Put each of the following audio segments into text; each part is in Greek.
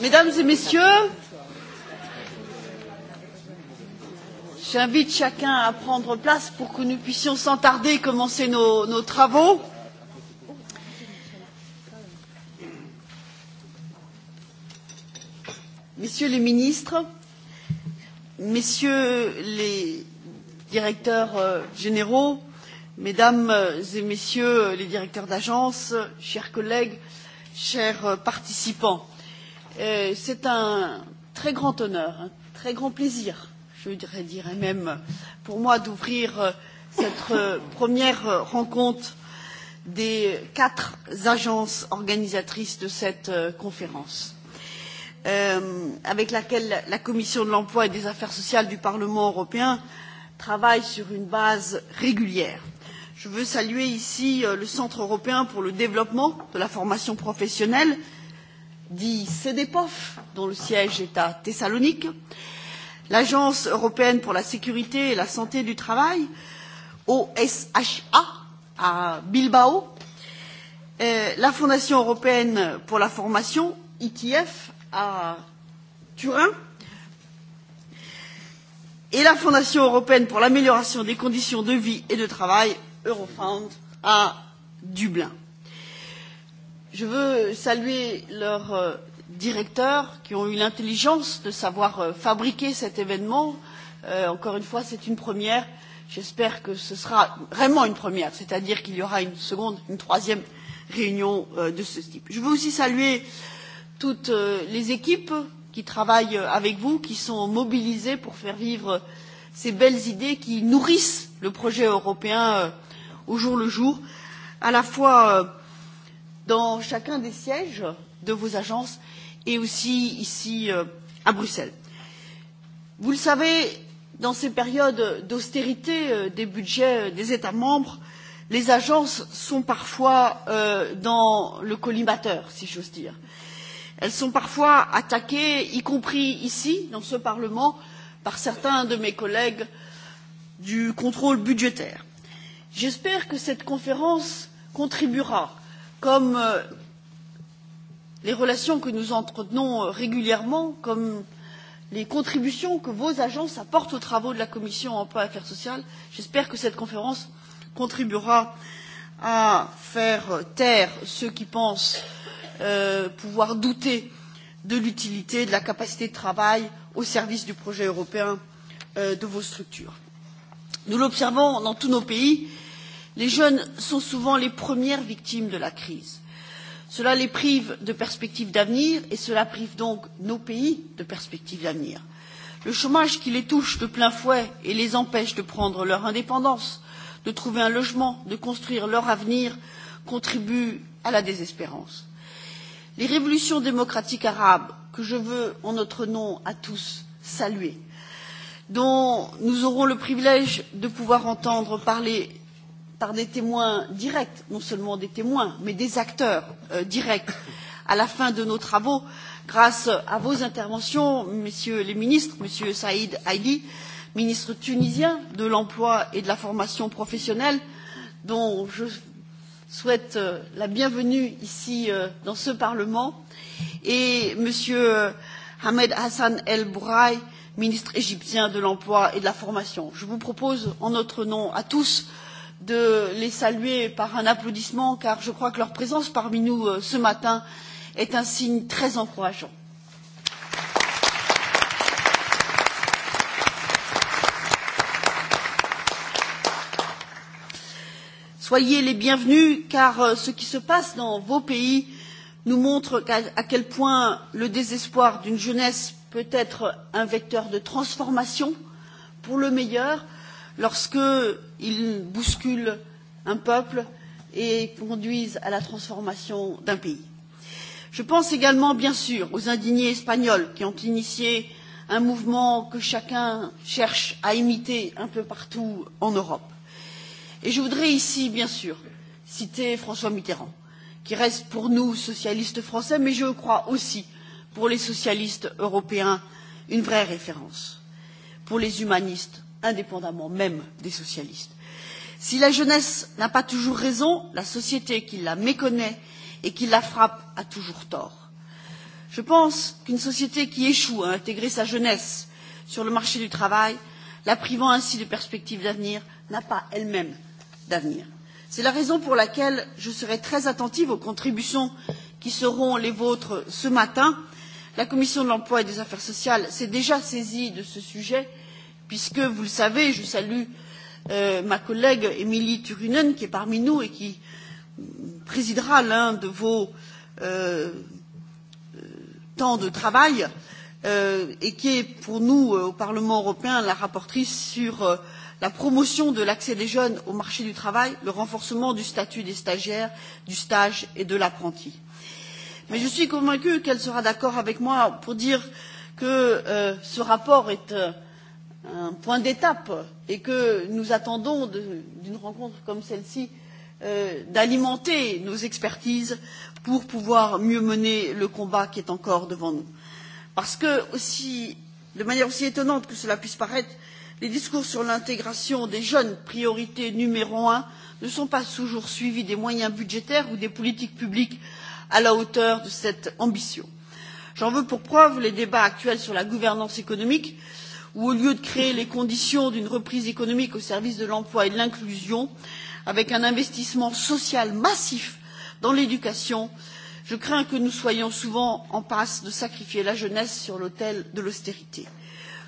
Mesdames et messieurs, j'invite chacun à prendre place pour que nous puissions sans tarder commencer nos, nos travaux. Messieurs les ministres, Messieurs les directeurs généraux, Mesdames et Messieurs les directeurs d'agence, chers collègues, chers participants. C'est un très grand honneur, un très grand plaisir, je dirais même, pour moi d'ouvrir cette première rencontre des quatre agences organisatrices de cette conférence avec laquelle la commission de l'emploi et des affaires sociales du parlement européen travaille sur une base régulière je veux saluer ici le centre européen pour le développement de la formation professionnelle dit CEDEPOF, dont le siège est à thessalonique l'agence européenne pour la sécurité et la santé du travail osha à bilbao la fondation européenne pour la formation itf à turin et la fondation européenne pour l'amélioration des conditions de vie et de travail Eurofound à Dublin. Je veux saluer leurs directeurs qui ont eu l'intelligence de savoir fabriquer cet événement. Encore une fois, c'est une première. J'espère que ce sera vraiment une première, c'est-à-dire qu'il y aura une seconde, une troisième réunion de ce type. Je veux aussi saluer toutes les équipes qui travaillent avec vous, qui sont mobilisées pour faire vivre ces belles idées qui nourrissent le projet européen au jour le jour, à la fois dans chacun des sièges de vos agences et aussi ici à Bruxelles. Vous le savez, dans ces périodes d'austérité des budgets des États membres, les agences sont parfois dans le collimateur, si j'ose dire. Elles sont parfois attaquées, y compris ici, dans ce Parlement, par certains de mes collègues du contrôle budgétaire j'espère que cette conférence contribuera comme les relations que nous entretenons régulièrement comme les contributions que vos agences apportent aux travaux de la commission de l'emploi et des affaires sociales j'espère que cette conférence contribuera à faire taire ceux qui pensent pouvoir douter de l'utilité de la capacité de travail au service du projet européen de vos structures. nous l'observons dans tous nos pays Les jeunes sont souvent les premières victimes de la crise. Cela les prive de perspectives d'avenir et cela prive donc nos pays de perspectives d'avenir. Le chômage qui les touche de plein fouet et les empêche de prendre leur indépendance, de trouver un logement, de construire leur avenir, contribue à la désespérance. Les révolutions démocratiques arabes, que je veux en notre nom à tous saluer, dont nous aurons le privilège de pouvoir entendre parler par des témoins directs non seulement des témoins mais des acteurs directs à la fin de nos travaux grâce à vos interventions messieurs les ministres monsieur saïd Haidi, ministre tunisien de l'emploi et de la formation professionnelle dont je souhaite la bienvenue ici dans ce parlement et monsieur Ahmed Hassan El Bouraï ministre égyptien de l'emploi et de la formation je vous propose en notre nom à tous de les saluer par un applaudissement car je crois que leur présence parmi nous ce matin est un signe très encourageant. Soyez les bienvenus car ce qui se passe dans vos pays nous montre à quel point le désespoir d'une jeunesse peut être un vecteur de transformation pour le meilleur lorsque ils bousculent un peuple et conduisent à la transformation d'un pays. Je pense également, bien sûr, aux indignés espagnols qui ont initié un mouvement que chacun cherche à imiter un peu partout en Europe. Et je voudrais ici, bien sûr, citer François Mitterrand, qui reste pour nous, socialistes français, mais je crois aussi pour les socialistes européens, une vraie référence, pour les humanistes indépendamment même des socialistes. Si la jeunesse n'a pas toujours raison, la société qui la méconnaît et qui la frappe a toujours tort. Je pense qu'une société qui échoue à intégrer sa jeunesse sur le marché du travail, la privant ainsi de perspectives d'avenir, n'a pas elle-même d'avenir. C'est la raison pour laquelle je serai très attentive aux contributions qui seront les vôtres ce matin. La Commission de l'emploi et des affaires sociales s'est déjà saisie de ce sujet puisque, vous le savez, je salue ma collègue Émilie Turunen, qui est parmi nous et qui présidera l'un de vos temps de travail et qui est pour nous, au Parlement européen, la rapporteure sur la promotion de l'accès des jeunes au marché du travail, le renforcement du statut des stagiaires, du stage et de l'apprenti. Mais je suis convaincue qu'elle sera d'accord avec moi pour dire que ce rapport est un point d'étape et que nous attendons d'une rencontre comme celle ci d'alimenter nos expertises pour pouvoir mieux mener le combat qui est encore devant nous. Parce que, de manière aussi étonnante que cela puisse paraître, les discours sur l'intégration des jeunes, priorité numéro un, ne sont pas toujours suivis des moyens budgétaires ou des politiques publiques à la hauteur de cette ambition. J'en veux pour preuve les débats actuels sur la gouvernance économique où au lieu de créer les conditions d'une reprise économique au service de l'emploi et de l'inclusion avec un investissement social massif dans l'éducation je crains que nous soyons souvent en passe de sacrifier la jeunesse sur l'autel de l'austérité.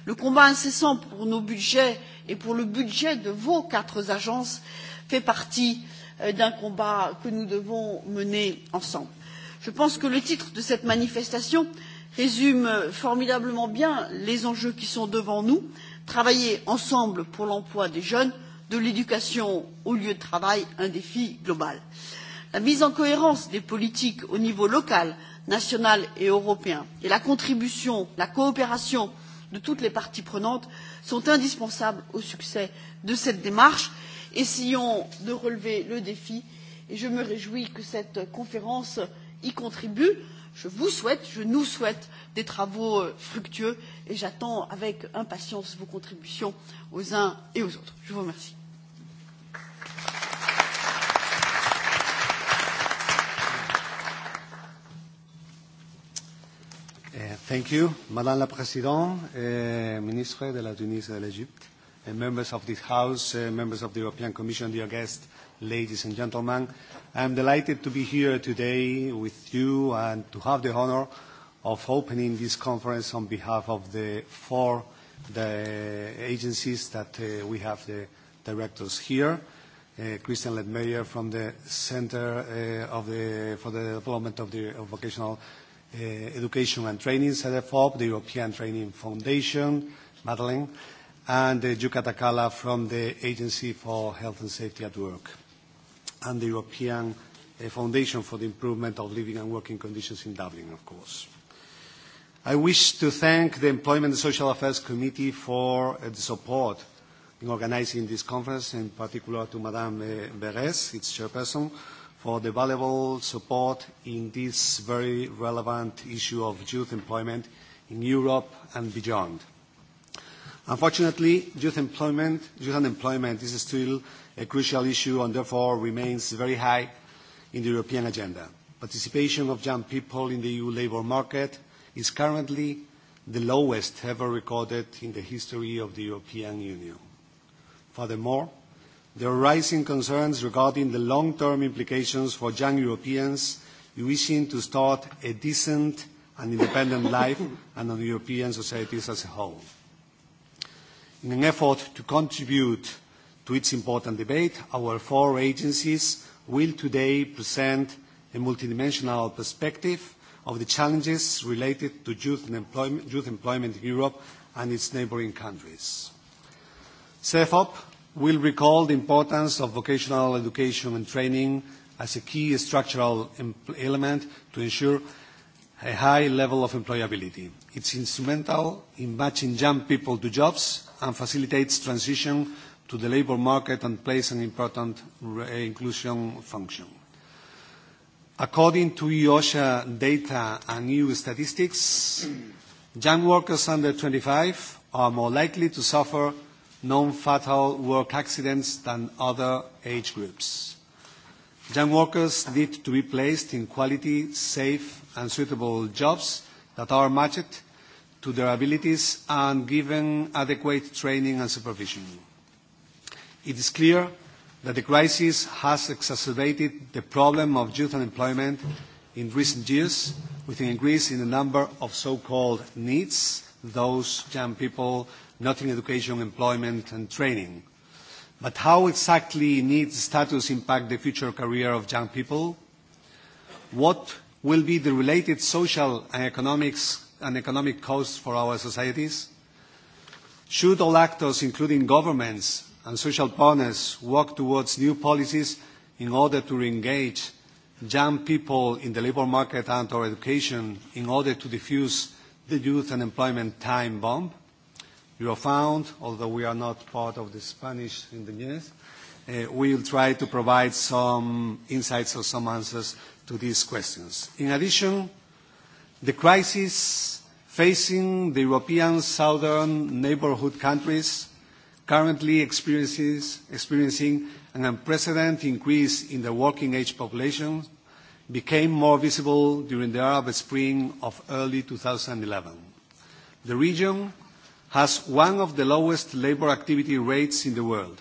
le combat incessant pour nos budgets et pour le budget de vos quatre agences fait partie d'un combat que nous devons mener ensemble. je pense que le titre de cette manifestation résume formidablement bien les enjeux qui sont devant nous travailler ensemble pour l'emploi des jeunes de l'éducation au lieu de travail un défi global. la mise en cohérence des politiques au niveau local national et européen et la contribution la coopération de toutes les parties prenantes sont indispensables au succès de cette démarche. essayons de relever le défi et je me réjouis que cette conférence y contribue je vous souhaite, je nous souhaite des travaux fructueux et j'attends avec impatience vos contributions aux uns et aux autres. Je vous remercie. Thank you, Madame la Présidente, Ministre de la Tunisie et de l'Égypte, members of this House, members of the European Commission, dear guests, ladies and gentlemen. I am delighted to be here today with you and to have the honor of opening this conference on behalf of the four the agencies that we have the directors here. Christian Ledmeyer from the Center of the for the Development of the Vocational Education and Training, CEDEFOP, the European Training Foundation, Madeleine, and Yuka Takala from the Agency for Health and Safety at Work and the European Foundation for the Improvement of Living and Working Conditions in Dublin, of course. I wish to thank the Employment and Social Affairs Committee for the support in organizing this conference, in particular to Madame Beres, its chairperson, for the valuable support in this very relevant issue of youth employment in Europe and beyond. Unfortunately, youth youth unemployment is still a crucial issue and therefore remains very high in the European agenda. Participation of young people in the EU labour market is currently the lowest ever recorded in the history of the European Union. Furthermore, there are rising concerns regarding the long-term implications for young Europeans wishing to start a decent and independent life and on European societies as a whole. In an effort to contribute to its important debate, our four agencies will today present a multidimensional perspective of the challenges related to youth employment in Europe and its neighbouring countries. CEFOP will recall the importance of vocational education and training as a key structural element to ensure a high level of employability. It's instrumental in matching young people to jobs and facilitates transition to the labour market and plays an important inclusion function. According to EOSHA data and EU statistics, young workers under 25 are more likely to suffer non-fatal work accidents than other age groups. Young workers need to be placed in quality, safe and suitable jobs that are matched to their abilities and given adequate training and supervision. It is clear that the crisis has exacerbated the problem of youth unemployment in recent years, with an increase in the number of so-called needs, those young people not in education, employment and training. But how exactly needs status impact the future career of young people? What will be the related social and economics An economic cost for our societies? Should all actors, including governments and social partners, work towards new policies in order to re-engage young people in the labour market and our education in order to diffuse the youth employment time bomb? You found, although we are not part of the Spanish in the will try to provide some insights or some answers to these questions. In addition, The crisis facing the European southern neighbourhood countries currently experiencing an unprecedented increase in the working age population became more visible during the Arab Spring of early 2011. The region has one of the lowest labour activity rates in the world.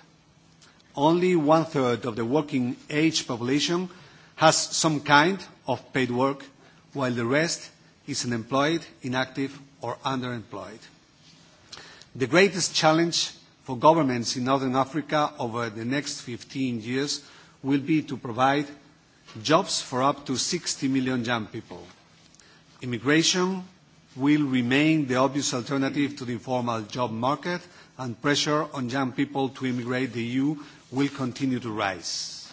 Only one-third of the working age population has some kind of paid work, while the rest is unemployed, inactive or underemployed. The greatest challenge for governments in Northern Africa over the next 15 years will be to provide jobs for up to 60 million young people. Immigration will remain the obvious alternative to the informal job market and pressure on young people to immigrate the EU will continue to rise.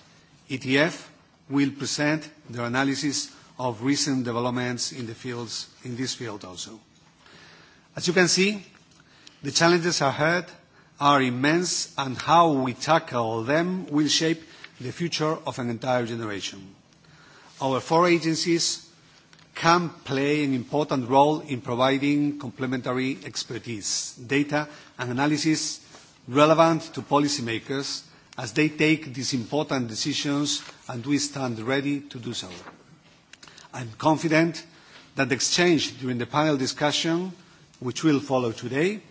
ETF will present their analysis of recent developments in the fields in this field also. As you can see, the challenges ahead are immense, and how we tackle them will shape the future of an entire generation. Our four agencies can play an important role in providing complementary expertise, data and analysis relevant to policymakers as they take these important decisions, and we stand ready to do so. I am confident that the exchange during the panel discussion, which will follow today,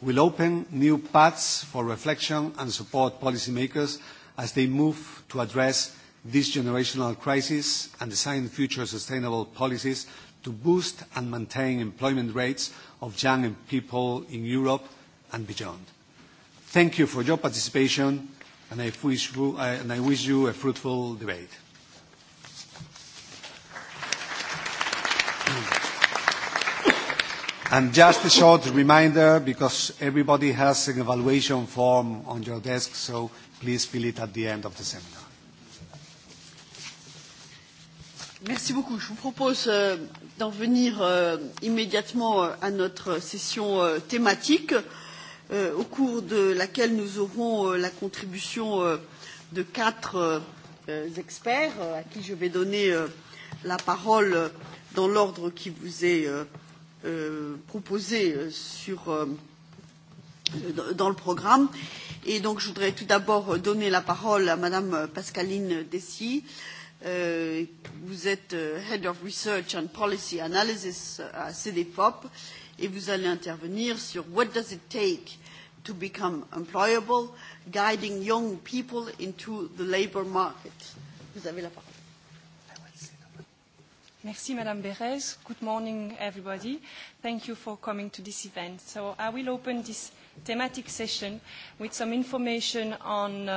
will open new paths for reflection and support policymakers as they move to address this generational crisis and design future sustainable policies to boost and maintain employment rates of young people in Europe and beyond. Thank you for your participation, and I wish you a fruitful debate. And just a short reminder, because everybody has an evaluation form on your desk, so please fill it at the end of the seminar. Merci beaucoup. Je vous propose d'en venir immédiatement à notre session thématique, au cours de laquelle nous aurons la contribution de quatre experts à qui je vais donner la parole dans l'ordre qui vous est proposé sur dans le programme. Et donc, je voudrais tout d'abord donner la parole à Madame Pascaline Dessy. Vous êtes Head of Research and Policy Analysis à CDFOP et vous allez intervenir sur What does it take to become employable, guiding young people into the labour market. Vous avez la parole. Merci, Madame Beres. Good morning, everybody. Thank you for coming to this event. So I will open this thematic session with some information on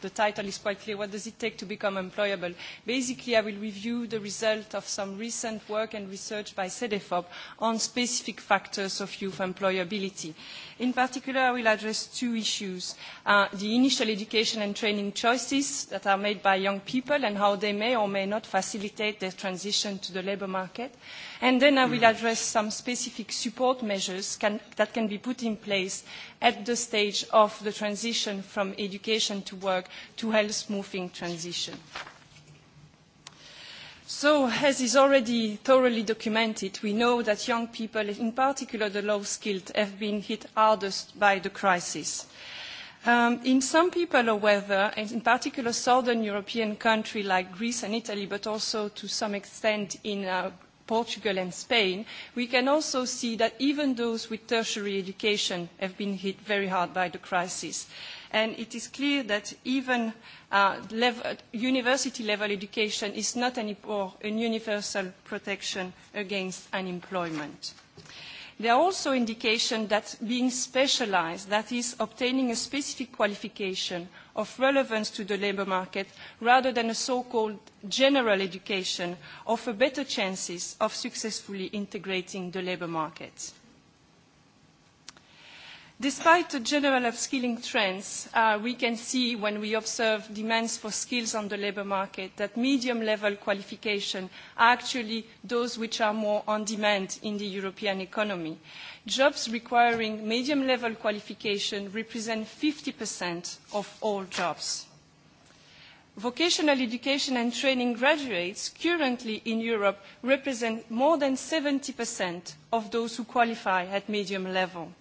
the title is quite clear, what does it take to become employable? Basically, I will review the result of some recent work and research by CEDEFOP on specific factors of youth employability. In particular, I will address two issues, the initial education and training choices that are made by young people and how they may or may not facilitate their transition to the labour market. And then I will address some specific support measures that can be put in place at the stage of the transition from education to work to health smoothing transition. So, as is already thoroughly documented, we know that young people, in particular the low-skilled, have been hit hardest by the crisis. In some people, however, and in particular southern European countries like Greece and Italy, but also to some extent in Portugal and Spain, we can also see that even those with tertiary education have been hit very hard by the crisis. And it is clear that even university-level education is not anymore a universal protection against unemployment. There are also indications that being specialised, that is, obtaining a specific qualification of relevance to the labour market rather than a so-called general education offer better chances of successfully integrating the labour market. Despite the general upskilling trends, we can see when we observe demands for skills on the labour market that medium-level qualifications are actually those which are more on demand in the European economy jobs requiring medium-level qualification represent 50% of all jobs. Vocational education and training graduates currently in Europe represent more than 70% of those who qualify at medium level.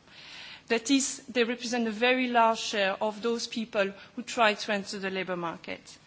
That is, they represent a very large share of those people who try to enter the labour market.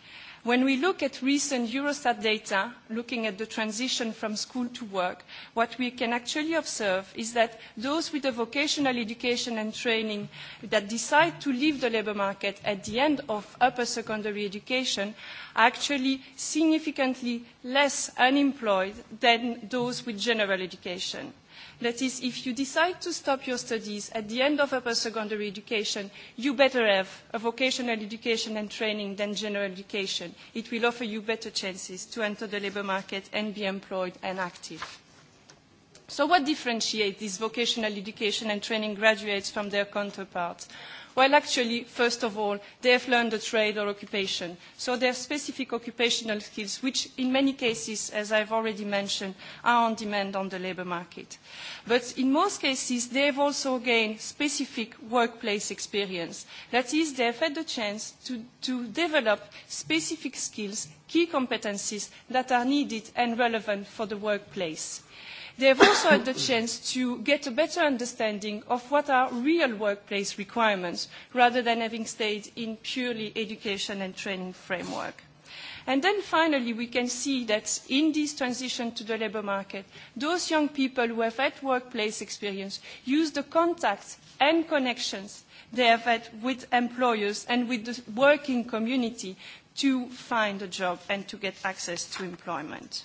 When we look at recent Eurostat data, looking at the transition from school to work, what we can actually observe is that those with a vocational education and training that decide to leave the labour market at the end of upper secondary education are actually significantly less unemployed than those with general education. That is, if you decide to stop your studies at the end of upper secondary education, you better have a vocational education and training than general education. It will offer you better chances to enter the labour market and be employed and active. So what differentiates these vocational education and training graduates from their counterparts? Well, actually, first of all, they have learned a trade or occupation. So they have specific occupational skills, which in many cases, as I've already mentioned, are on demand on the labour market. But in most cases, they have also gained specific workplace experience. That is, they have had the chance to develop specific skills, key competencies that are needed and relevant for the workplace. They have also had the chance to get a better understanding of what are real workplace requirements, rather than having stayed in purely education and training framework. And then finally, we can see that in this transition to the labour market, those young people who have had workplace experience use the contacts and connections they have had with employers and with the working community to find a job and to get access to employment.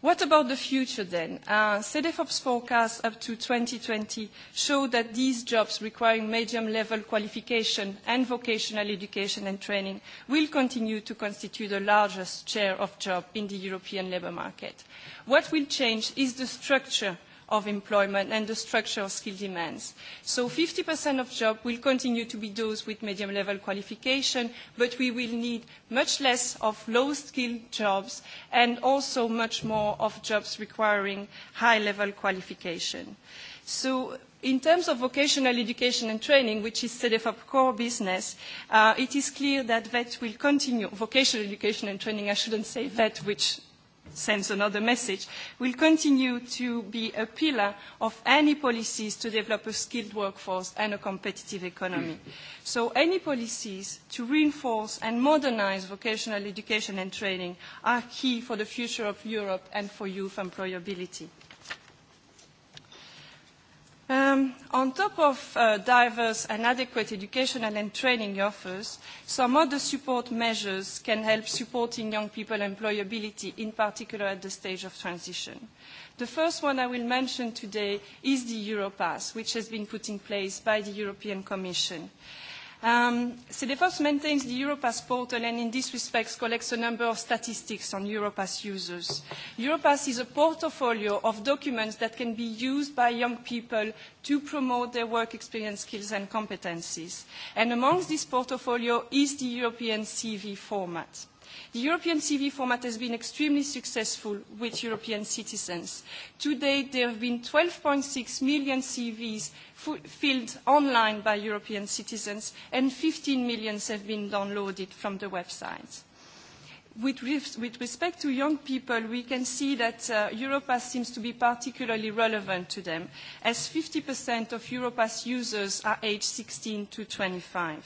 What about the future then? CEDEFOP's forecasts up to 2020 show that these jobs requiring medium-level qualification and vocational education and training will continue to constitute the largest share of jobs in the European labour market. What will change is the structure of employment and the structure of skill demands. So 50% of jobs will continue to be those with medium-level qualification, but we will need much less of low-skilled jobs and also much more of jobs requiring high-level qualification. So in terms of vocational education and training, which is up core business, it is clear that VET will continue, vocational education and training, I shouldn't say VET, which sends another message, will continue to be a pillar of any policies to develop a skilled workforce and a competitive economy. So any policies to reinforce and modernise vocational education and training are key for the future of Europe and for youth employability. On top of diverse and adequate educational and training offers, some other support measures can help supporting young people employability, in particular at the stage of transition. The first one I will mention today is the Europass, which has been put in place by the European Commission. Cedefos maintains the Europass portal and in this respect collects a number of statistics on Europass users. Europass is a portfolio of documents that can be used by young people to promote their work experience, skills and competencies. And amongst this portfolio is the European CV format. The European CV format has been extremely successful with European citizens. To date, there have been 12.6 million CVs filled online by European citizens, and 15 million have been downloaded from the website. With respect to young people, we can see that Europass seems to be particularly relevant to them, as 50% of Europass users are aged 16 to 25.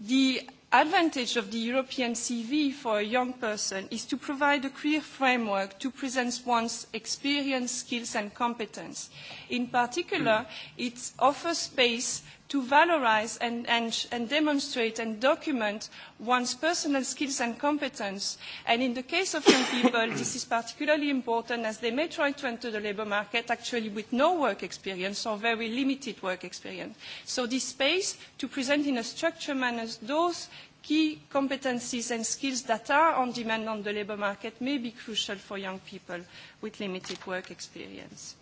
The advantage of the European CV for a young person is to provide a clear framework to present one's experience, skills and competence. In particular, it offers space to valorise and demonstrate and document one's personal skills and competence. And in the case of young people, this is particularly important as they may try to enter the labour market actually with no work experience or very limited work experience. So this space to present in a structured manner those key competencies and skills that are on demand on the labour market may be crucial for young people with limited work experience.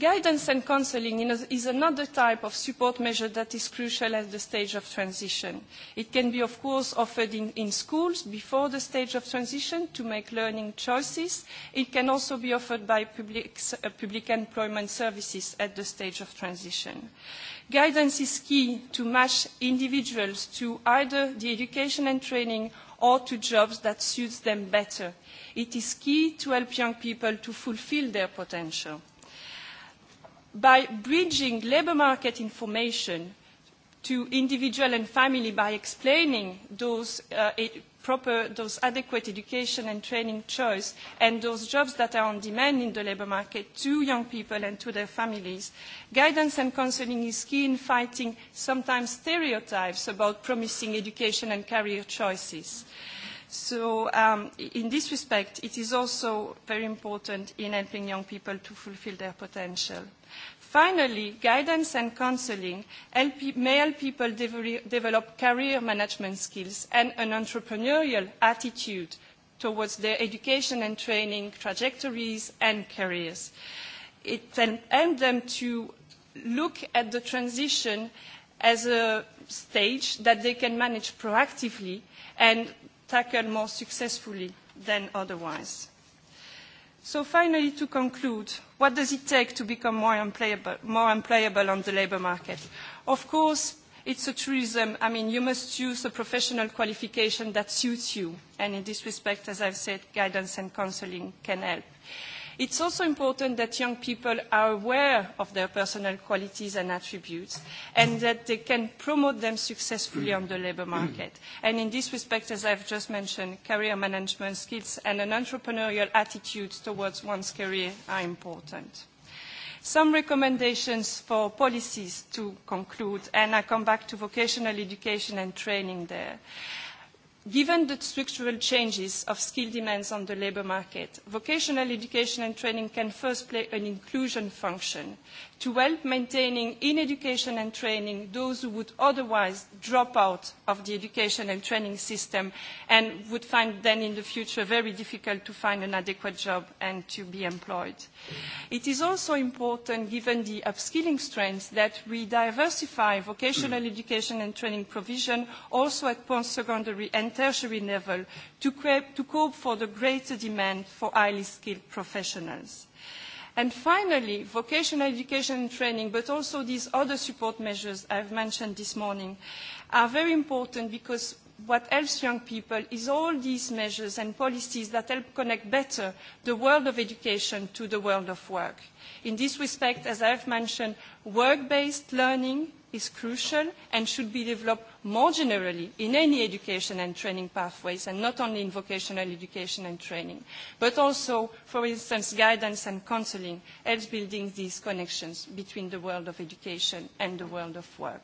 Guidance and counselling is another type of support measure that is crucial at the stage of transition. It can be, of course, offered in schools before the stage of transition to make learning choices. It can also be offered by public employment services at the stage of transition. Guidance is key to match individuals to either the education and training or to jobs that suits them better. It is key to help young people to fulfil their potential by bridging labour market information to individual and family by explaining those proper, those adequate education and training choice and those jobs that are on demand in the labour market to young people and to their families. Guidance and counselling is key in fighting sometimes stereotypes about promising education and career choices. So in this respect, it is also very important in helping young people to fulfill their potential. Finally, guidance and counseling may help people develop career management skills and an entrepreneurial attitude towards their education and training trajectories and careers. It can help them to look at the transition as a stage that they can manage proactively and tackle more successfully than otherwise. So finally, to conclude, what does it take to become more employable on the labour market? Of course, it's a truism. I mean, you must use a professional qualification that suits you. And in this respect, as I've said, guidance and counselling can help. It's also important that young people are aware of their personal qualities and attributes and that they can promote them successfully on the labour market. And in this respect, as I've just mentioned, career management skills and an entrepreneurial attitude towards one's career are important. Some recommendations for policies to conclude, and I come back to vocational education and training there. Given the structural changes of skill demands on the labour market, vocational education and training can first play an inclusion function to help maintaining in education and training those who would otherwise drop out of the education and training system and would find then in the future very difficult to find an adequate job and to be employed. It is also important, given the upskilling strengths, that we diversify vocational education and training provision also at post-secondary and tertiary level to cope for the greater demand for highly skilled professionals. And finally, vocational education and training, but also these other support measures I have mentioned this morning, are very important because what helps young people is all these measures and policies that help connect better the world of education to the world of work. In this respect, as I have mentioned, work-based learning is crucial and should be developed more generally in any education and training pathways and not only in vocational education and training, but also, for instance, guidance and counselling helps building these connections between the world of education and the world of work.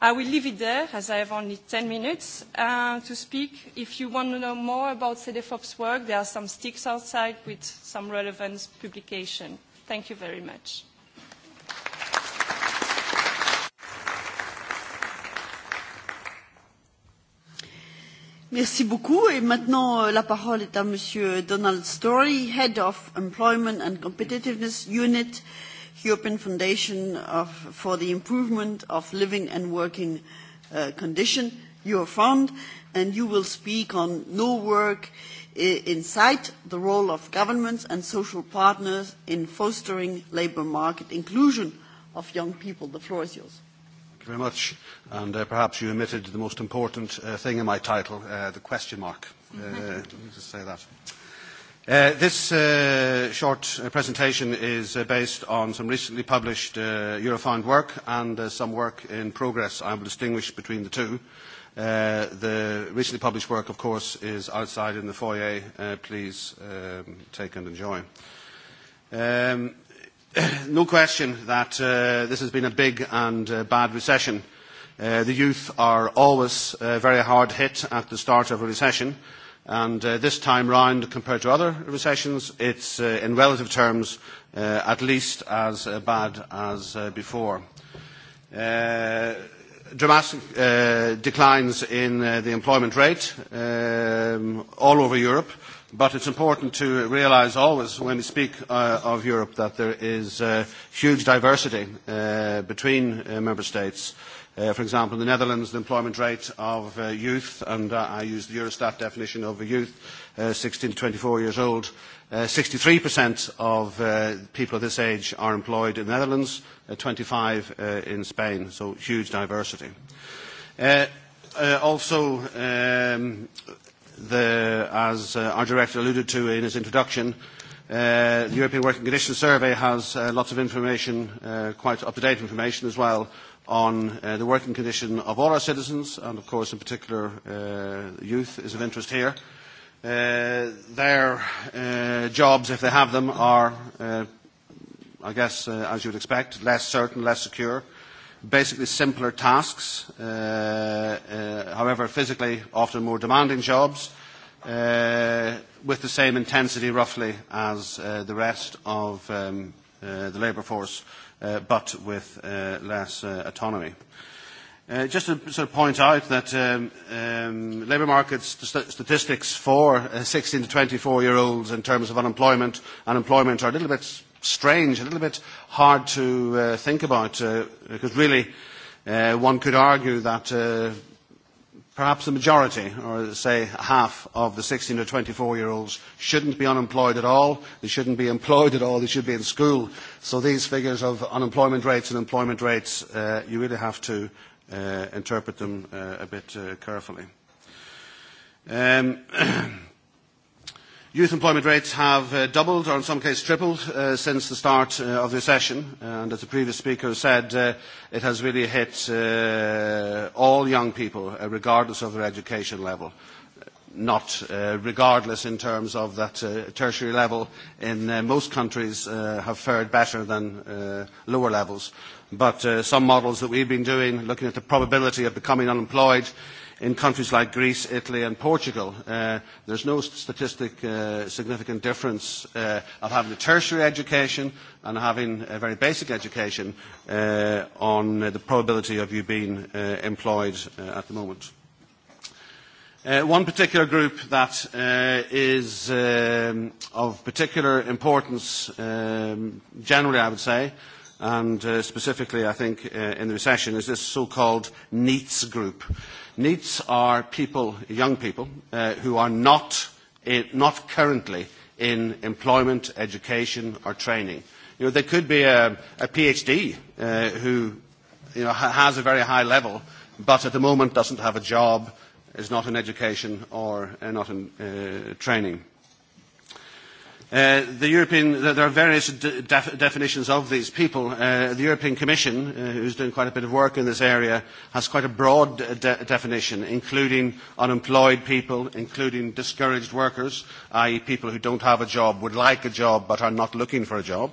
I will leave it there, as I have only 10 minutes to speak. If you want to know more about CDFOP's work, there are some sticks outside with some relevant publication. Thank you very much. Merci beaucoup. Et maintenant, la parole est à Monsieur Donald Story, Head of Employment and Competitiveness Unit European Foundation for the Improvement of Living and Working Conditions, Eurofund, and you will speak on no work in the role of governments and social partners in fostering labour market inclusion of young people. The floor is yours. Thank you very much. And perhaps you omitted the most important thing in my title, the question mark. Just say that. This short presentation is based on some recently published Eurofound work and some work in progress. I will distinguish between the two. The recently published work, of course, is outside in the foyer. Please take and enjoy. No question that this has been a big and bad recession. The youth are always very hard hit at the start of a recession and this time round, compared to other recessions, it's in relative terms at least as bad as before. Dramatic declines in the employment rate all over Europe, but it's important to realise always when we speak of Europe that there is huge diversity between member states For example, in the Netherlands, the employment rate of youth, and I use the Eurostat definition of youth, 16 to 24 years old, 63% of people of this age are employed in the Netherlands, 25 in Spain, so huge diversity. Also, as our director alluded to in his introduction, the European Working Conditions Survey has lots of information, quite up-to-date information as well, on the working condition of all our citizens, and of course in particular youth is of interest here. Their jobs, if they have them, are, I guess, as you would expect, less certain, less secure, basically simpler tasks, however physically often more demanding jobs, with the same intensity roughly as the rest of the labour force but with less autonomy. Just to sort point out that labour market statistics for 16 to 24-year-olds in terms of unemployment and are a little bit strange, a little bit hard to think about, because really one could argue that perhaps the majority, or say half, of the 16 to 24-year-olds shouldn't be unemployed at all. They shouldn't be employed at all. They should be in school. So these figures of unemployment rates and employment rates, you really have to interpret them a bit carefully. Youth employment rates have doubled, or in some cases tripled, since the start of the session. And as the previous speaker said, it has really hit all young people, regardless of their education level. Not regardless in terms of that tertiary level in most countries have fared better than lower levels. But some models that we've been doing, looking at the probability of becoming unemployed, In countries like Greece, Italy and Portugal, there's no statistic significant difference of having a tertiary education and having a very basic education on the probability of you being employed at the moment. One particular group that is of particular importance, generally I would say, and specifically, I think, in the recession, is this so-called NEETS group. NEETS are people, young people, who are not not currently in employment, education or training. You know, there could be a PhD who, you know, has a very high level, but at the moment doesn't have a job, is not in education or not in training. The European, there are various definitions of these people. The European Commission, is doing quite a bit of work in this area, has quite a broad definition, including unemployed people, including discouraged workers, i.e. people who don't have a job, would like a job but are not looking for a job.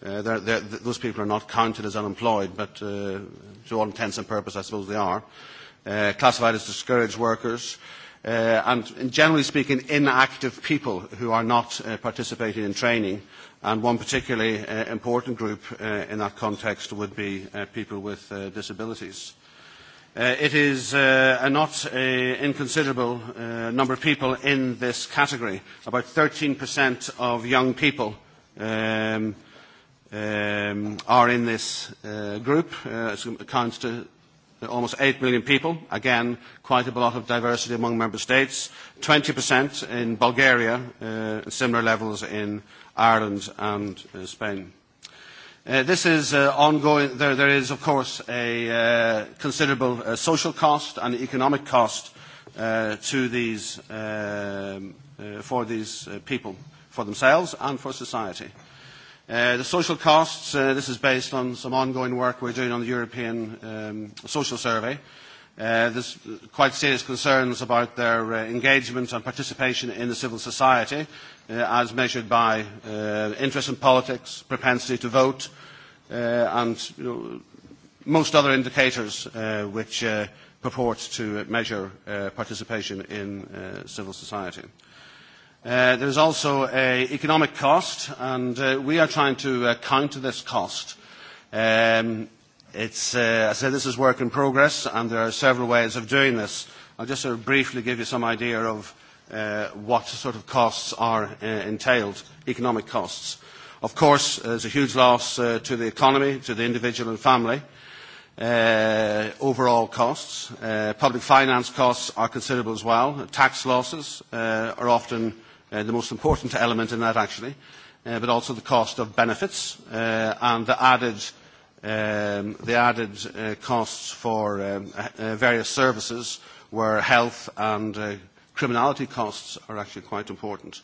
Those people are not counted as unemployed, but to all intents and purposes, I suppose they are. Classified as discouraged workers and generally speaking inactive people who are not participating in training and one particularly important group in that context would be people with disabilities. It is a not inconsiderable number of people in this category. About 13% of young people are in this group. It accounts to almost 8 million people. Again, quite a lot of diversity among member states. 20% in Bulgaria, similar levels in Ireland and Spain. This is ongoing. There is, of course, a considerable social cost and economic cost to these, for these people, for themselves and for society. The social costs, this is based on some ongoing work we're doing on the European Social Survey. There's quite serious concerns about their engagement and participation in civil society as measured by interest in politics, propensity to vote, and most other indicators which purport to measure participation in civil society. There is also an economic cost, and we are trying to counter this cost. It's, I said, this is work in progress, and there are several ways of doing this. I'll just briefly give you some idea of what sort of costs are entailed, economic costs. Of course, there's a huge loss to the economy, to the individual and family. Overall costs, public finance costs are considerable as well. Tax losses are often the most important element in that actually, but also the cost of benefits and the added the added costs for various services where health and criminality costs are actually quite important.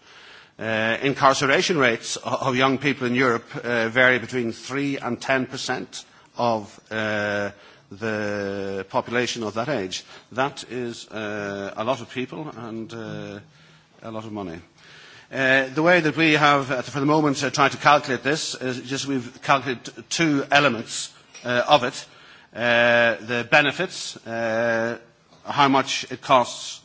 Incarceration rates of young people in Europe vary between 3 and 10% of the population of that age. That is a lot of people and a lot of money. The way that we have, for the moment, tried to calculate this is just we've calculated two elements of it. The benefits, how much it costs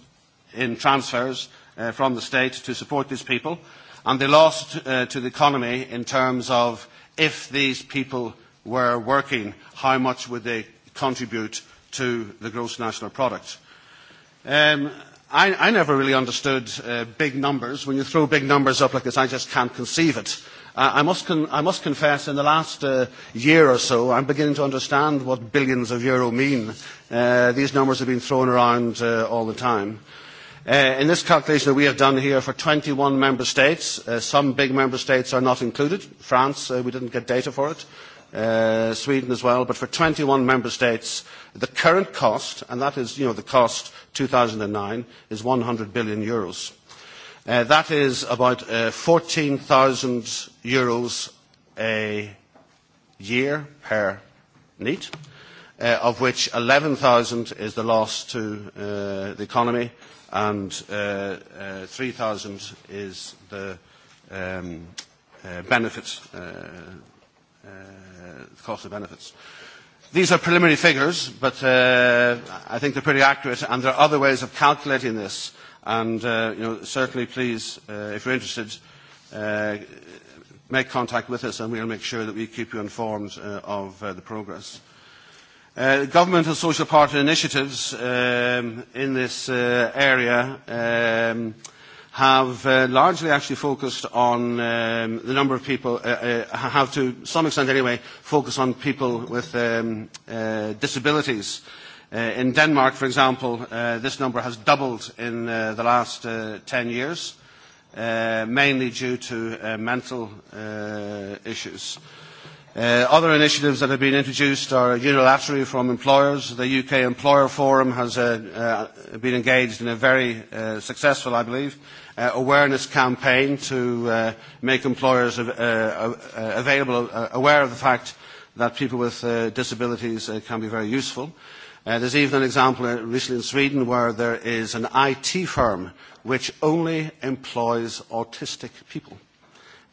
in transfers from the state to support these people, and the loss to the economy in terms of if these people were working, how much would they contribute to the gross national product. I never really understood big numbers. When you throw big numbers up like this, I just can't conceive it. I must confess, in the last year or so, I'm beginning to understand what billions of euro mean. These numbers have been thrown around all the time. In this calculation that we have done here for 21 member states, some big member states are not included. France, we didn't get data for it. Sweden as well, but for 21 member states, the current cost, and that is, you know, the cost 2009, is 100 billion euros. That is about 14,000 euros a year per NEET, of which 11,000 is the loss to the economy and 3,000 is the benefit cost of benefits. These are preliminary figures, but I think they're pretty accurate, and there are other ways of calculating this. And certainly, please, if you're interested, make contact with us, and we'll make sure that we keep you informed of the progress. Government and social partner initiatives in this area have largely actually focused on the number of people, have to some extent anyway, focus on people with disabilities. In Denmark, for example, this number has doubled in the last 10 years, mainly due to mental issues. Other initiatives that have been introduced are unilaterally from employers. The UK Employer Forum has been engaged in a very successful, I believe, awareness campaign to make employers available, aware of the fact that people with disabilities can be very useful. There's even an example recently in Sweden where there is an IT firm which only employs autistic people.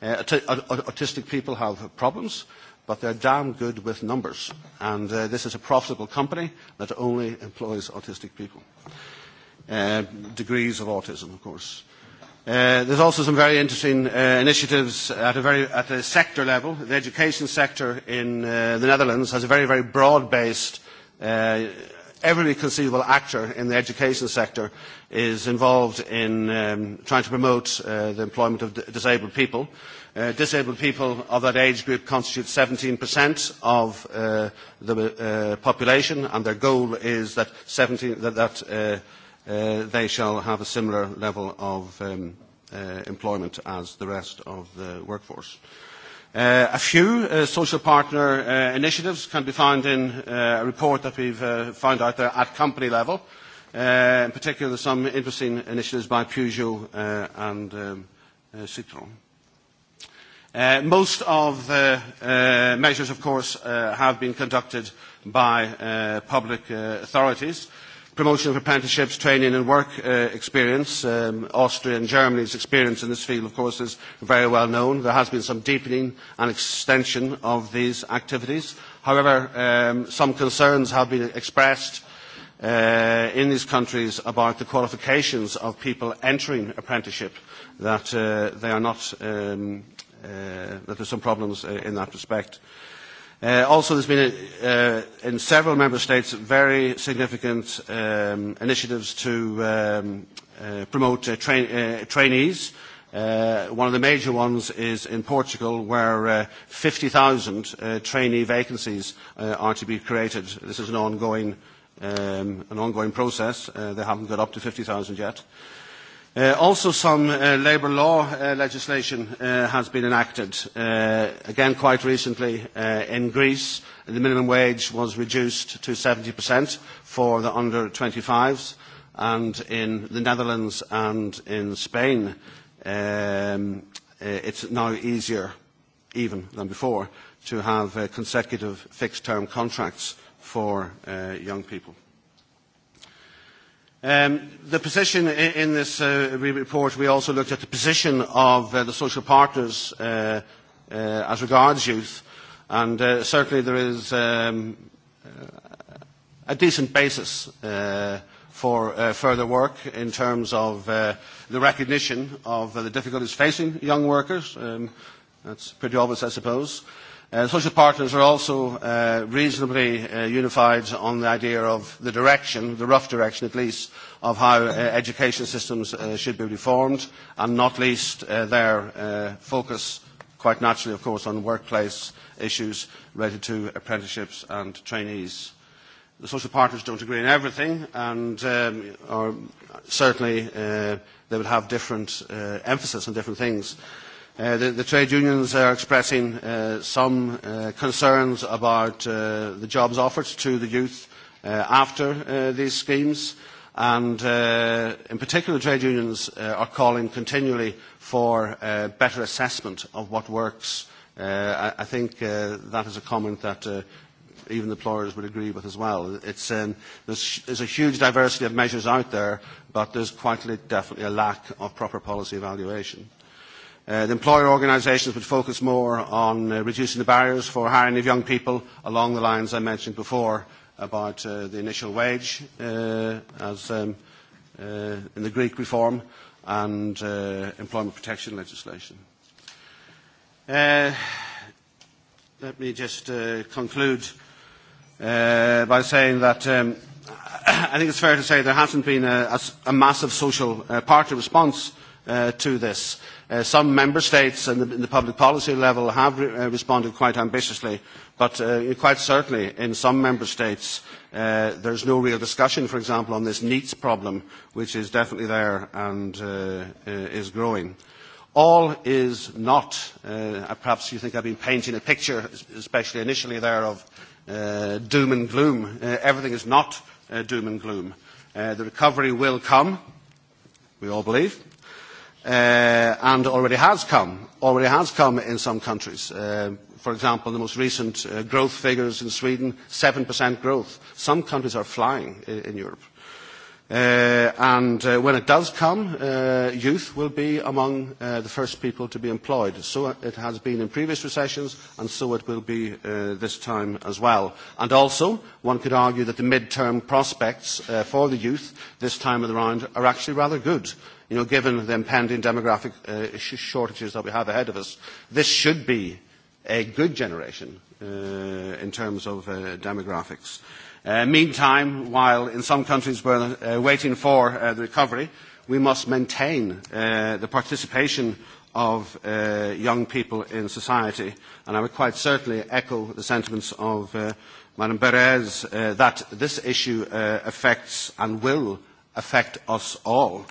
Autistic people have problems, but they're damn good with numbers. And this is a profitable company that only employs autistic people. Degrees of autism, of course. There's also some very interesting initiatives at a very at a sector level. The education sector in the Netherlands has a very, very broad-based, every conceivable actor in the education sector is involved in trying to promote the employment of disabled people. Disabled people of that age group constitute 17% of the population, and their goal is that 17 that they shall have a similar level of employment as the rest of the workforce. A few social partner initiatives can be found in a report that we've found out there at company level. In particular, some interesting initiatives by Peugeot and Citroën. Most of the measures, of course, have been conducted by public authorities promotion of apprenticeships, training and work experience. Austria and Germany's experience in this field, of course, is very well known. There has been some deepening and extension of these activities. However, some concerns have been expressed in these countries about the qualifications of people entering apprenticeship, that they are not, that there are some problems in that respect. Also, there's been in several member states very significant initiatives to promote trainees. One of the major ones is in Portugal, where 50,000 trainee vacancies are to be created. This is an ongoing process. They haven't got up to 50,000 yet. Also some labour law legislation has been enacted, again quite recently in Greece. The minimum wage was reduced to 70% for the under-25s, and in the Netherlands and in Spain it's now easier even than before to have consecutive fixed-term contracts for young people. The position in this report, we also looked at the position of the social partners as regards youth, and certainly there is a decent basis for further work in terms of the recognition of the difficulties facing young workers. That's pretty obvious, I suppose. Social partners are also reasonably unified on the idea of the direction, the rough direction at least, of how education systems should be reformed, and not least their focus, quite naturally of course, on workplace issues related to apprenticeships and trainees. The social partners don't agree on everything, and certainly they would have different emphasis on different things. The trade unions are expressing some concerns about the jobs offered to the youth after these schemes and in particular trade unions are calling continually for better assessment of what works. I think that is a comment that even the employers would agree with as well. It's, um, there's, a huge diversity of measures out there, but there's quite definitely a lack of proper policy evaluation. The employer organisations would focus more on reducing the barriers for hiring of young people along the lines I mentioned before about the initial wage as in the Greek reform and employment protection legislation. Let me just conclude by saying that I think it's fair to say there hasn't been a massive social partner response to this. Some member states and the public policy level have responded quite ambitiously, but quite certainly in some member states there is no real discussion, for example, on this NEETS problem, which is definitely there and is growing. All is not, perhaps you think I've been painting a picture, especially initially there, of doom and gloom. Everything is not doom and gloom. The recovery will come, we all believe and already has come, already has come in some countries. For example, the most recent growth figures in Sweden, 7% growth. Some countries are flying in Europe. And when it does come, youth will be among the first people to be employed. So it has been in previous recessions, and so it will be this time as well. And also, one could argue that the mid-term prospects for the youth this time around are actually rather good you know, given the impending demographic shortages that we have ahead of us, this should be a good generation in terms of demographics. Meantime, while in some countries we're waiting for the recovery, we must maintain the participation of young people in society, and I would quite certainly echo the sentiments of Madam Berez that this issue affects and will affect us all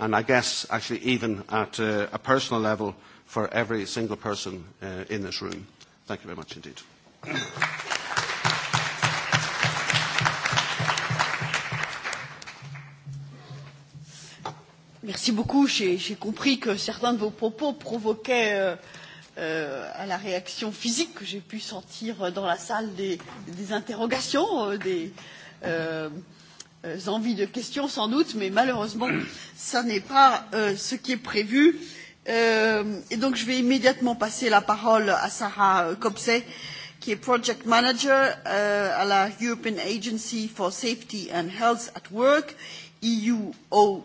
and I guess actually even at a personal level for every single person in this room. Thank you very much indeed. Merci beaucoup. J'ai compris que certains de vos propos provoquaient euh, à la réaction physique que j'ai pu sentir dans la salle des des interrogations, des Euh, envies de questions sans doute mais malheureusement ce n'est pas ce qui est prévu et donc je vais immédiatement passer la parole à sarah Kopsey, qui est project manager à la european agency for safety and health at work euosha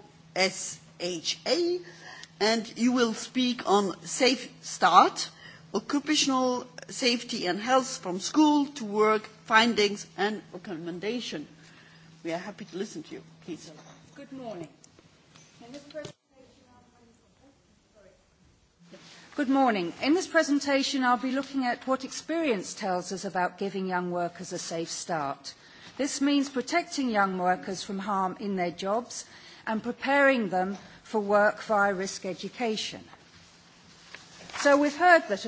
and you will speak on safe start occupational safety and health from school to work findings and recommendations We are happy to listen to you. Good morning. Good morning. In this presentation, I'll be looking at what experience tells us about giving young workers a safe start. This means protecting young workers from harm in their jobs and preparing them for work via risk education. So we've heard that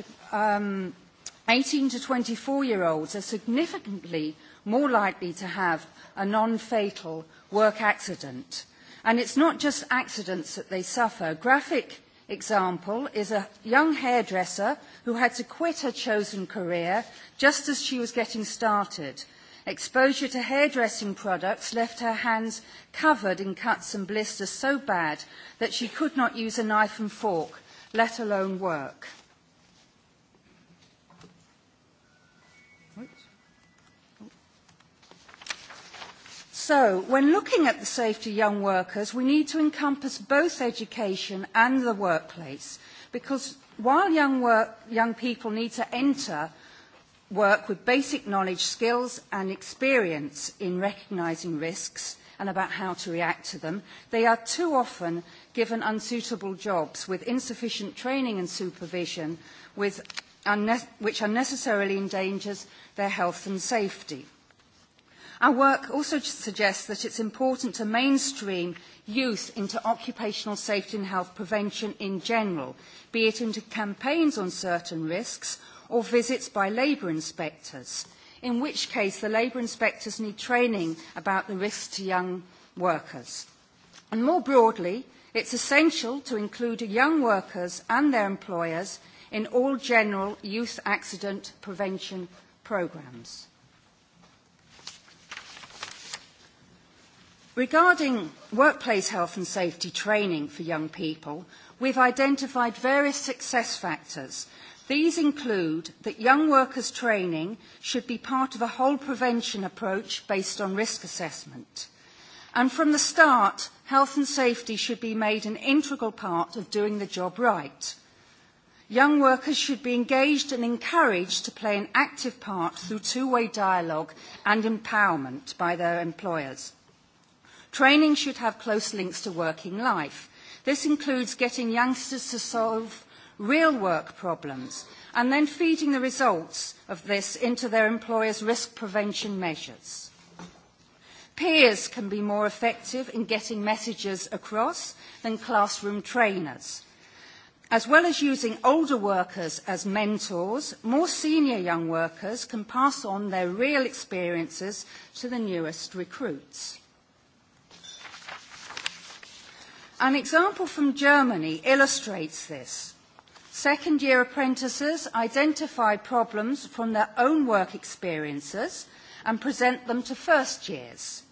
18 to 24-year-olds are significantly more likely to have a non-fatal work accident. And it's not just accidents that they suffer. A graphic example is a young hairdresser who had to quit her chosen career just as she was getting started. Exposure to hairdressing products left her hands covered in cuts and blisters so bad that she could not use a knife and fork, let alone work. So, when looking at the safety of young workers, we need to encompass both education and the workplace, because while young people need to enter work with basic knowledge, skills and experience in recognising risks and about how to react to them, they are too often given unsuitable jobs with insufficient training and supervision, which unnecessarily endangers their health and safety. Our work also suggests that it is important to mainstream youth into occupational safety and health prevention in general, be it into campaigns on certain risks or visits by labour inspectors, in which case the labour inspectors need training about the risks to young workers. And more broadly, it's essential to include young workers and their employers in all general youth accident prevention programmes. Regarding workplace health and safety training for young people, we've identified various success factors. These include that young workers' training should be part of a whole prevention approach based on risk assessment. And from the start, health and safety should be made an integral part of doing the job right. Young workers should be engaged and encouraged to play an active part through two-way dialogue and empowerment by their employers. Training should have close links to working life. This includes getting youngsters to solve real work problems and then feeding the results of this into their employers' risk prevention measures. Peers can be more effective in getting messages across than classroom trainers. As well as using older workers as mentors, more senior young workers can pass on their real experiences to the newest recruits. An example from Germany illustrates this. Second-year apprentices identify problems from their own work experiences and present them to first years.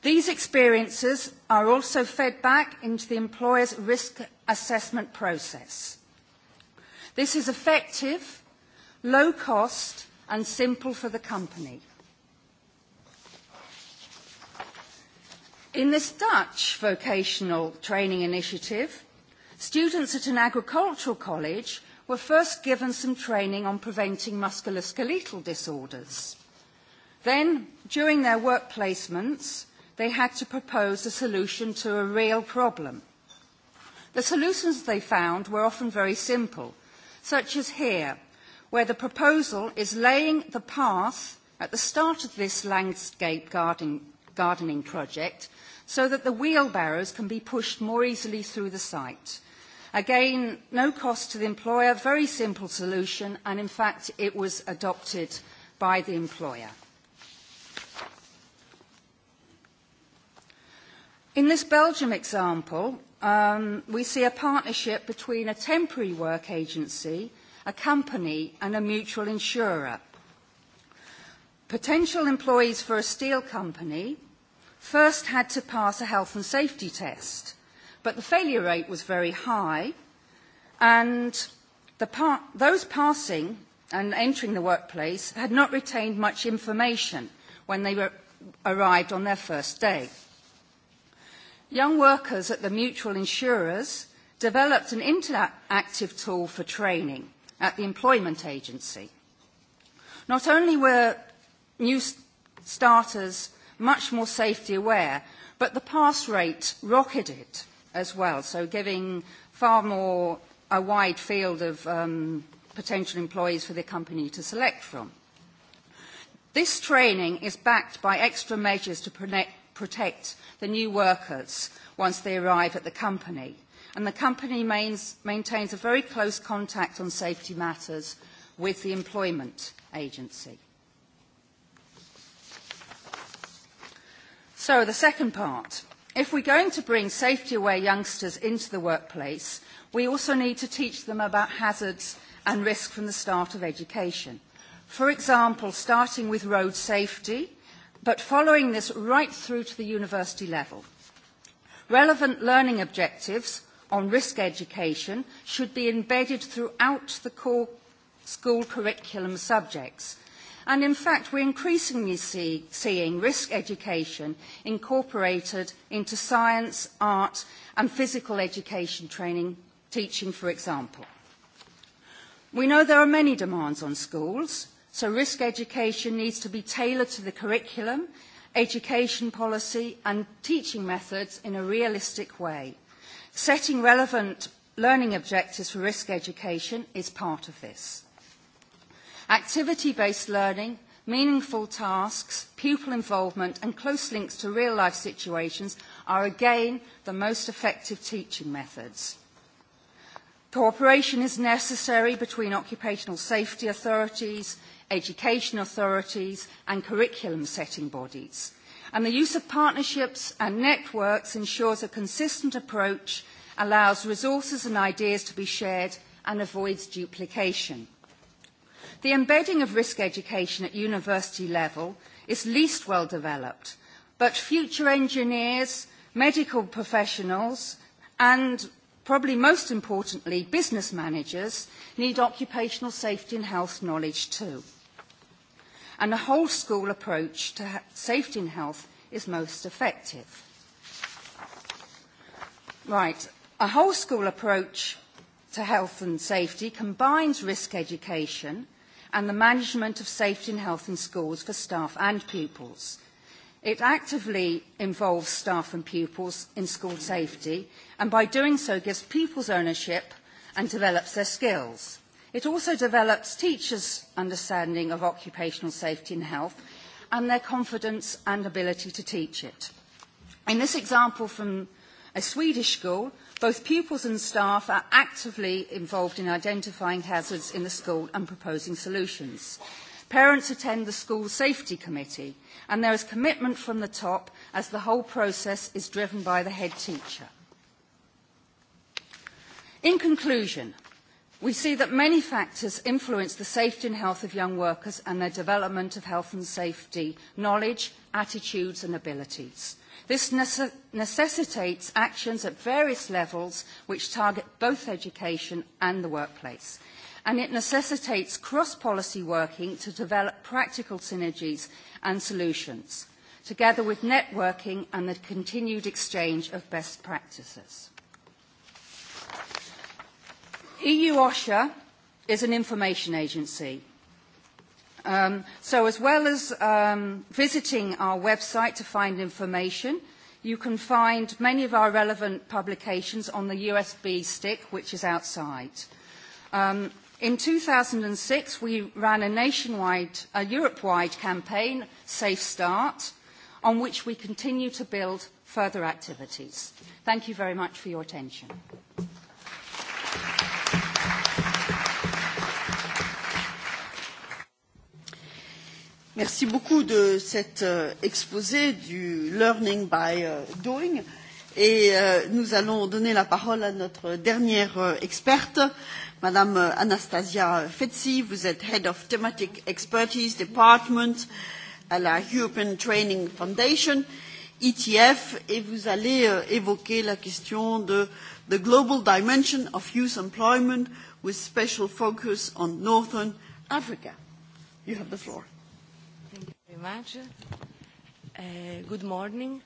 These experiences are also fed back into the employer's risk assessment process. This is effective, low cost and simple for the company. In this Dutch vocational training initiative, students at an agricultural college were first given some training on preventing musculoskeletal disorders. Then, during their work placements, they had to propose a solution to a real problem. The solutions they found were often very simple, such as here, where the proposal is laying the path at the start of this landscape garden gardening project so that the wheelbarrows can be pushed more easily through the site. Again, no cost to the employer, very simple solution, and in fact it was adopted by the employer. In this Belgium example, we see a partnership between a temporary work agency, a company and a mutual insurer. Potential employees for a steel company first had to pass a health and safety test, but the failure rate was very high, and those passing and entering the workplace had not retained much information when they arrived on their first day. Young workers at the mutual insurers developed an interactive tool for training at the employment agency. Not only were new starters much more safety aware, but the pass rate rocketed as well, so giving far more a wide field of potential employees for the company to select from. This training is backed by extra measures to protect the new workers once they arrive at the company, and the company maintains a very close contact on safety matters with the employment agency. So the second part. If we're going to bring safety-aware youngsters into the workplace, we also need to teach them about hazards and risk from the start of education. For example, starting with road safety, but following this right through to the university level. Relevant learning objectives on risk education should be embedded throughout the core school curriculum subjects and in fact we are increasingly seeing risk education incorporated into science, art and physical education training, teaching for example. We know there are many demands on schools, so risk education needs to be tailored to the curriculum, education policy and teaching methods in a realistic way. Setting relevant learning objectives for risk education is part of this. Activity-based learning, meaningful tasks, pupil involvement and close links to real-life situations are again the most effective teaching methods. Cooperation is necessary between occupational safety authorities, education authorities and curriculum setting bodies. And the use of partnerships and networks ensures a consistent approach, allows resources and ideas to be shared and avoids duplication. The embedding of risk education at university level is least well developed, but future engineers, medical professionals and, probably most importantly, business managers need occupational safety and health knowledge too. And a whole school approach to safety and health is most effective. Right, a whole school approach to health and safety combines risk education and the management of safety and health in schools for staff and pupils. It actively involves staff and pupils in school safety and by doing so gives pupils ownership and develops their skills. It also develops teachers' understanding of occupational safety and health and their confidence and ability to teach it. In this example from a Swedish school, Both pupils and staff are actively involved in identifying hazards in the school and proposing solutions. Parents attend the school safety committee and there is commitment from the top as the whole process is driven by the head teacher. In conclusion, We see that many factors influence the safety and health of young workers and their development of health and safety knowledge, attitudes and abilities. This necessitates actions at various levels which target both education and the workplace, and it necessitates cross-policy working to develop practical synergies and solutions, together with networking and the continued exchange of best practices. EU OSHA is an information agency. So as well as visiting our website to find information, you can find many of our relevant publications on the USB stick, which is outside. In 2006, we ran a nationwide, a Europe-wide campaign, Safe Start, on which we continue to build further activities. Thank you very much for your attention. Merci beaucoup de cet exposé du Learning by Doing. Et nous allons donner la parole à notre dernière experte, Madame Anastasia Fetsi. Vous êtes Head of Thematic Expertise Department à la European Training Foundation, ETF, et vous allez évoquer la question de the global dimension of youth employment with special focus on Northern Africa. You have the floor very much. Good morning.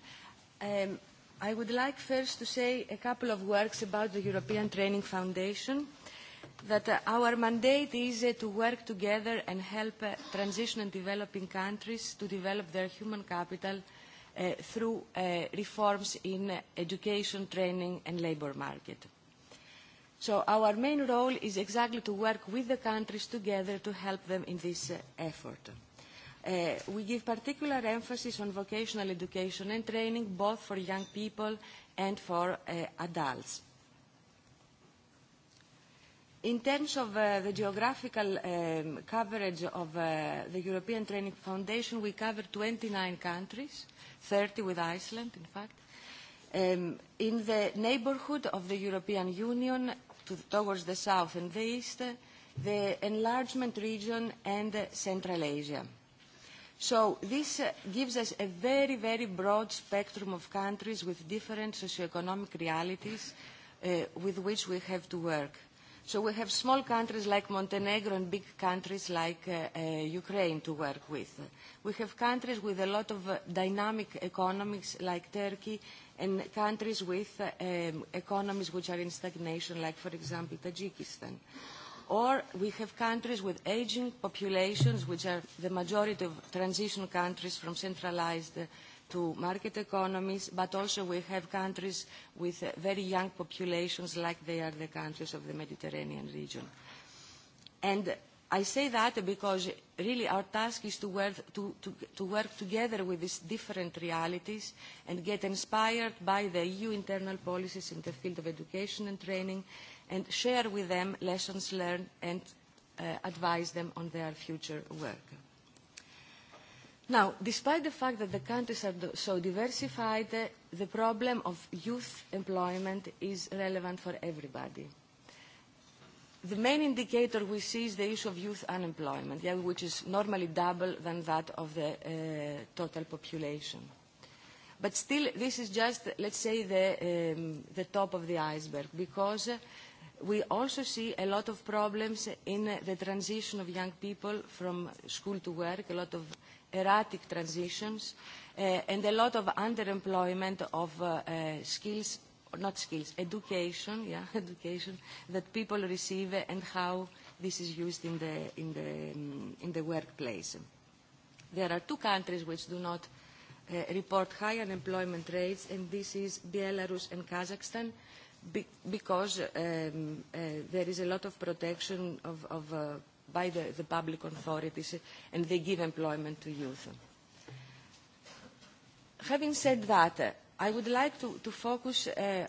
I would like first to say a couple of words about the European Training Foundation, that our mandate is to work together and help transition and developing countries to develop their human capital through reforms in education, training and labour market. So our main role is exactly to work with the countries together to help them in this effort. We give particular emphasis on vocational education and training, both for young people and for adults. In terms of the geographical coverage of the European Training Foundation, we cover 29 countries, 30 with Iceland, in fact. In the neighbourhood of the European Union, towards the south and the east, the enlargement region and Central Asia. So this gives us a very, very broad spectrum of countries with different socioeconomic realities with which we have to work. So we have small countries like Montenegro and big countries like Ukraine to work with. We have countries with a lot of dynamic economies like Turkey and countries with economies which are in stagnation like, for example, Tajikistan or we have countries with aging populations, which are the majority of transition countries from centralized to market economies, but also we have countries with very young populations like they are the countries of the Mediterranean region. And I say that because really our task is to work together with these different realities and get inspired by the EU internal policies in the field of education and training and share with them lessons learned and advise them on their future work. Now, despite the fact that the countries are so diversified, the problem of youth employment is relevant for everybody. The main indicator we see is the issue of youth unemployment, which is normally double than that of the total population. But still, this is just, let's say, the top of the iceberg, because We also see a lot of problems in the transition of young people from school to work, a lot of erratic transitions, and a lot of underemployment of skills, not skills, education, yeah, education that people receive and how this is used in the in the in the workplace. There are two countries which do not report high unemployment rates, and this is Belarus and Kazakhstan because there is a lot of protection of by the public authorities and they give employment to youth. Having said that, I would like to focus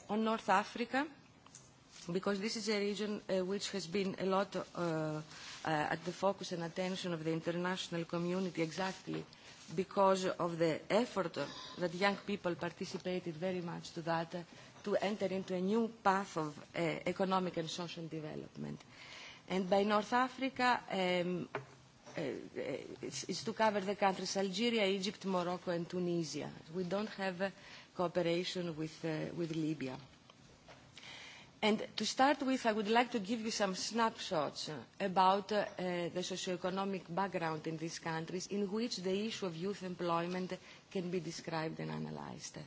on North Africa because this is a region which has been a lot at the focus and attention of the international community exactly because of the effort that young people participated very much to that to enter into a new path of economic and social development. And by North Africa, it's to cover the countries Algeria, Egypt, Morocco, and Tunisia. We don't have cooperation with Libya. And to start with, I would like to give you some snapshots about the socioeconomic background in these countries in which the issue of youth employment can be described and analyzed.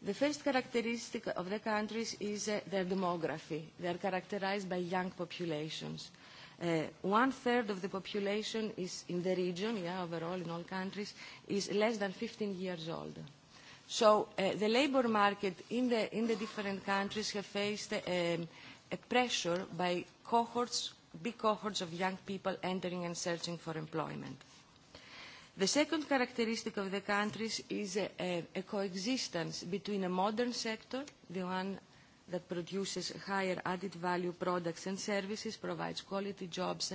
The first characteristic of the countries is their demography. They are characterized by young populations. One-third of the population is in the region, overall in all countries, is less than 15 years old. So the labor market in the different countries have faced a pressure by cohorts, big cohorts of young people entering and searching for employment. The second characteristic of the countries is a coexistence between a modern sector, the one that produces higher added value products and services, provides quality jobs,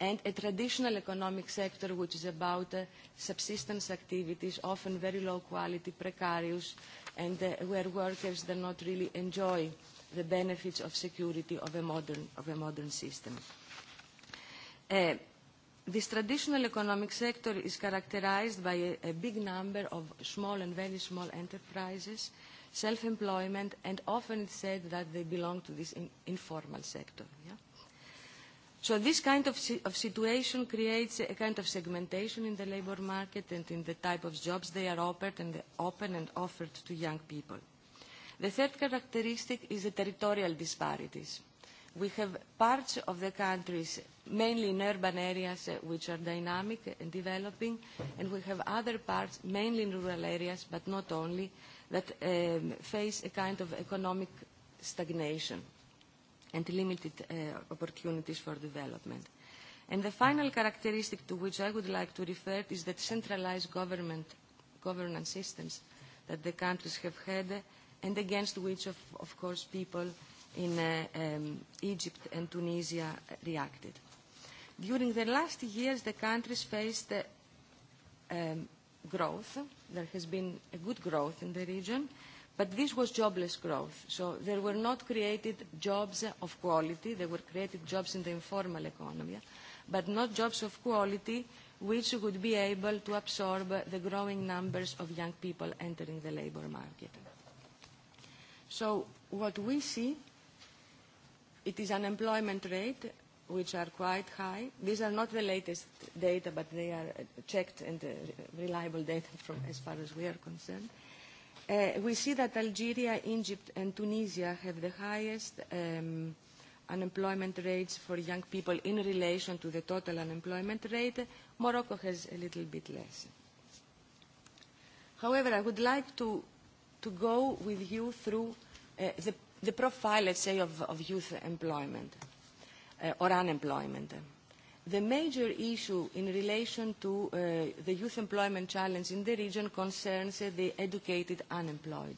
and a traditional economic sector which is about subsistence activities, often very low quality, precarious, and where workers do not really enjoy the benefits of security of a modern system. This traditional economic sector is characterized by a big number of small and very small enterprises, self-employment, and often it's said that they belong to this informal sector. So this kind of situation creates a kind of segmentation in the labor market and in the type of jobs they are open and offered to young people. The third characteristic is the territorial disparities. We have parts of the countries, mainly in urban areas, which are dynamic and developing, and we have other parts, mainly in rural areas, but not only, that face a kind of economic stagnation and limited opportunities for development. And the final characteristic to which I would like to refer is that centralized government governance systems that the countries have had and against which, of course, people in Egypt and Tunisia reacted. During the last years, the countries faced growth. There has been a good growth in the region, but this was jobless growth. So there were not created jobs of quality. There were created jobs in the informal economy, but not jobs of quality which would be able to absorb the growing numbers of young people entering the labor market. So what we see It is unemployment rate, which are quite high. These are not the latest data, but they are checked and reliable data from as far as we are concerned. We see that Algeria, Egypt and Tunisia have the highest unemployment rates for young people in relation to the total unemployment rate. Morocco has a little bit less. However, I would like to go with you through the the profile, let's say, of youth employment or unemployment. The major issue in relation to the youth employment challenge in the region concerns the educated unemployed.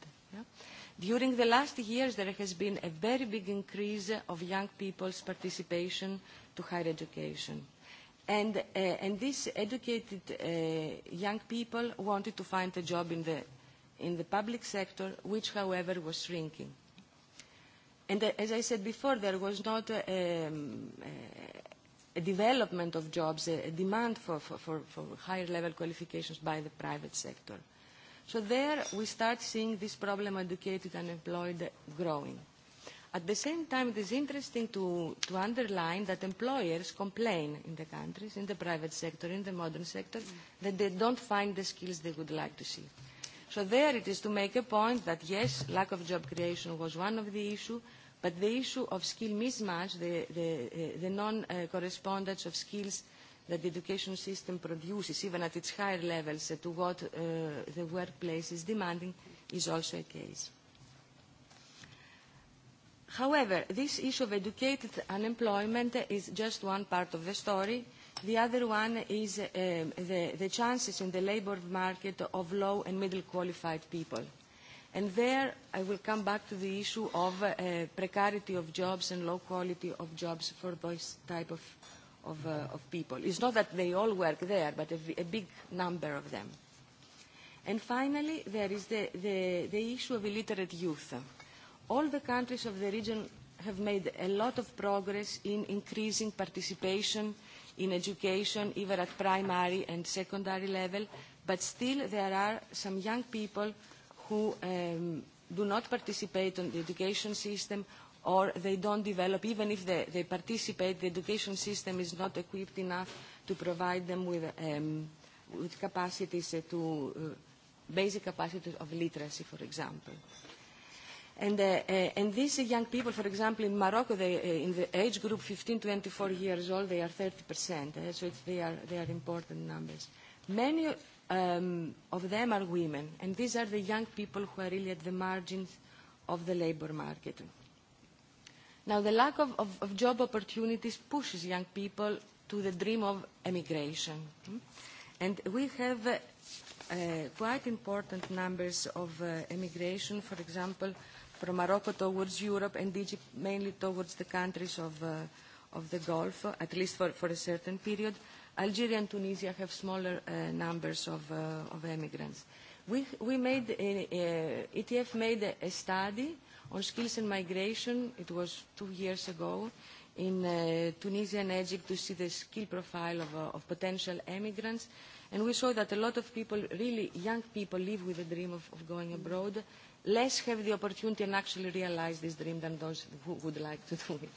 During the last years, there has been a very big increase of young people's participation to higher education. And these educated young people wanted to find a job in the public sector, which, however, was shrinking. And as I said before, there was not a development of jobs, a demand for higher level qualifications by the private sector. So there we start seeing this problem educated and employed growing. At the same time, it is interesting to underline that employers complain in the countries, in the private sector, in the modern sector, that they don't find the skills they would like to see. So there it is to make a point that yes, lack of job creation was one of the issues, but the issue of skill mismatch, the non-correspondence of skills that the education system produces, even at its higher levels, to what the workplace is demanding, is also a case. However, this issue of educated unemployment is just one part of the story The other one is the chances in the labour market of low and middle qualified people. And there I will come back to the issue of precarity of jobs and low quality of jobs for those type of people. It's not that they all work there, but a big number of them. And finally, there is the issue of illiterate youth. All the countries of the region have made a lot of progress in increasing participation in education, even at primary and secondary level, but still there are some young people who do not participate in the education system or they don't develop, even if they participate, the education system is not equipped enough to provide them with capacities to basic capacities of literacy, for example. And these young people, for example, in Morocco, in the age group 15 24 years old, they are 30%. So they are important numbers. Many of them are women, and these are the young people who are really at the margins of the labor market. Now, the lack of job opportunities pushes young people to the dream of emigration. And we have quite important numbers of emigration, for example, from Morocco towards Europe and Egypt mainly towards the countries of the Gulf, at least for a certain period. Algeria and Tunisia have smaller numbers of emigrants. We made, ETF made a study on skills and migration. It was two years ago in Tunisia and Egypt to see the skill profile of potential emigrants. And we saw that a lot of people, really young people, live with the dream of going abroad less have the opportunity and actually realize this dream than those who would like to do it.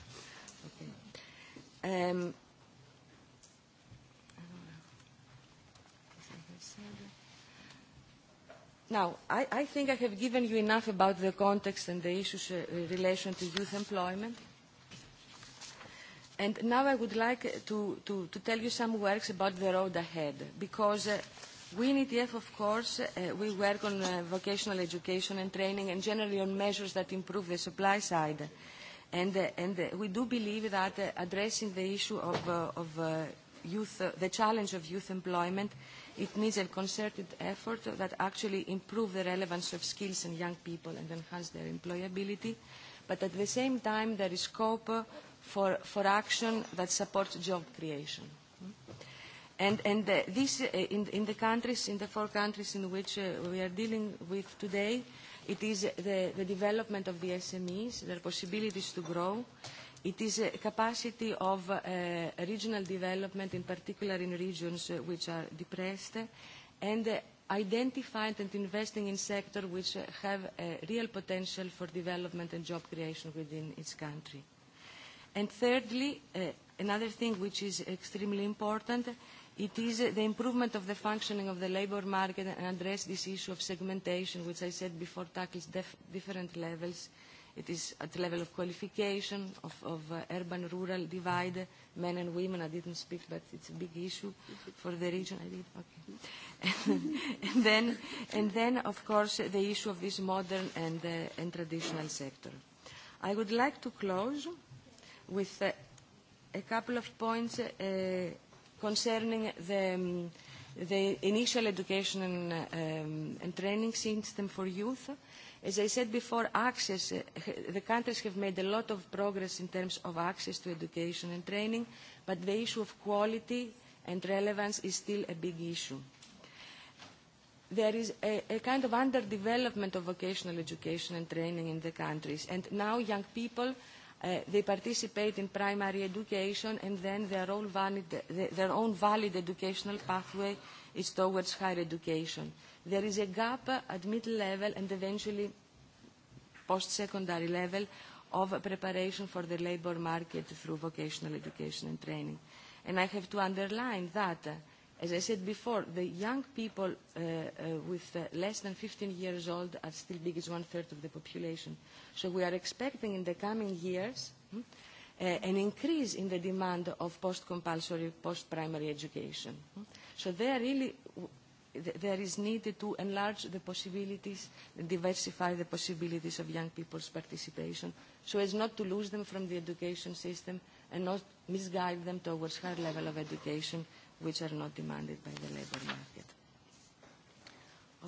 Now, I think I have given you enough about the context and the issues in relation to youth employment. And now I would like to tell you some words about the road ahead, because We in ETF, of course, we work on vocational education and training and generally on measures that improve the supply side. And we do believe that addressing the issue of youth, the challenge of youth employment, it needs a concerted effort that actually improve the relevance of skills in young people and enhance their employability. But at the same time, there is scope for action that supports job creation. And this, in the countries, in the four countries in which we are dealing with today, it is the development of the SMEs, their possibilities to grow. It is a capacity of regional development, in particular in regions which are depressed, and identifying and investing in sectors which have a real potential for development and job creation within its country. And thirdly, another thing which is extremely important It is the improvement of the functioning of the labor market and address this issue of segmentation, which I said before tackles different levels. It is at the level of qualification, of urban-rural divide, men and women. I didn't speak, but it's a big issue for the region. I did, And then, of course, the issue of this modern and traditional sector. I would like to close with a couple of points concerning the the initial education and training system for youth. As I said before, access, the countries have made a lot of progress in terms of access to education and training, but the issue of quality and relevance is still a big issue. There is a kind of underdevelopment of vocational education and training in the countries, and now young people They participate in primary education and then their own valid educational pathway is towards higher education. There is a gap at middle level and eventually post-secondary level of preparation for the labor market through vocational education and training. And I have to underline that As I said before, the young people with less than 15 years old are still big as one-third of the population. So we are expecting in the coming years an increase in the demand of post-compulsory, post-primary education. So there really there is needed to enlarge the possibilities, diversify the possibilities of young people's participation, so as not to lose them from the education system and not misguide them towards higher level of education which are not demanded by the labor market.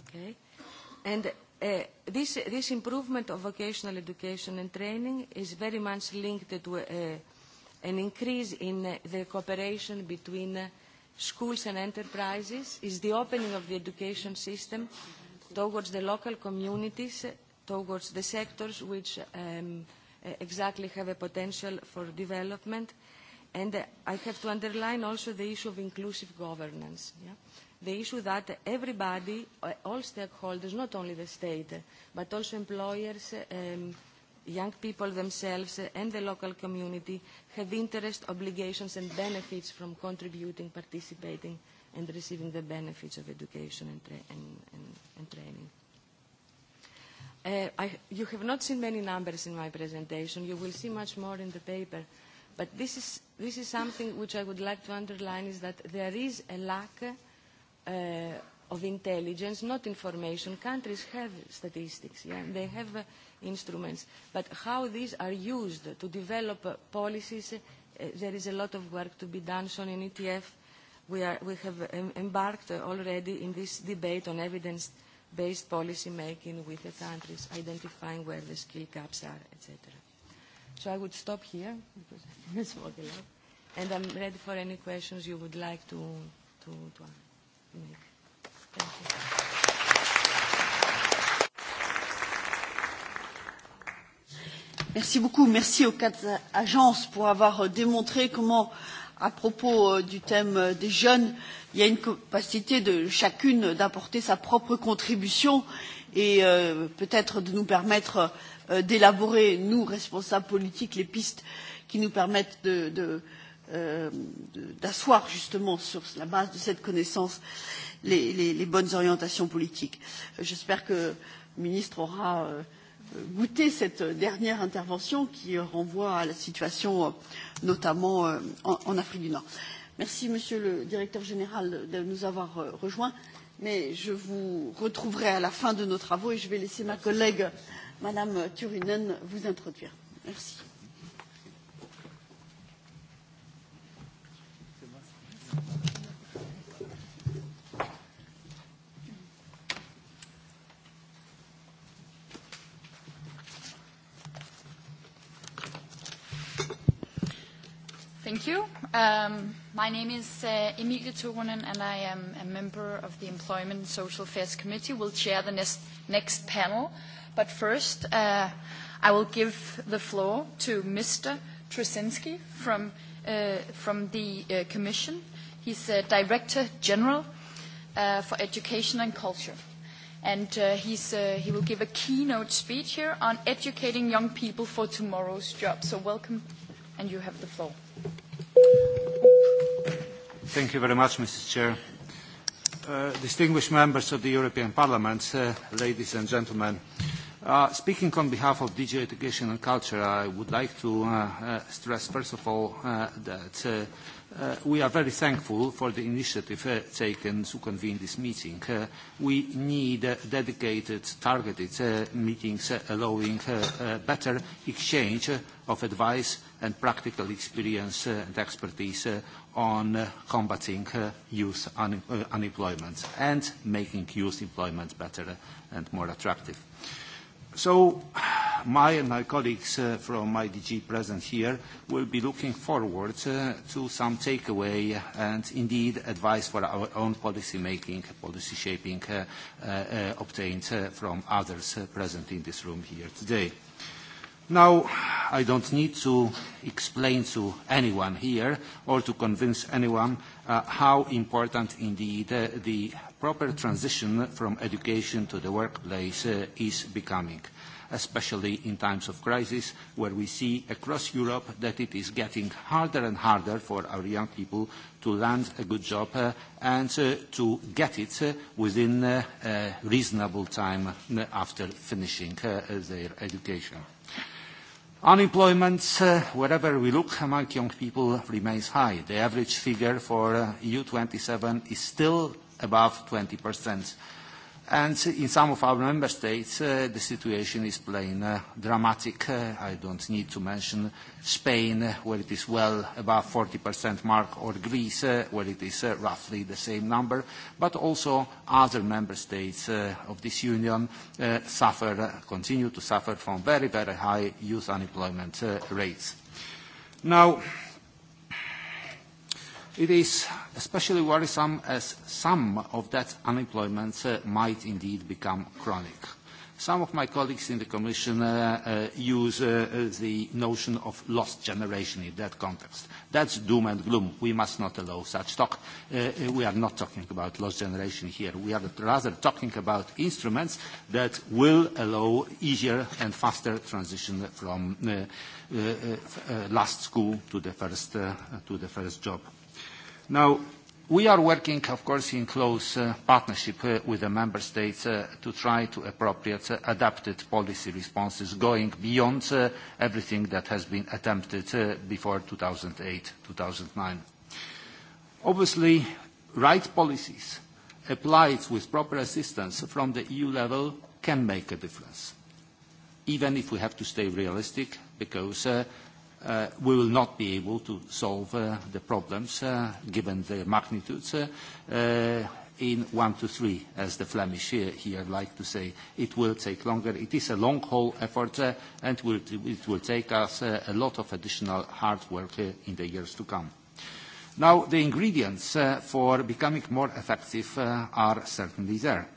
Okay. And this, this improvement of vocational education and training is very much linked to an increase in the cooperation between schools and enterprises, is the opening of the education system towards the local communities, towards the sectors which exactly have a potential for development, And I have to underline also the issue of inclusive governance. The issue that everybody, all stakeholders, not only the state, but also employers, young people themselves and the local community have interest, obligations and benefits from contributing, participating and receiving the benefits of education and training. You have not seen many numbers in my presentation. You will see much more in the paper. But this is, something which I would like to underline is that there is a lack of intelligence, not information. Countries have statistics, they have instruments, but how these are used to develop policies, there is a lot of work to be done. So in ETF, we, are, we have embarked already in this debate on evidence-based policy making with the countries, identifying where the skill gaps are, etc. So I would stop here because I a And I'm ready for any questions you would like to, to, to make. Thank you. Merci beaucoup. Merci aux quatre agences pour avoir démontré comment, à propos du thème des jeunes, il y a une capacité de chacune d'apporter sa propre contribution et peut-être de nous permettre d'élaborer, nous, responsables politiques, les pistes qui nous permettent d'asseoir justement sur la base de cette connaissance les bonnes orientations politiques. J'espère que le ministre aura goûté cette dernière intervention qui renvoie à la situation notamment en Afrique du Nord. Merci Monsieur le Directeur général de nous avoir rejoints, mais je vous retrouverai à la fin de nos travaux et je vais laisser ma collègue Madame Turinen vous introduire. Merci. Thank you. My name is Emilie Turunen, and I am a member of the Employment and Social Affairs Committee. We'll chair the next panel But first, I will give the floor to Mr. Trusinski from the Commission. He's the Director General for Education and Culture. And he will give a keynote speech here on educating young people for tomorrow's jobs. So welcome, and you have the floor. Thank you very much, Mrs. Chair. Distinguished members of the European Parliament, ladies and gentlemen, Speaking on behalf of DG Education and Culture, I would like to stress, first of all, that we are very thankful for the initiative taken to convene this meeting. We need dedicated, targeted meetings allowing better exchange of advice and practical experience and expertise on combating youth unemployment and making youth employment better and more attractive. So my and my colleagues from IDG present here will be looking forward to some takeaway and indeed advice for our own policy making, policy shaping obtained from others present in this room here today. Now, I don't need to explain to anyone here or to convince anyone how important indeed the proper transition from education to the workplace is becoming, especially in times of crisis, where we see across Europe that it is getting harder and harder for our young people to land a good job and to get it within a reasonable time after finishing their education. Unemployment, wherever we look among young people, remains high. The average figure for EU27 is still above 20%. And in some of our member states, the situation is plain dramatic. I don't need to mention Spain, where it is well above 40% mark, or Greece, where it is roughly the same number. But also other member states of this union suffer, continue to suffer from very, very high youth unemployment rates. Now, It is especially worrisome as some of that unemployment might indeed become chronic. Some of my colleagues in the Commission use the notion of lost generation in that context. That's doom and gloom. We must not allow such talk. We are not talking about lost generation here. We are rather talking about instruments that will allow easier and faster transition from last school to the first job Now, we are working, of course, in close partnership with the member states to try to appropriate adapted policy responses going beyond everything that has been attempted before 2008-2009. Obviously, right policies applied with proper assistance from the EU level can make a difference, even if we have to stay realistic because we will not be able to solve the problems, given the magnitudes, in one to three, as the Flemish here like to say. It will take longer. It is a long-haul effort, and it will take us a lot of additional hard work in the years to come. Now, the ingredients for becoming more effective are certainly there.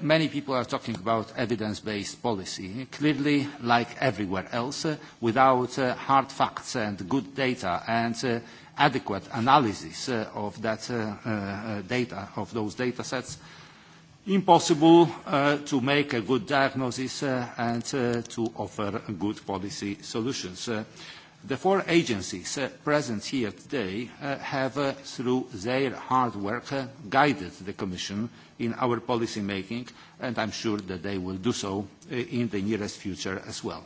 Many people are talking about evidence-based policy. Clearly, like everywhere else, without hard facts and good data and adequate analysis of that data, of those data sets, impossible to make a good diagnosis and to offer good policy solutions. The four agencies present here today have, through their hard work, guided the Commission in our policy making, and I'm sure that they will do so in the nearest future as well.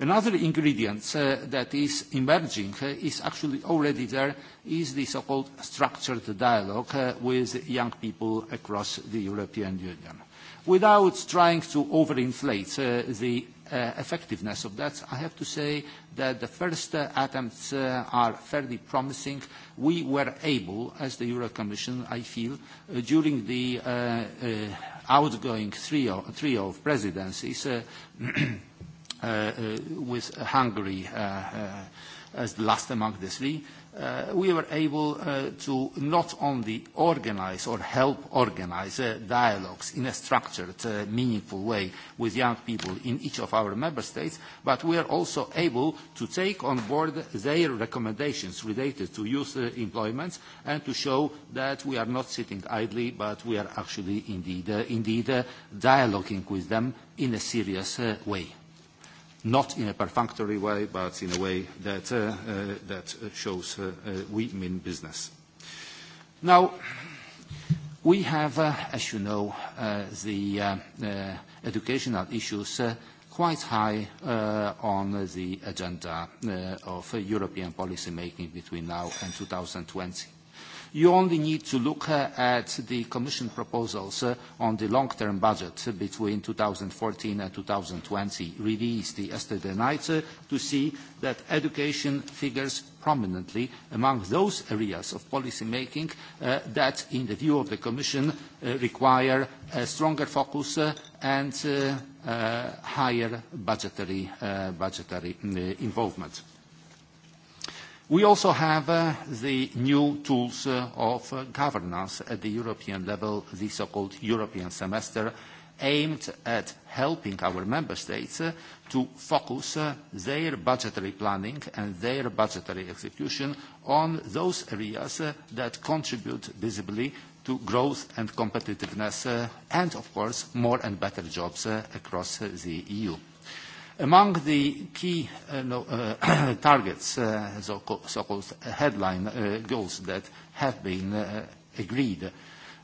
Another ingredient that is emerging, is actually already there, is the so-called structured dialogue with young people across the European Union. Without trying to overinflate the effectiveness of that, I have to say that the first attempts are fairly promising. We were able, as the Euro Commission, I feel, during the outgoing trio of presidencies with Hungary as the last among the three, we were able to not only organize or help organize dialogues in a structured, meaningful way with young people in each of our member states, but we are also able to take on board their recommendations related to youth employment and to show that we are not sitting idly, but we are actually indeed dialoguing with them in a serious way not in a perfunctory way, but in a way that shows we mean business. Now, we have, as you know, the educational issues quite high on the agenda of European policy making between now and 2020. You only need to look at the Commission proposals on the long-term budget between 2014 and 2020, released yesterday night, to see that education figures prominently among those areas of policy making that, in the view of the Commission, require a stronger focus and higher budgetary involvement. We also have the new tools of governance at the European level, the so-called European semester, aimed at helping our member states to focus their budgetary planning and their budgetary execution on those areas that contribute visibly to growth and competitiveness and, of course, more and better jobs across the EU. Among the key targets, so-called headline goals that have been agreed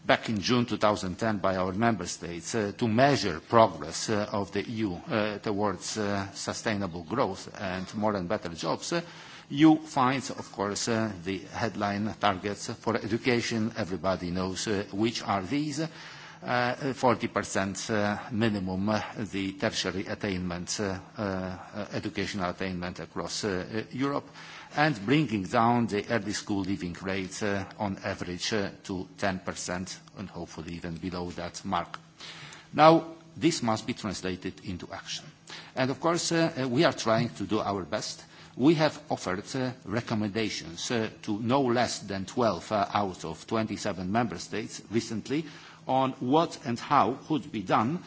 back in June 2010 by our member states to measure progress of the EU towards sustainable growth and more and better jobs, you find, of course, the headline targets for education. Everybody knows which are these 40% minimum the tertiary attainment, educational attainment across Europe, and bringing down the early school leaving rate on average to 10% and hopefully even below that mark. Now, this must be translated into action. And of course, we are trying to do our best. We have offered recommendations to no less than 12 out of 27 member states recently on what and how could be done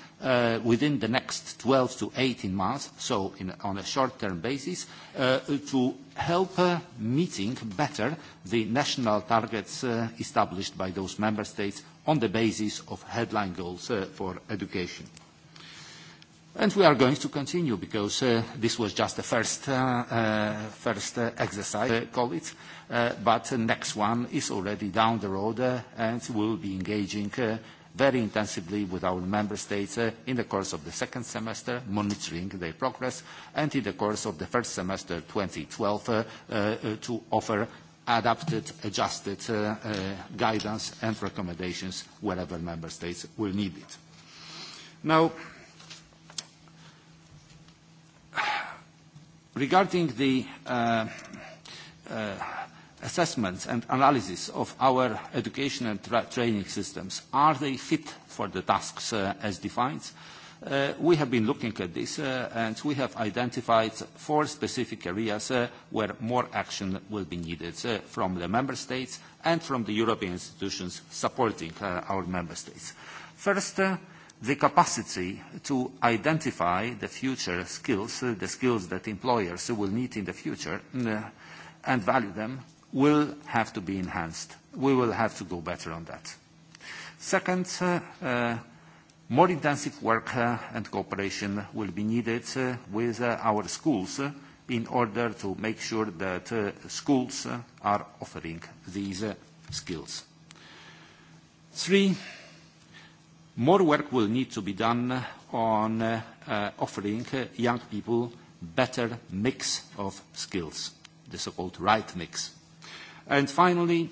within the next 12 to 18 months, so on a short-term basis, to help meeting better the national targets established by those member states on the basis of headline goals for education. And we are going to continue because this was just the first first exercise, call it, but the next one is already down the road and will be engaging very intensively with our member states in the course of the second semester, monitoring their progress, and in the course of the first semester 2012 to offer adapted, adjusted guidance and recommendations wherever member states will need it. Regarding the assessments and analysis of our education and training systems, are they fit for the tasks as defined? We have been looking at this and we have identified four specific areas where more action will be needed from the Member States and from the European institutions supporting our Member States. First, the capacity to identify the future skills, the skills that employers will need in the future and value them, will have to be enhanced. We will have to go better on that. Second, more intensive work and cooperation will be needed with our schools in order to make sure that schools are offering these skills. Three, More work will need to be done on offering young people better mix of skills, the so-called right mix. And finally,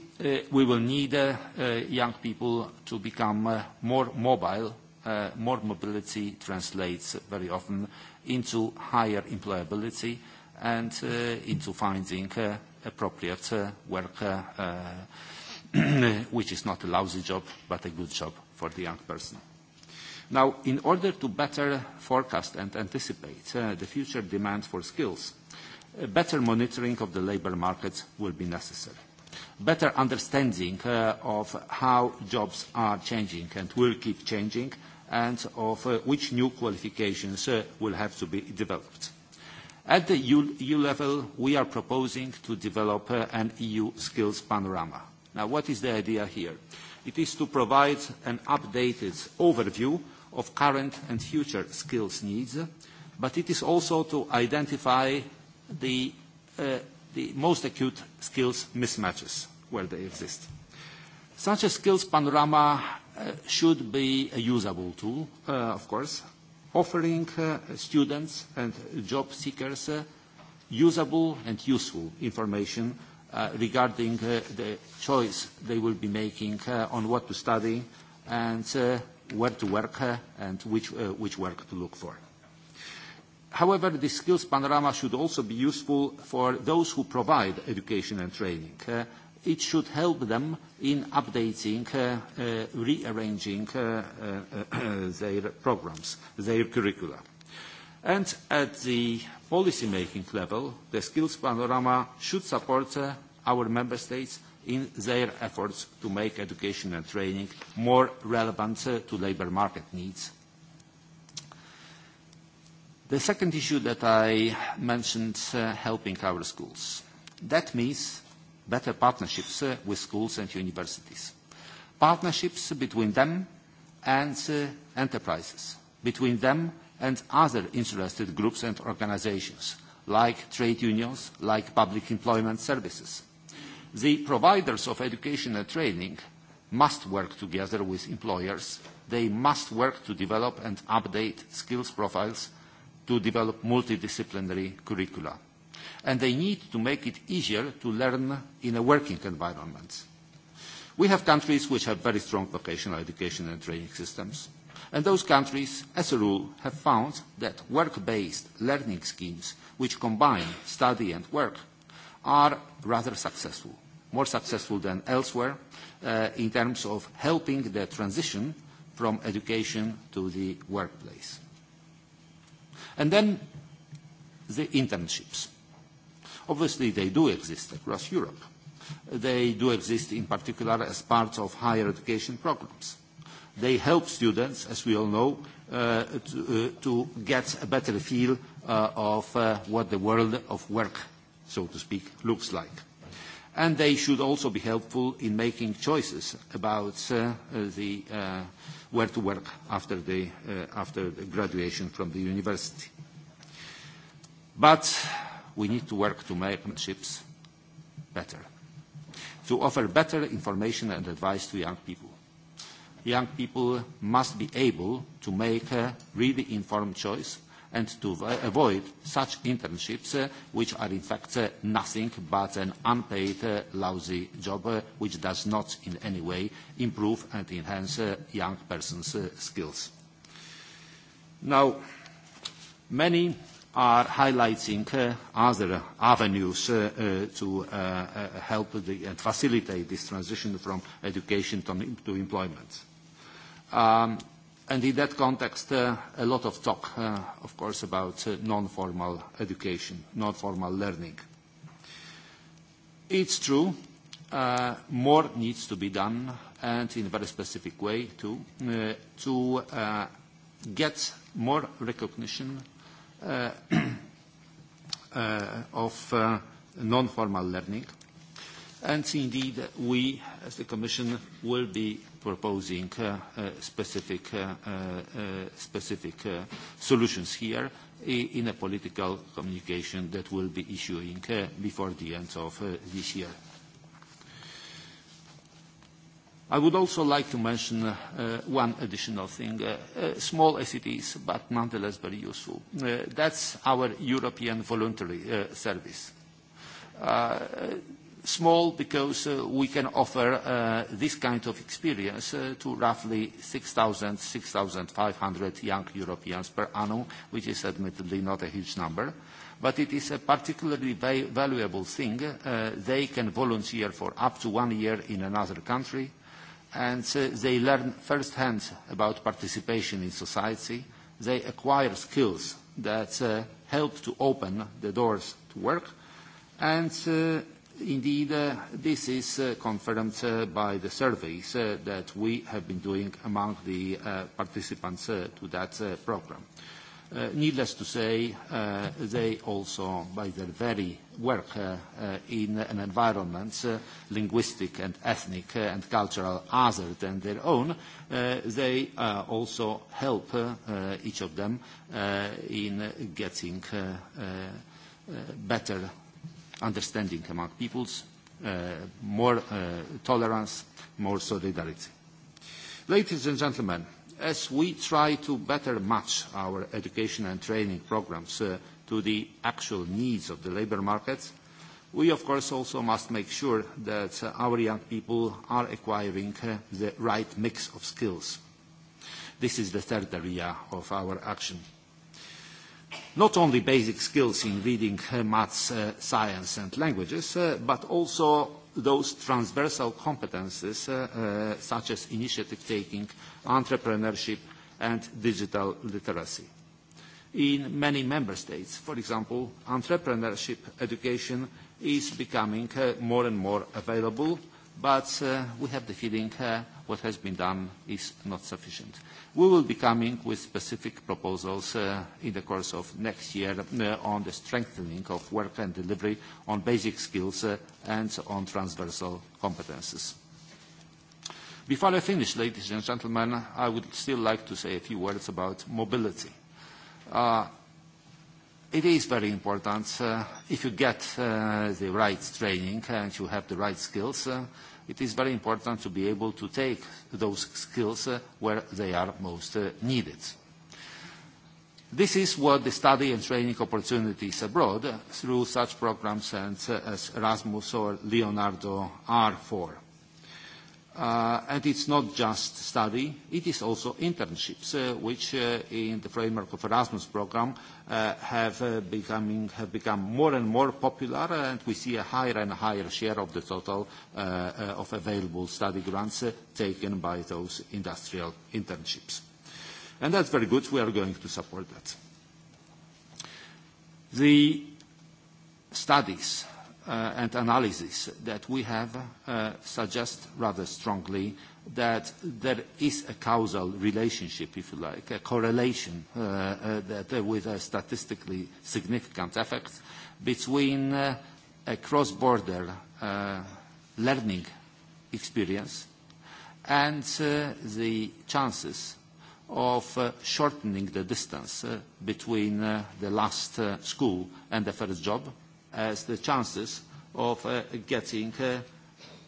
we will need young people to become more mobile. More mobility translates very often into higher employability and into finding appropriate work, which is not a lousy job, but a good job for the young person. Now, in order to better forecast and anticipate the future demand for skills, better monitoring of the labour markets will be necessary. Better understanding of how jobs are changing and will keep changing and of which new qualifications will have to be developed. At the EU level, we are proposing to develop an EU skills panorama. Now, what is the idea here? It is to provide an updated overview of current and future skills needs, but it is also to identify the most acute skills mismatches where they exist. Such a skills panorama should be a usable tool, of course, offering students and job seekers usable and useful information regarding the choice they will be making on what to study and where to work and which which work to look for. However, the skills panorama should also be useful for those who provide education and training. It should help them in updating, rearranging their programs, their curricula. And at the policy-making level, the skills panorama should support our member states in their efforts to make education and training more relevant to labour market needs. The second issue that I mentioned, helping our schools. That means better partnerships with schools and universities. Partnerships between them and enterprises, between them and other interested groups and organisations, like trade unions, like public employment services The providers of education and training must work together with employers. They must work to develop and update skills profiles to develop multidisciplinary curricula. And they need to make it easier to learn in a working environment. We have countries which have very strong vocational education and training systems. And those countries, as a rule, have found that work-based learning schemes which combine study and work are rather successful more successful than elsewhere in terms of helping the transition from education to the workplace. And then the internships. Obviously, they do exist across Europe. They do exist in particular as part of higher education programs. They help students, as we all know, to get a better feel of what the world of work, so to speak, looks like and they should also be helpful in making choices about the where to work after the after graduation from the university. But we need to work to make ships better, to offer better information and advice to young people. Young people must be able to make a really informed choice and to avoid such internships which are in fact nothing but an unpaid lousy job which does not in any way improve and enhance young persons' skills. Now, many are highlighting other avenues to help and facilitate this transition from education to employment. And in that context, a lot of talk, of course, about non-formal education, non-formal learning. It's true, more needs to be done, and in a very specific way, too, to get more recognition of non-formal learning. And indeed, we, as the Commission, will be proposing specific solutions here in a political communication that will be issuing before the end of this year. I would also like to mention one additional thing, small as it is, but nonetheless very useful. That's our European Voluntary Service small because we can offer this kind of experience to roughly 6,000, 6,500 young Europeans per annum, which is admittedly not a huge number, but it is a particularly valuable thing. They can volunteer for up to one year in another country, and they learn firsthand about participation in society. They acquire skills that help to open the doors to work, and Indeed, this is confirmed by the surveys that we have been doing among the participants to that program. Needless to say, they also, by their very work in an environment, linguistic and ethnic and cultural other than their own, they also help each of them in getting better understanding among peoples, more tolerance, more solidarity. Ladies and gentlemen, as we try to better match our education and training programs to the actual needs of the labour market, we of course also must make sure that our young people are acquiring the right mix of skills. This is the third area of our action not only basic skills in reading, maths, science and languages, but also those transversal competences such as initiative taking, entrepreneurship and digital literacy. In many member states, for example, entrepreneurship education is becoming more and more available, but we have the feeling what has been done is not sufficient. We will be coming with specific proposals in the course of next year on the strengthening of work and delivery on basic skills and on transversal competences. Before I finish, ladies and gentlemen, I would still like to say a few words about mobility. It is very important if you get the right training and you have the right skills it is very important to be able to take those skills where they are most needed. This is what the study and training opportunities abroad through such programs as Erasmus or Leonardo are for. And it's not just study, it is also internships, which in the framework of Erasmus program have become more and more popular, and we see a higher and higher share of the total of available study grants taken by those industrial internships. And that's very good. We are going to support that. The studies and analysis that we have suggest rather strongly that there is a causal relationship, if you like, a correlation with a statistically significant effect between a cross-border learning experience and the chances of shortening the distance between the last school and the first job as the chances of getting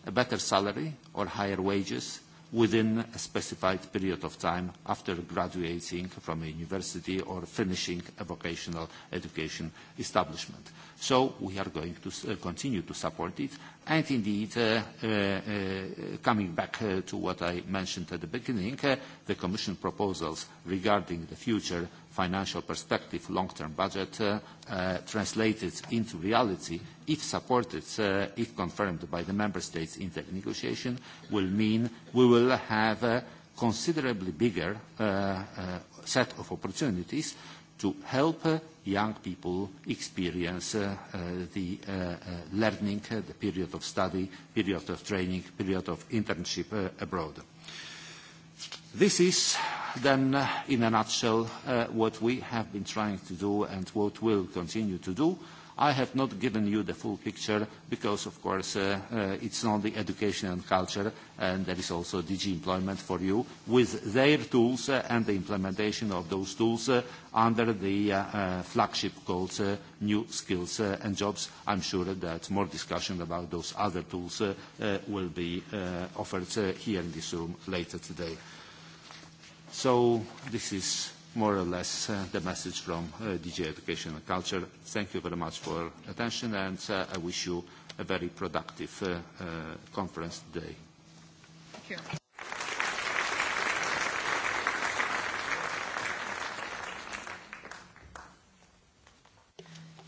a better salary or higher wages within a specified period of time after graduating from a university or finishing a vocational education establishment. So we are going to continue to support it. And indeed, coming back to what I mentioned at the beginning, the Commission proposals regarding the future financial perspective long-term budget translated into reality if supported, if confirmed by the Member States in the negotiation, will mean we will have a considerably bigger set of opportunities to help young people experience the learning, the period of study, period of training, period of internship abroad. This is then, in a nutshell, what we have been trying to do and what will continue to do. I have not given you the full picture because, of course, it's not only education and culture, and there is also DG employment for you with their tools and the implementation of those tools under the flagship called New Skills and Jobs. I'm sure that more discussion about those other tools will be offered here in this room later today. So this is more or less the message from DJ Education and Culture. Thank you very much for your attention, and I wish you a very productive conference today. Thank you.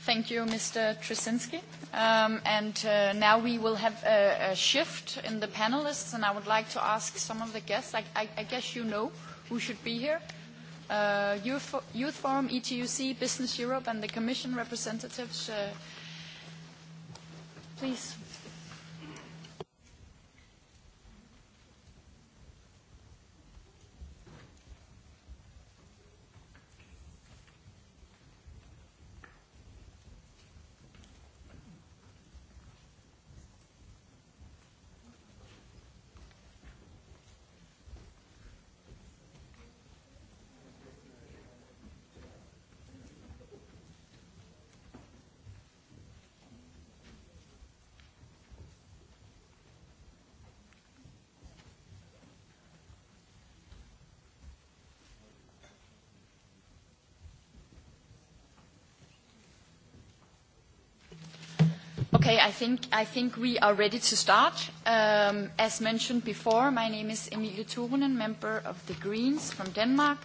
Thank you, Mr. Um, And now we will have a shift in the panelists, and I would like to ask some of the guests. I guess you know who should be here. Youth Forum, ETUC, Business Europe, and the Commission representatives. Please. Okay, I think, I think we are ready to start. as mentioned before, my name is Emilie Turunen, member of the Greens from Denmark,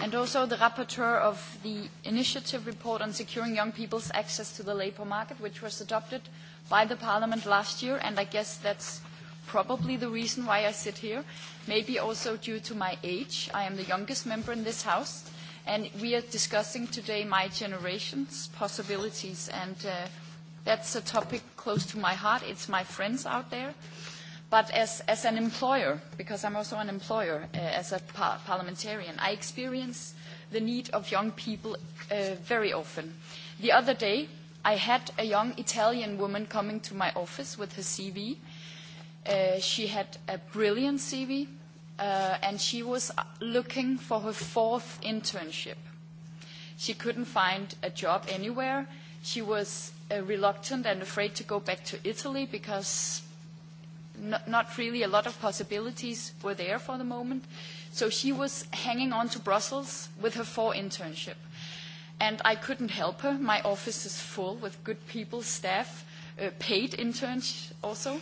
and also the rapporteur of the initiative report on securing young people's access to the labor market, which was adopted by the Parliament last year, and I guess that's probably the reason why I sit here, maybe also due to my age. I am the youngest member in this House, and we are discussing today my generation's possibilities and That's a topic close to my heart. It's my friends out there. But as an employer, because I'm also an employer as a parliamentarian, I experience the need of young people very often. The other day, I had a young Italian woman coming to my office with her CV. She had a brilliant CV, and she was looking for her fourth internship. She couldn't find a job anywhere. She was reluctant and afraid to go back to Italy because not really a lot of possibilities were there for the moment. So she was hanging on to Brussels with her four internship. And I couldn't help her. My office is full with good people, staff, paid interns also.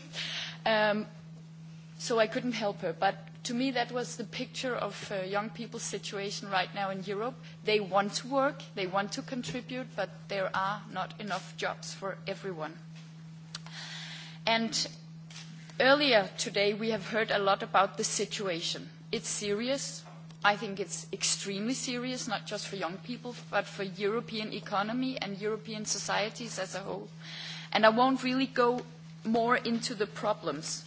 So I couldn't help her. But To me, that was the picture of young people's situation right now in Europe. They want to work, they want to contribute, but there are not enough jobs for everyone. And earlier today, we have heard a lot about the situation. It's serious. I think it's extremely serious, not just for young people, but for European economy and European societies as a whole. And I won't really go more into the problems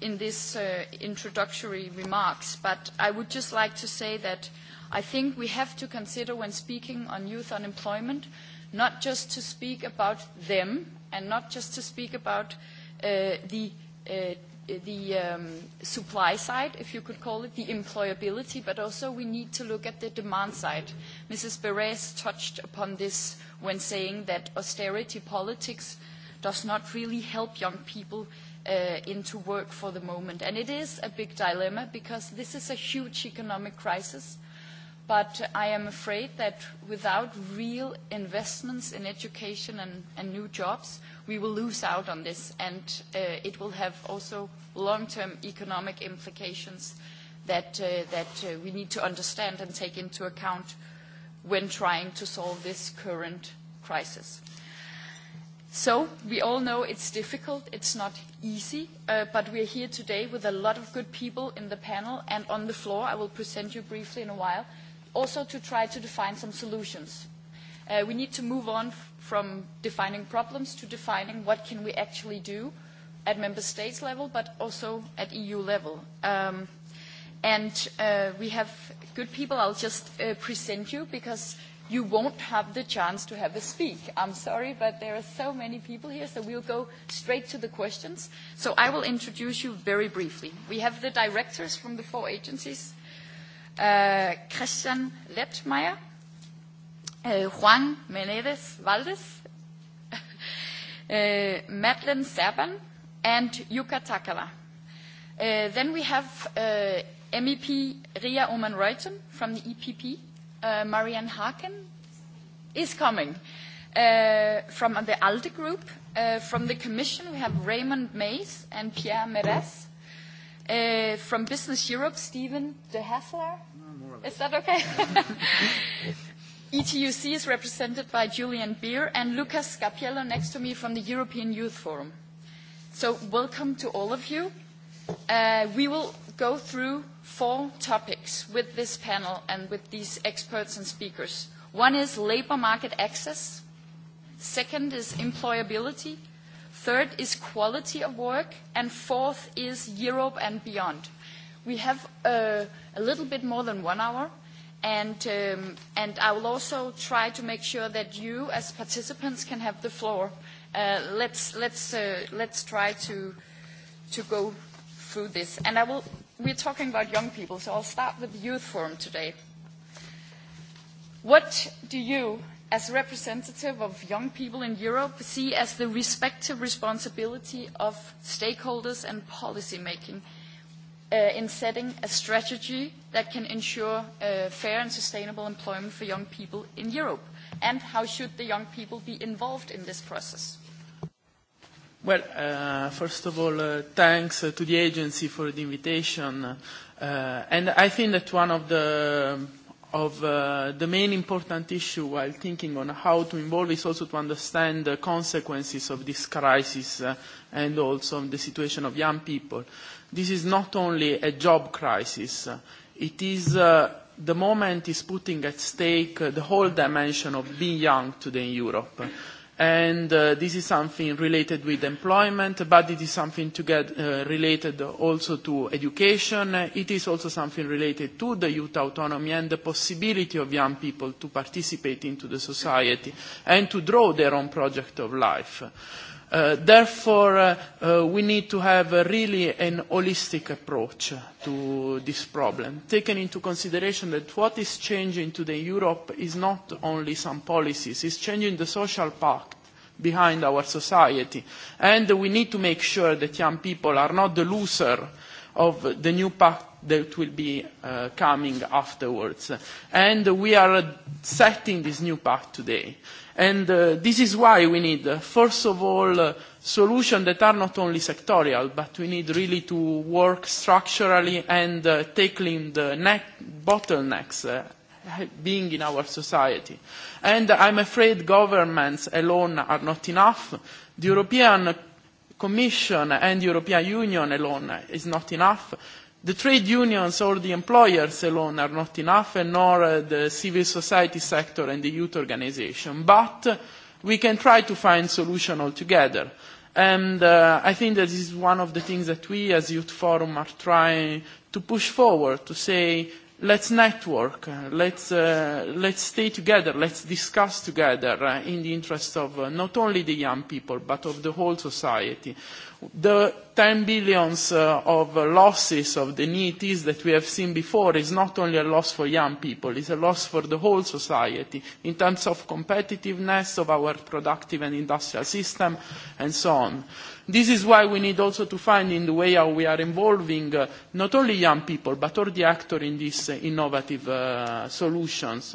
in this introductory remarks, but I would just like to say that I think we have to consider when speaking on youth unemployment, not just to speak about them and not just to speak about the supply side, if you could call it, the employability, but also we need to look at the demand side. Mrs. Beres touched upon this when saying that austerity politics does not really help young people into work for the moment. And it is a big dilemma because this is a huge economic crisis. But I am afraid that without real investments in education and new jobs, we will lose out on this. And it will have also long-term economic implications that we need to understand and take into account when trying to solve this current crisis. So we all know it's difficult, it's not easy, but we are here today with a lot of good people in the panel and on the floor. I will present you briefly in a while, also to try to define some solutions. We need to move on from defining problems to defining what can we actually do at member states level, but also at EU level. And we have good people. I'll just present you because you won't have the chance to have a speak. I'm sorry, but there are so many people here, so we'll go straight to the questions. So I will introduce you very briefly. We have the directors from the four agencies, Christian Lettmeier, Juan Menedes Valdes, Madeleine Serban, and Yuka Takala. Then we have MEP Ria Oman-Reuten from the EPP, Marianne Haken is coming. From the ALDE group, from the Commission, we have Raymond Mays and Pierre Meres. From Business Europe, Stephen de Hassler. Is that okay? ETUC is represented by Julian Beer and Lucas Scapiello next to me from the European Youth Forum. So welcome to all of you. We will go through four topics with this panel and with these experts and speakers. One is labor market access. Second is employability. Third is quality of work. And fourth is Europe and beyond. We have a little bit more than one hour. And I will also try to make sure that you, as participants, can have the floor. Let's try to go through this. And I will we're talking about young people, so I'll start with the Youth Forum today. What do you, as representative of young people in Europe, see as the respective responsibility of stakeholders and policy making in setting a strategy that can ensure fair and sustainable employment for young people in Europe? And how should the young people be involved in this process? Well, first of all, thanks to the agency for the invitation. And I think that one of the of the main important issue while thinking on how to involve is also to understand the consequences of this crisis and also the situation of young people. This is not only a job crisis. It is the moment is putting at stake the whole dimension of being young today in Europe and this is something related with employment, but it is something to get related also to education. It is also something related to the youth autonomy and the possibility of young people to participate into the society and to draw their own project of life. Therefore, we need to have really an holistic approach to this problem, taking into consideration that what is changing today in Europe is not only some policies, it's changing the social pact behind our society. And we need to make sure that young people are not the loser of the new pact that will be coming afterwards. And we are setting this new pact today. And this is why we need, first of all, solutions that are not only sectorial, but we need really to work structurally and tackling the bottlenecks being in our society. And I'm afraid governments alone are not enough. The European Commission and the European Union alone is not enough. The trade unions or the employers alone are not enough, and nor the civil society sector and the youth organisation. But we can try to find solutions altogether. And I think that is one of the things that we as Youth Forum are trying to push forward, to say, let's network, let's stay together, let's discuss together in the interest of not only the young people, but of the whole society. The 10 billions of losses of the NEETs that we have seen before is not only a loss for young people, is a loss for the whole society in terms of competitiveness of our productive and industrial system and so on. This is why we need also to find in the way how we are involving not only young people but all the actors in these innovative solutions.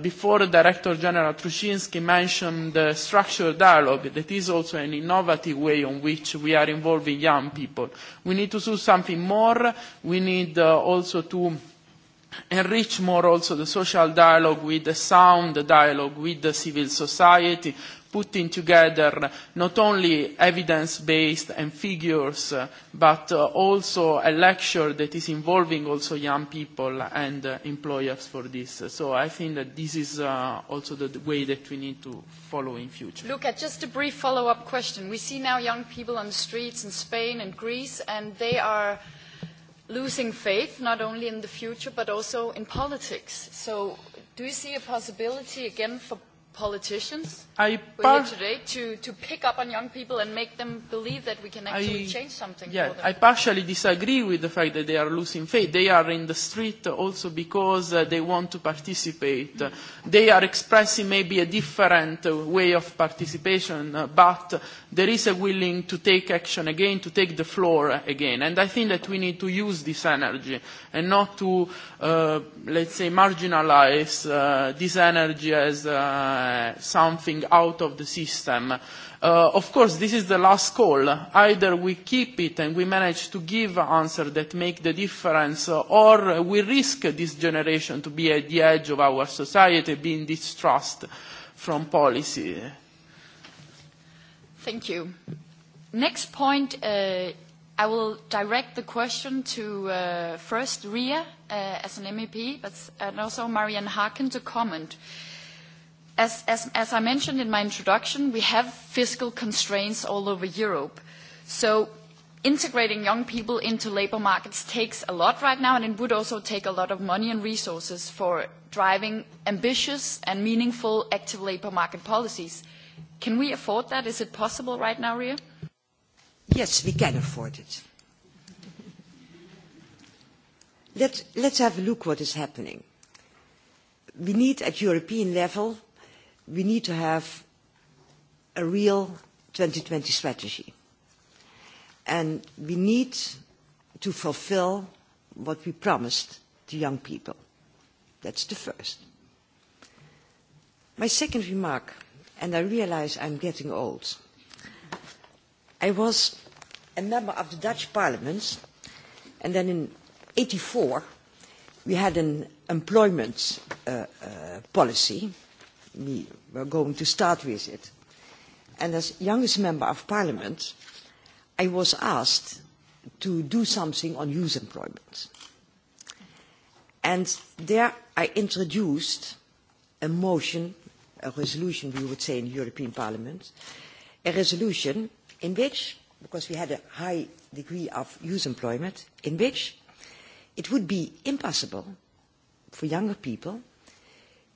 Before Director General Trushinski mentioned the structural dialogue, that is also an innovative way on which we are involving young people. We need to do something more. We need also to enrich more also the social dialogue with the sound dialogue with civil society putting together not only evidence-based and figures, but also a lecture that is involving also young people and employers for this. So I think that this is also the way that we need to follow in future. Look at just a brief follow-up question. We see now young people on the streets in Spain and Greece, and they are losing faith, not only in the future, but also in politics. So do you see a possibility, again, for politicians I here today to, to pick up on young people and make them believe that we can actually change something for them. I partially disagree with the fact that they are losing faith. They are in the street also because they want to participate. They are expressing maybe a different way of participation, but there is a willing to take action again, to take the floor again. And I think that we need to use this energy and not to, let's say, marginalize this energy as something out of the system. Of course, this is the last call. Either we keep it and we manage to give answers that make the difference, or we risk this generation to be at the edge of our society, being distrust from policy. Thank you. Next point, I will direct the question to first Ria as an MEP, but also Marianne Harkin to comment. As I mentioned in my introduction, we have fiscal constraints all over Europe. So integrating young people into labour markets takes a lot right now, and it would also take a lot of money and resources for driving ambitious and meaningful active labour market policies. Can we afford that? Is it possible right now, Ria? Yes, we can afford it. Let's have a look what is happening. We need at European level we need to have a real 2020 strategy. And we need to fulfill what we promised to young people. That's the first. My second remark, and I realize I'm getting old. I was a member of the Dutch Parliament, and then in 84 we had an employment policy were going to start with it. And as youngest member of parliament, I was asked to do something on youth employment. And there I introduced a motion, a resolution we would say in the European Parliament, a resolution in which, because we had a high degree of youth employment, in which it would be impossible for younger people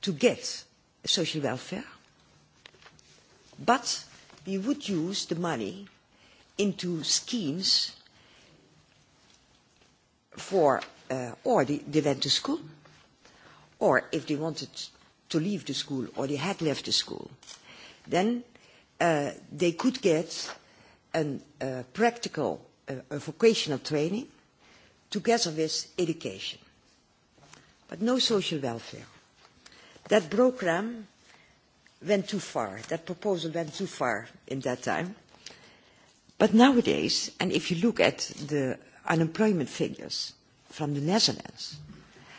to get social welfare, but we would use the money into schemes for, or they went to school, or if they wanted to leave the school or they had left the school, then they could get a practical vocational training together with education, but no social welfare. That program went too far. That proposal went too far in that time. But nowadays, and if you look at the unemployment figures from the Netherlands,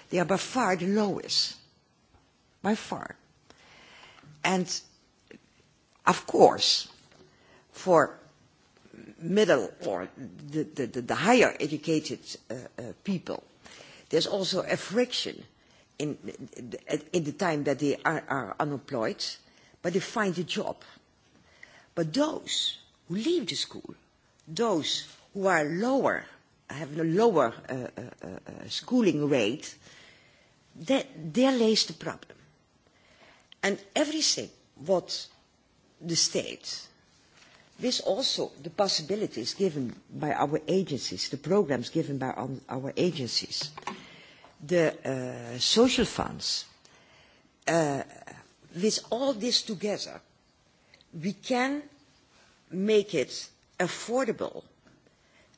they are by far the lowest. By far. And of course, for middle or the higher educated people, there's also a friction in the time that they are unemployed, but they find a job. But those who leave the school, those who are lower, have a lower schooling rate, there lays the problem. And everything what the state, with also the possibilities given by our agencies, the programs given by our agencies, the social funds, with all this together, we can make it affordable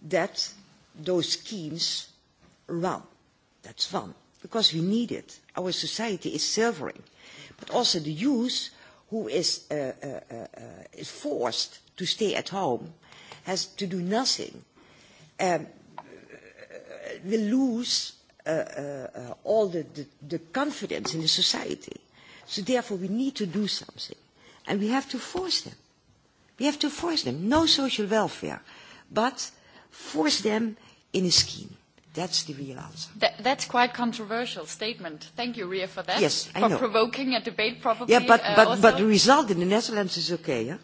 that those schemes run. That's one, because we need it. Our society is silvering, but also the youth who is forced to stay at home, has to do nothing, will lose all the confidence in the society. So therefore we need to do something. And we have to force them. We have to force them. No social welfare, but force them in a scheme. That's the real answer. That's quite controversial statement. Thank you, Ria, for that. Yes, I know. For provoking a debate, probably. Yeah, but but but the result in the Netherlands is okay, yeah.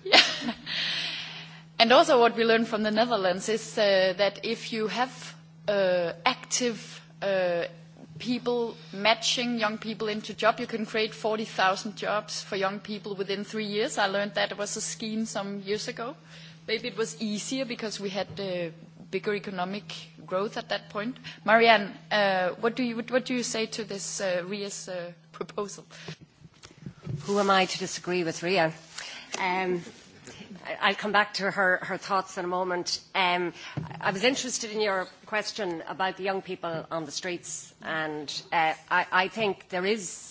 And also, what we learned from the Netherlands is that if you have active people matching young people into jobs. You can create 40,000 jobs for young people within three years. I learned that it was a scheme some years ago. Maybe it was easier because we had bigger economic growth at that point. Marianne, what do you say to this RIA's proposal? Who am I to disagree with RIA? I'll come back to her, her thoughts in a moment. I was interested in your question about the young people on the streets, and I, I think there is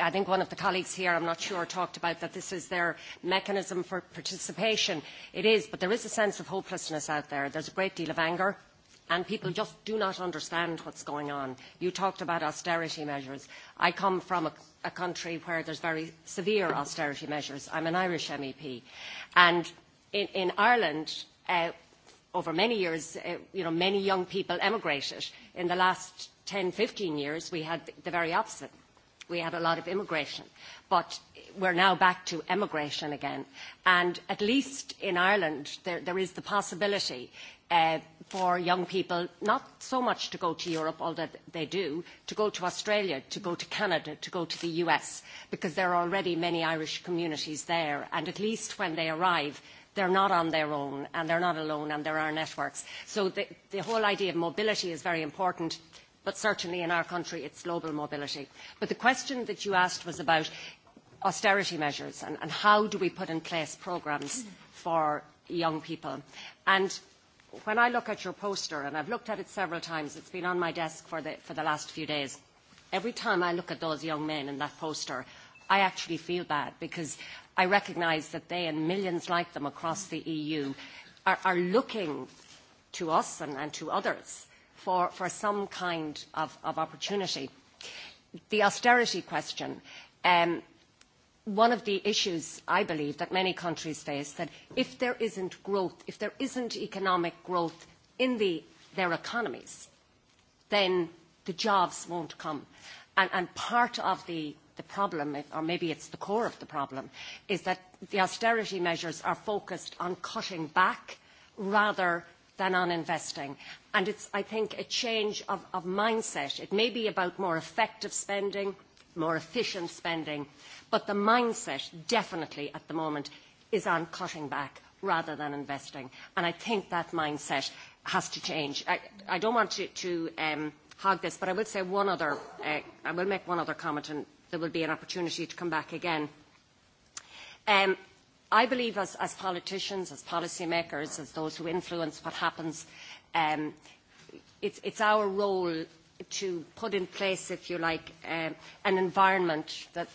I think one of the colleagues here, I'm not sure, talked about that this is their mechanism for participation. It is, but there is a sense of hopelessness out there. There's a great deal of anger and people just do not understand what's going on. You talked about austerity measures. I come from a country where there's very severe austerity measures. I'm an Irish MEP. And in Ireland, over many years, many young people emigrated. In the last 10, 15 years, we had the very opposite. We had a lot of immigration. But we're now back to emigration again. And at least in Ireland, there is the possibility for young people not so much to go to Europe, although they do, to go to Australia, to go to Canada, to go to the US, because there are already many Irish communities there, and at least when they arrive, they're not on their own, and they're not alone, and there are networks. So the whole idea of mobility is very important, but certainly in our country it's global mobility. But the question that you asked was about austerity measures and how do we put in place programmes for young people. And when I look at your poster, and I've looked at it several times, it's been on my desk for the, for the last few days, every time I look at those young men in that poster, I actually feel bad because I recognise that they and millions like them across the EU are, are looking to us and, to others for, for some kind of, of opportunity. The austerity question one of the issues I believe that many countries face that if there isn't growth, if there isn't economic growth in their economies, then the jobs won't come. And part of the problem, or maybe it's the core of the problem, is that the austerity measures are focused on cutting back rather than on investing. And it's, I think, a change of mindset. It may be about more effective spending, more efficient spending But the mindset definitely at the moment is on cutting back rather than investing. And I think that mindset has to change. I don't want to hog this, but I will say one other, I will make one other comment and there will be an opportunity to come back again. I believe as politicians, as policymakers, as those who influence what happens, it's our role to put in place, if you like, an environment that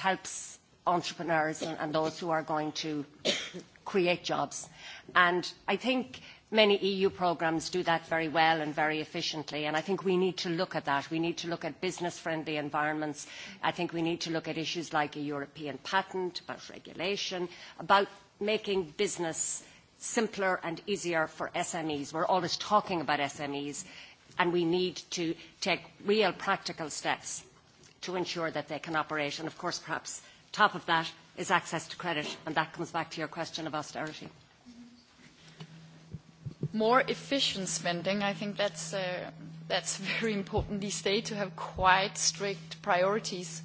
helps entrepreneurs and those who are going to create jobs. And I think many EU programmes do that very well and very efficiently, and I think we need to look at that. We need to look at business-friendly environments. I think we need to look at issues like a European patent, about regulation, about making business simpler and easier for SMEs. We're always talking about SMEs, and we need to take real practical steps to ensure that they can operate. And of course, perhaps top of that is access to credit, and that comes back to your question of austerity. More efficient spending, I think that's very important these days to have quite strict priorities.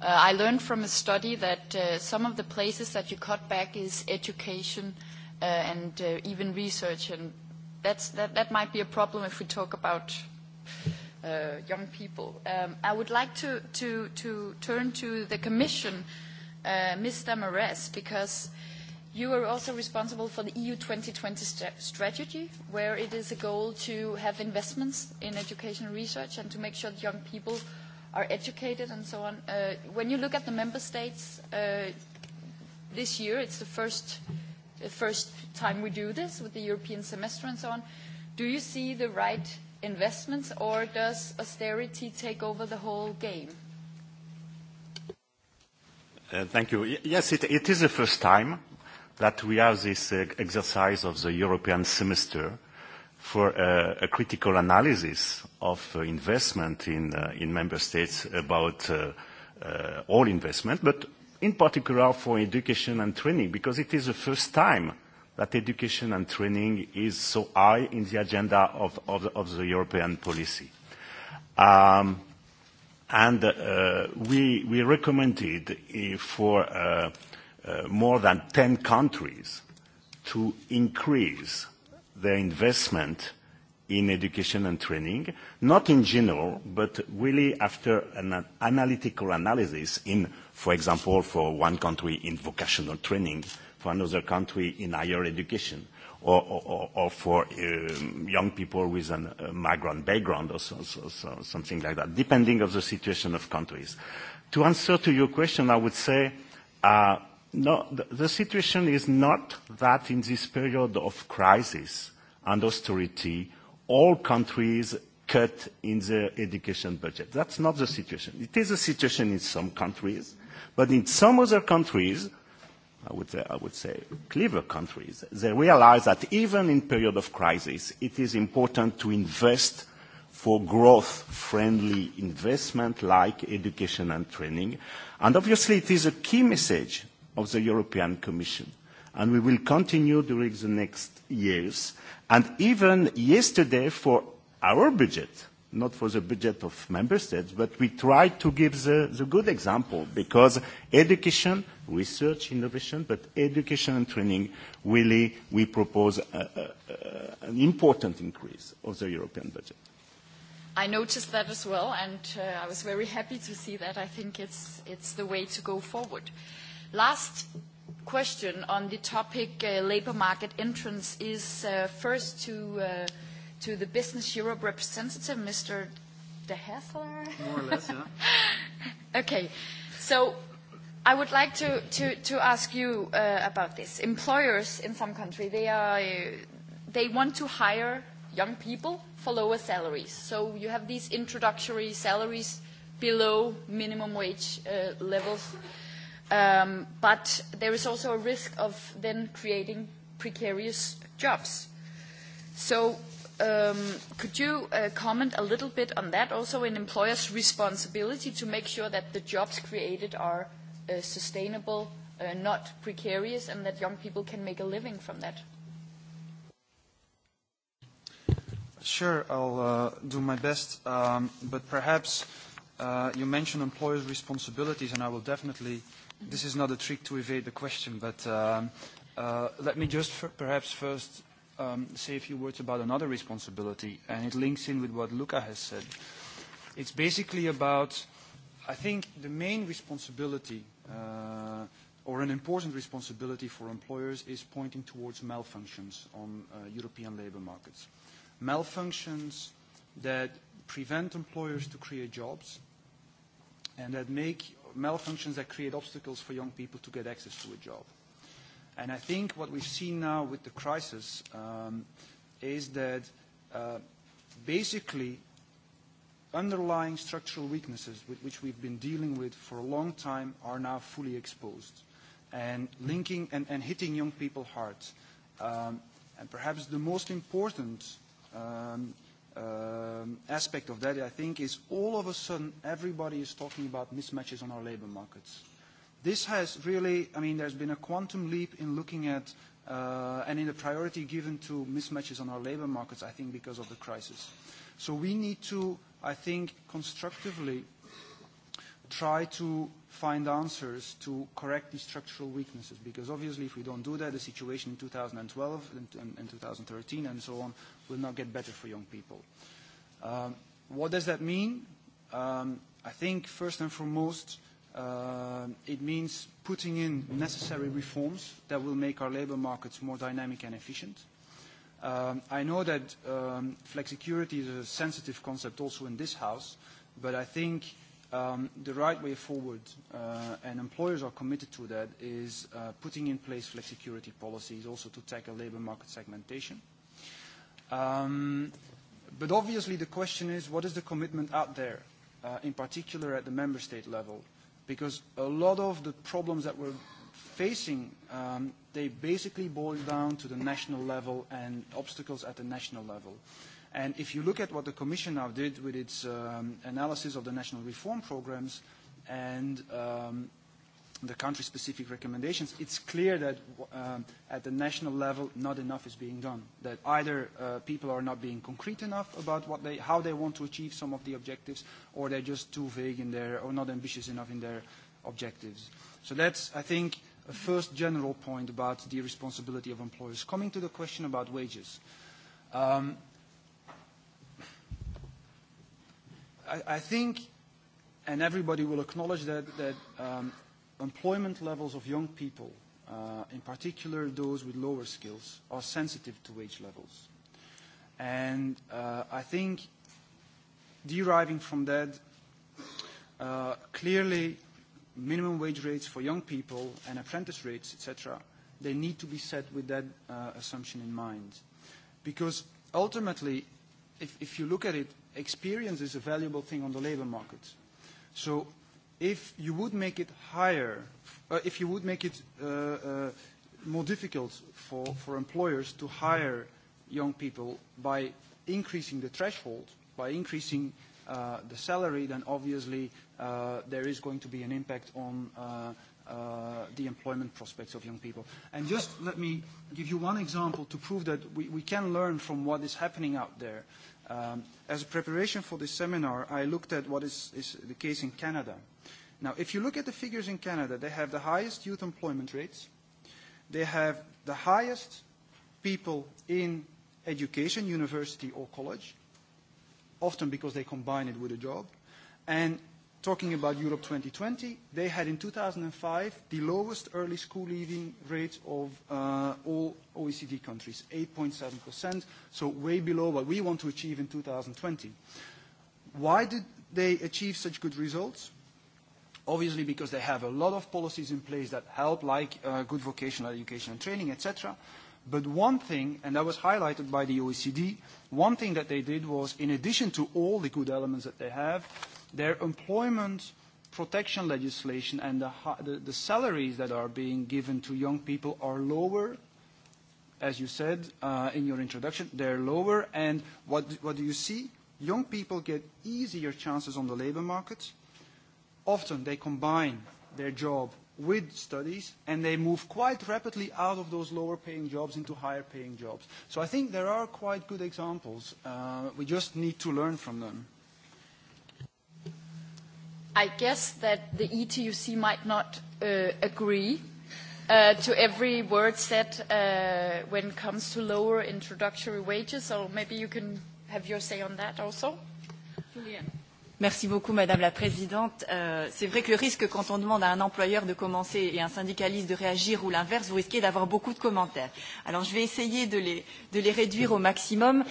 I learned from a study that some of the places that you cut back is education and even research, and that might be a problem if we talk about young people. I would like to turn to the Commission, Ms. Damares, because you are also responsible for the EU 2020 strategy, where it is a goal to have investments in education research and to make sure that young people are educated and so on. When you look at the member states this year, it's the first first time we do this with the European semester and so on. Do you see the right investments, or does austerity take over the whole game? Thank you. Yes, it is the first time that we have this exercise of the European semester for a critical analysis of investment in member states about all investment, but in particular for education and training, because it is the first time that education and training is so high in the agenda of, of, the European policy. Um, and we, we recommended for more than 10 countries to increase their investment in education and training, not in general, but really after an analytical analysis in, for example, for one country in vocational training, for another country in higher education or or for young people with a migrant background or something like that, depending on the situation of countries. To answer to your question, I would say no, the situation is not that in this period of crisis and austerity, all countries cut in their education budget. That's not the situation. It is a situation in some countries, but in some other countries, I would, I would say, clever countries, they realize that even in period of crisis, it is important to invest for growth-friendly investment like education and training. And obviously, it is a key message of the European Commission. And we will continue during the next years. And even yesterday, for our budget, not for the budget of member states, but we tried to give the good example because education research, innovation, but education and training, really, we propose an important increase of the European budget. I noticed that as well, and I was very happy to see that. I think it's it's the way to go forward. Last question on the topic labor market entrance is first to to the Business Europe representative, Mr. De Hessler. More or less, yeah. Okay. So I would like to to to ask you about this. Employers in some countries they they want to hire young people for lower salaries. So you have these introductory salaries below minimum wage levels, but there is also a risk of then creating precarious jobs. So could you comment a little bit on that, also in employers' responsibility to make sure that the jobs created are sustainable, not precarious, and that young people can make a living from that? Sure, I'll do my best, but perhaps you mentioned employers' responsibilities, and I will definitely, this is not a trick to evade the question, but let me just perhaps first say a few words about another responsibility, and it links in with what Luca has said. It's basically about, I think, the main responsibility or an important responsibility for employers is pointing towards malfunctions on European labour markets. Malfunctions that prevent employers to create jobs and that make malfunctions that create obstacles for young people to get access to a job. And I think what we've seen now with the crisis is that basically underlying structural weaknesses with which we've been dealing with for a long time are now fully exposed and linking and hitting young people hard. And perhaps the most important aspect of that, I think, is all of a sudden everybody is talking about mismatches on our labor markets. This has really, I mean, there's been a quantum leap in looking at and in the priority given to mismatches on our labor markets, I think, because of the crisis. So we need to I think, constructively try to find answers to correct these structural weaknesses, because obviously if we don't do that, the situation in 2012 and 2013 and so on will not get better for young people. What does that mean? I think first and foremost it means putting in necessary reforms that will make our labour markets more dynamic and efficient I know that flexicurity is a sensitive concept also in this House, but I think the right way forward, and employers are committed to that, is putting in place flexicurity policies also to tackle labor market segmentation. But obviously the question is, what is the commitment out there, in particular at the member state level? Because a lot of the problems that we're facing they basically boil down to the national level and obstacles at the national level. And if you look at what the Commission now did with its analysis of the national reform programs and the country-specific recommendations, it's clear that at the national level not enough is being done, that either people are not being concrete enough about what they, how they want to achieve some of the objectives, or they're just too vague in their, or not ambitious enough in their objectives. So that's, I think, a first general point about the responsibility of employers. Coming to the question about wages, I think, and everybody will acknowledge that, that employment levels of young people, in particular those with lower skills, are sensitive to wage levels. And I think deriving from that, clearly minimum wage rates for young people and apprentice rates, etc., they need to be set with that assumption in mind. Because ultimately, if you look at it, experience is a valuable thing on the labor market. So if you would make it higher, if you would make it more difficult for employers to hire young people by increasing the threshold, by increasing the salary, then obviously there is going to be an impact on the employment prospects of young people. And just let me give you one example to prove that we can learn from what is happening out there. As a preparation for this seminar, I looked at what is the case in Canada. Now, if you look at the figures in Canada, they have the highest youth employment rates. They have the highest people in education, university or college, often because they combine it with a job. And talking about Europe 2020, they had in 2005 the lowest early school leaving rate of all OECD countries, 8.7%, so way below what we want to achieve in 2020. Why did they achieve such good results? Obviously because they have a lot of policies in place that help, like good vocational education and training, etc. But one thing, and that was highlighted by the OECD, one thing that they did was, in addition to all the good elements that they have, their employment protection legislation and the the salaries that are being given to young people are lower as you said in your introduction they're lower and what what do you see young people get easier chances on the labor market often they combine their job with studies and they move quite rapidly out of those lower paying jobs into higher paying jobs so i think there are quite good examples we just need to learn from them I guess that the ETUC might not agree to every word said when it comes to lower introductory wages, so maybe you can have your say on that also. Merci beaucoup, Madame la Présidente. C'est vrai que le risque, quand on demande à un employeur de commencer et à un syndicaliste de réagir ou l'inverse, vous risquez d'avoir beaucoup de commentaires. Alors, je vais essayer de les réduire au maximum.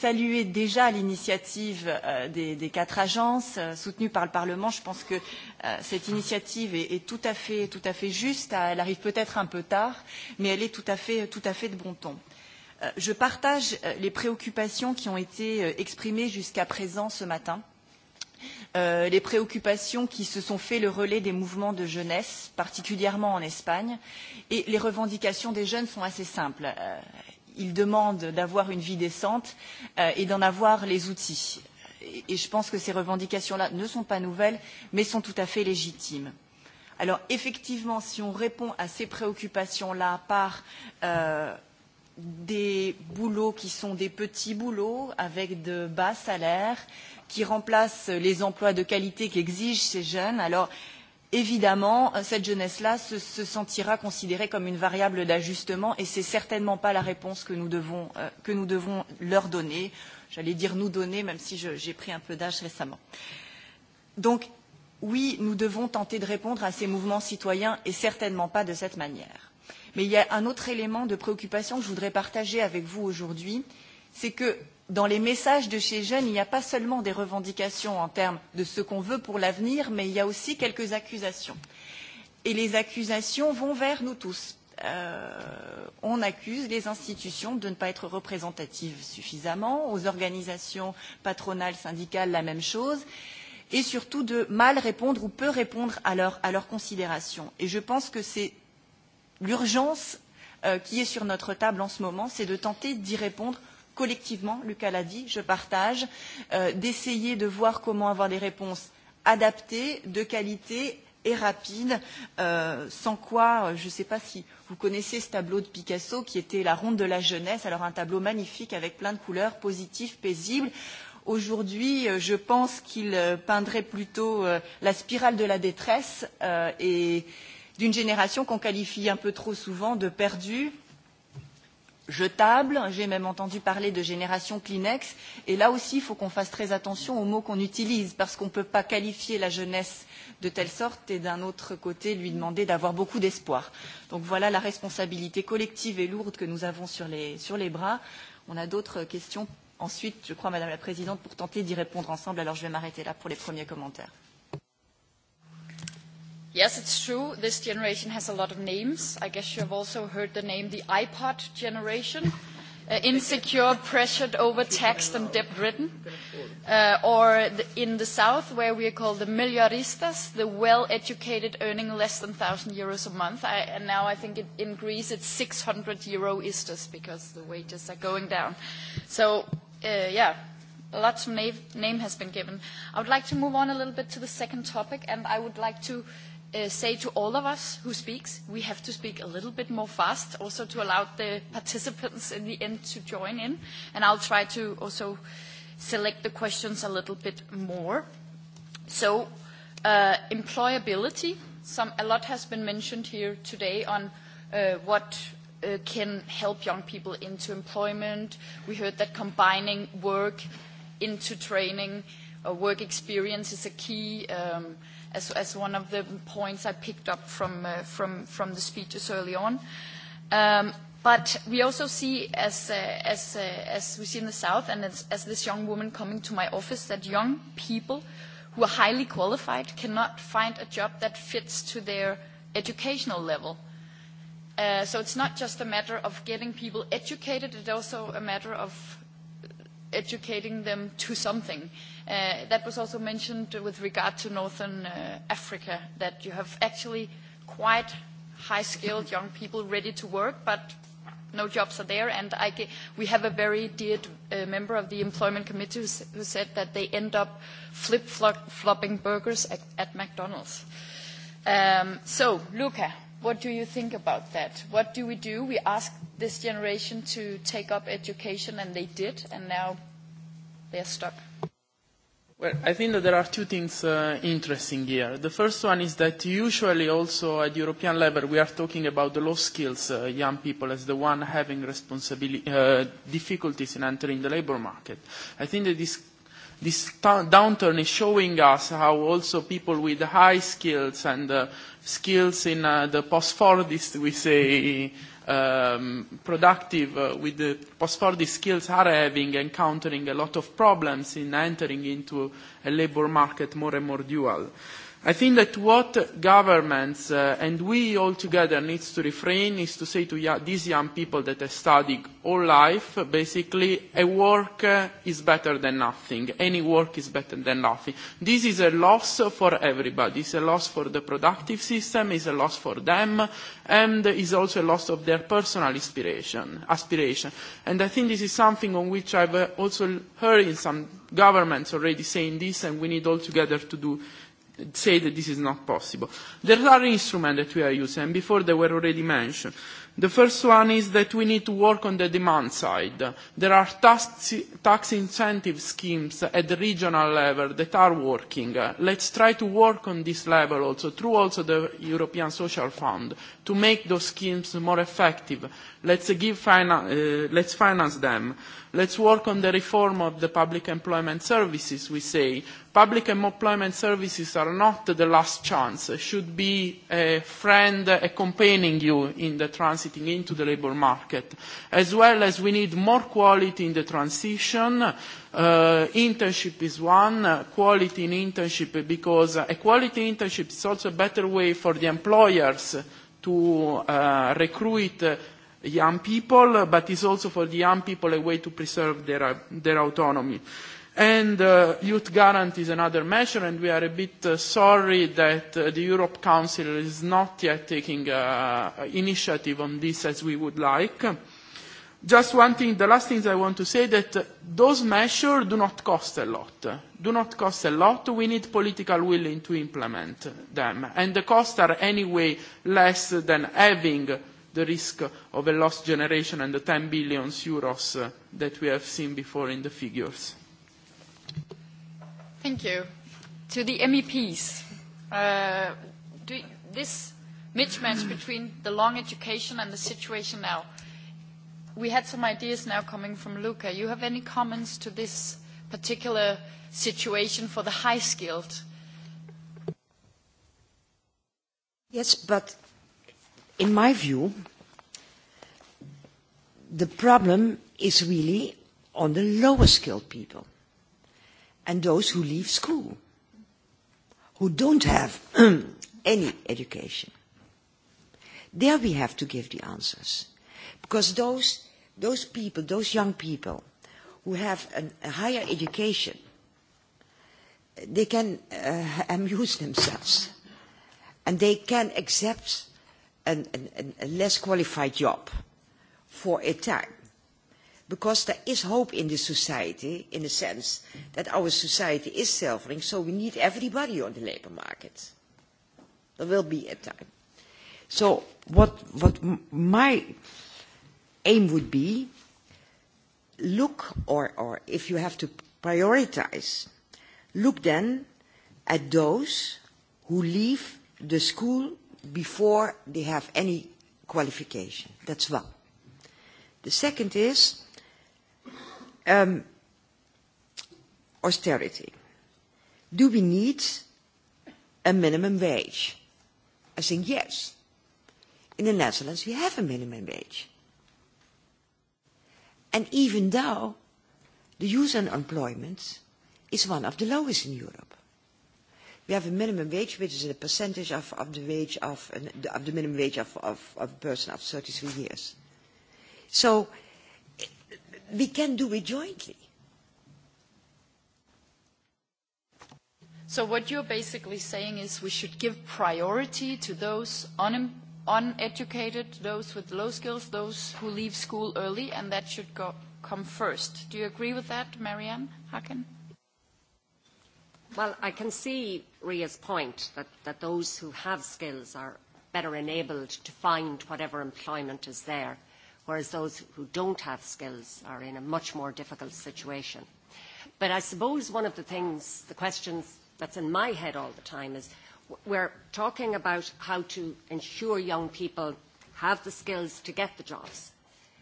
Saluer déjà l'initiative des quatre agences soutenues par le Parlement. Je pense que cette initiative est tout à fait juste. Elle arrive peut-être un peu tard, mais elle est tout à fait de bon ton. Je partage les préoccupations qui ont été exprimées jusqu'à présent ce matin les préoccupations qui se sont fait le relais des mouvements de jeunesse, particulièrement en Espagne. Et les revendications des jeunes sont assez simples. Ils demandent d'avoir une vie décente et d'en avoir les outils. Et je pense que ces revendications-là ne sont pas nouvelles, mais sont tout à fait légitimes. Alors, effectivement, si on répond à ces préoccupations-là par des boulots qui sont des petits boulots avec de bas salaires, qui remplacent les emplois de qualité qu'exigent ces jeunes, alors évidemment, cette jeunesse-là se sentira considérée comme une variable d'ajustement et ce n'est certainement pas la réponse que nous devons leur donner. J'allais dire nous donner, même si j'ai pris un peu d'âge récemment. Donc, oui, nous devons tenter de répondre à ces mouvements citoyens et certainement pas de cette manière. Mais il y a un autre élément de préoccupation que je voudrais partager avec vous aujourd'hui, c'est que dans les messages de chez jeunes il n'y a pas seulement des revendications en termes de ce qu'on veut pour l'avenir mais il y a aussi quelques accusations et les accusations vont vers nous tous on accuse les institutions de ne pas être représentatives suffisamment aux organisations patronales syndicales la même chose et surtout de mal répondre ou peu répondre à leurs considérations. Et je pense que c'est l'urgence qui est sur notre table en ce moment, c'est de tenter d'y répondre collectivement, Lucas l'a dit, je partage, d'essayer de voir comment avoir des réponses adaptées, de qualité et rapides, sans quoi, je ne sais pas si vous connaissez ce tableau de Picasso qui était la ronde de la jeunesse, alors un tableau magnifique avec plein de couleurs, positives paisibles. Aujourd'hui, je pense qu'il peindrait plutôt la spirale de la détresse et d'une génération qu'on qualifie un peu trop souvent de perdue jetables. J'ai même entendu parler de génération Kleenex. Et là aussi, il faut qu'on fasse très attention aux mots qu'on utilise, parce qu'on ne peut pas qualifier la jeunesse de telle sorte et d'un autre côté lui demander d'avoir beaucoup d'espoir. Donc voilà la responsabilité collective et lourde que nous avons sur les bras. On a d'autres questions ensuite, je crois, Madame la Présidente, pour tenter d'y répondre ensemble. Alors je vais m'arrêter là pour les premiers commentaires. Yes, it's true. This generation has a lot of names. I guess you have also heard the name the iPod generation, insecure, pressured, overtaxed, and debt-ridden. Or in the south, where we are called the milliaristas, the well-educated earning less than 1,000 euros a month. And now I think in Greece it's 600 euro-istas because the wages are going down. So, yeah lot of name has been given. I would like to move on a little bit to the second topic, and I would like to say to all of us who speaks, we have to speak a little bit more fast, also to allow the participants in the end to join in. And I'll try to also select the questions a little bit more. So employability, a lot has been mentioned here today on what can help young people into employment. We heard that combining work into training or work experience is a key as one of the points I picked up from the speeches early on. But we also see, as we see in the South, and as this young woman coming to my office, that young people who are highly qualified cannot find a job that fits to their educational level. So it's not just a matter of getting people educated, it's also a matter of educating them to something. That was also mentioned with regard to Northern Africa, that you have actually quite high-skilled young people ready to work, but no jobs are there. And we have a very dear member of the Employment Committee who said that they end up flip-flopping burgers at McDonald's. So, Luca, what do you think about that? What do we do? We asked this generation to take up education, and they did, and now they're stuck. Well, I think that there are two things interesting here. The first one is that usually also at European level we are talking about the low skills young people as the one having difficulties in entering the labour market. I think that this This downturn is showing us how also people with high skills and skills in the post-Fordist, we say, productive with the post skills are having, encountering a lot of problems in entering into a labour market more and more dual. I think that what governments and we all together needs to refrain is to say to these young people that have studied all life, basically, a work is better than nothing. Any work is better than nothing. This is a loss for everybody. It's a loss for the productive system, it's a loss for them, and is also a loss of their personal inspiration, aspiration. And I think this is something on which I've also heard in some governments already saying this, and we need all together to do say that this is not possible. There are instruments that we are using, and before they were already mentioned. The first one is that we need to work on the demand side. There are tax incentive schemes at the regional level that are working. Let's try to work on this level also, through also the European Social Fund, to make those schemes more effective. Let's finance them. Let's work on the reform of the public employment services, we say. Public employment services are not the last chance, should be a friend accompanying you in the transition transiting into the labour market. As well as we need more quality in the transition. Internship is one, quality in internship, because a quality internship is also a better way for the employers to recruit young people, but is also for the young people a way to preserve their autonomy. And youth guarantee is another measure, and we are a bit sorry that the Europe Council is not yet taking initiative on this as we would like. Just one thing, the last thing I want to say, that those measures do not cost a lot. Do not cost a lot. We need political willing to implement them. And the costs are anyway less than having the risk of a lost generation and the 10 billion euros that we have seen before in the figures. Thank you. To the MEPs, this mismatch between the long education and the situation now, we had some ideas now coming from Luca. You have any comments to this particular situation for the high-skilled? Yes, but in my view, the problem is really on the lower-skilled people and those who leave school, who don't have any education. There we have to give the answers. Because those, those people, those young people who have a higher education, they can amuse themselves. And they can accept a less qualified job for a time because there is hope in the society in the sense that our society is suffering so we need everybody on the labour market. There will be a time. So what my aim would be, look or if you have to prioritise, look then at those who leave the school before they have any qualification. That's one. The second is Um austerity. Do we need a minimum wage? I think yes. In the Netherlands we have a minimum wage. And even though the youth unemployment is one of the lowest in Europe. We have a minimum wage which is a percentage of, of the wage of, of the minimum wage of, of, a person of 33 years. So we can do it jointly. So what you're basically saying is we should give priority to those uneducated, those with low skills, those who leave school early, and that should come first. Do you agree with that, Marianne Haken? Well, I can see Ria's point that those who have skills are better enabled to find whatever employment is there whereas those who don't have skills are in a much more difficult situation. But I suppose one of the things, the questions that's in my head all the time is we're talking about how to ensure young people have the skills to get the jobs.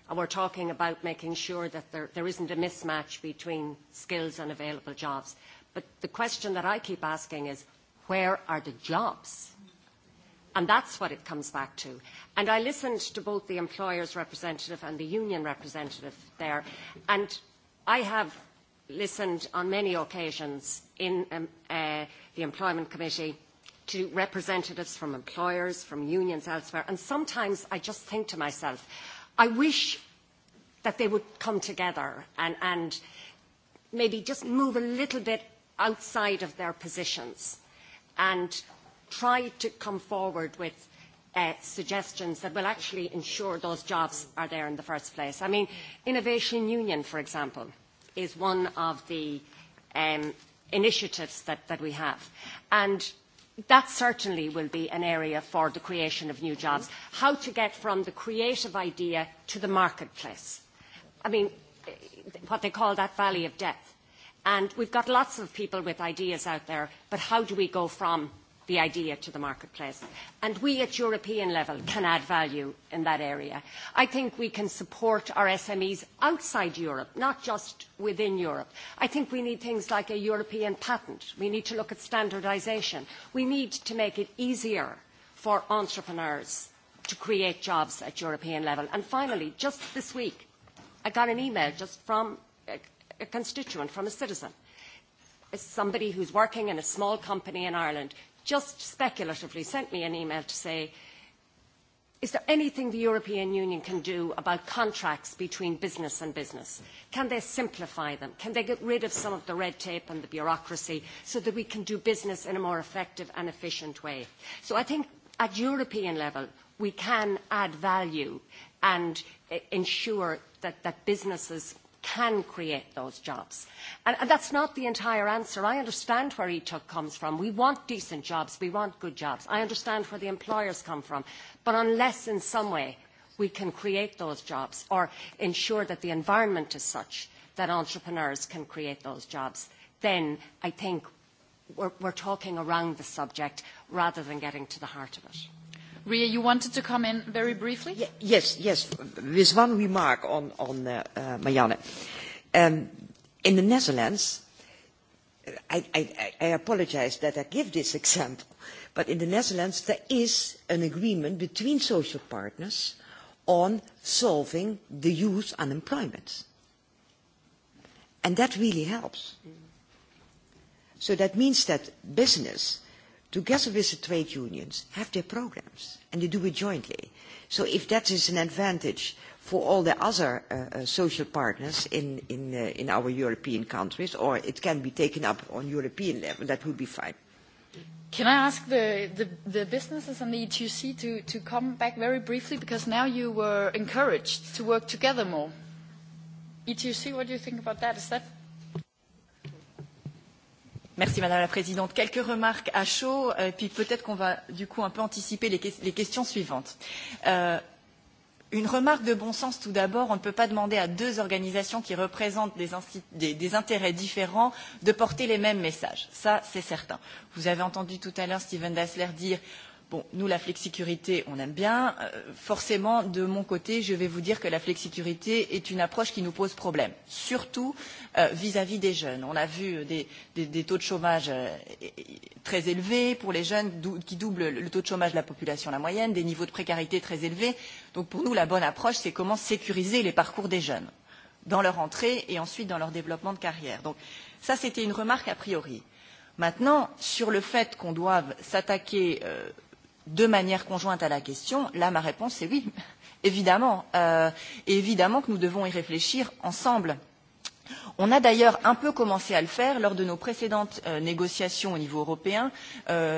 And we're talking about making sure that there isn't a mismatch between skills and available jobs. But the question that I keep asking is, where are the jobs? And that's what it comes back to. And I listened to both the employer's representative and the union representative there. And I have listened on many occasions in the Employment Committee to representatives from employers, from unions elsewhere. And sometimes I just think to myself, I wish that they would come together and maybe just move a little bit outside of their positions and try to come forward with suggestions that will actually ensure those jobs are there in the first place. I mean, Innovation Union, for example, is one of the initiatives that we have. And that certainly will be an area for the creation of new jobs. How to get from the creative idea to the marketplace. I mean, what they call that valley of death. And we've got lots of people with ideas out there, but how do we go from the idea to the marketplace. And we at European level can add value in that area. I think we can support our SMEs outside Europe, not just within Europe. I think we need things like a European patent. We need to look at standardisation. We need to make it easier for entrepreneurs to create jobs at European level. And finally, just this week, I got an email just from a constituent, from a citizen, somebody who's working in a small company in Ireland just speculatively sent me an email to say, is there anything the European Union can do about contracts between business and business? Can they simplify them? Can they get rid of some of the red tape and the bureaucracy so that we can do business in a more effective and efficient way? So I think at European level, we can add value and ensure that businesses can create those jobs. And that's not the entire answer. I understand where ETUC comes from. We want decent jobs. We want good jobs. I understand where the employers come from. But unless in some way we can create those jobs or ensure that the environment is such that entrepreneurs can create those jobs, then I think we're talking around the subject rather than getting to the heart of it. Ria, you wanted to come in very briefly? Yes, yes. With one remark on Marianne. In the Netherlands, I apologize that I give this example, but in the Netherlands there is an agreement between social partners on solving the youth unemployment. And that really helps. So that means that business together with the trade unions, have their programs, and they do it jointly. So if that is an advantage for all the other social partners in our European countries, or it can be taken up on European level, that would be fine. Can I ask the the businesses and the e 2 to come back very briefly, because now you were encouraged to work together more. E2C, what do you think about that? Is that Merci Madame la Présidente. Quelques remarques à chaud, puis peut-être qu'on va du coup un peu anticiper les questions suivantes. Une remarque de bon sens tout d'abord, on ne peut pas demander à deux organisations qui représentent des intérêts différents de porter les mêmes messages. Ça, c'est certain. Vous avez entendu tout à l'heure Steven Dassler dire Bon, nous, la flexicurité, on aime bien. Forcément, de mon côté, je vais vous dire que la flexicurité est une approche qui nous pose problème, surtout vis-à-vis des jeunes. On a vu des taux de chômage très élevés pour les jeunes, qui doublent le taux de chômage de la population, la moyenne, des niveaux de précarité très élevés. Donc, pour nous, la bonne approche, c'est comment sécuriser les parcours des jeunes dans leur entrée et ensuite dans leur développement de carrière. Donc, ça, c'était une remarque a priori. Maintenant, sur le fait qu'on doive s'attaquer de manière conjointe à la question, là, ma réponse est oui, évidemment. Et évidemment que nous devons y réfléchir ensemble. On a d'ailleurs un peu commencé à le faire lors de nos précédentes négociations au niveau européen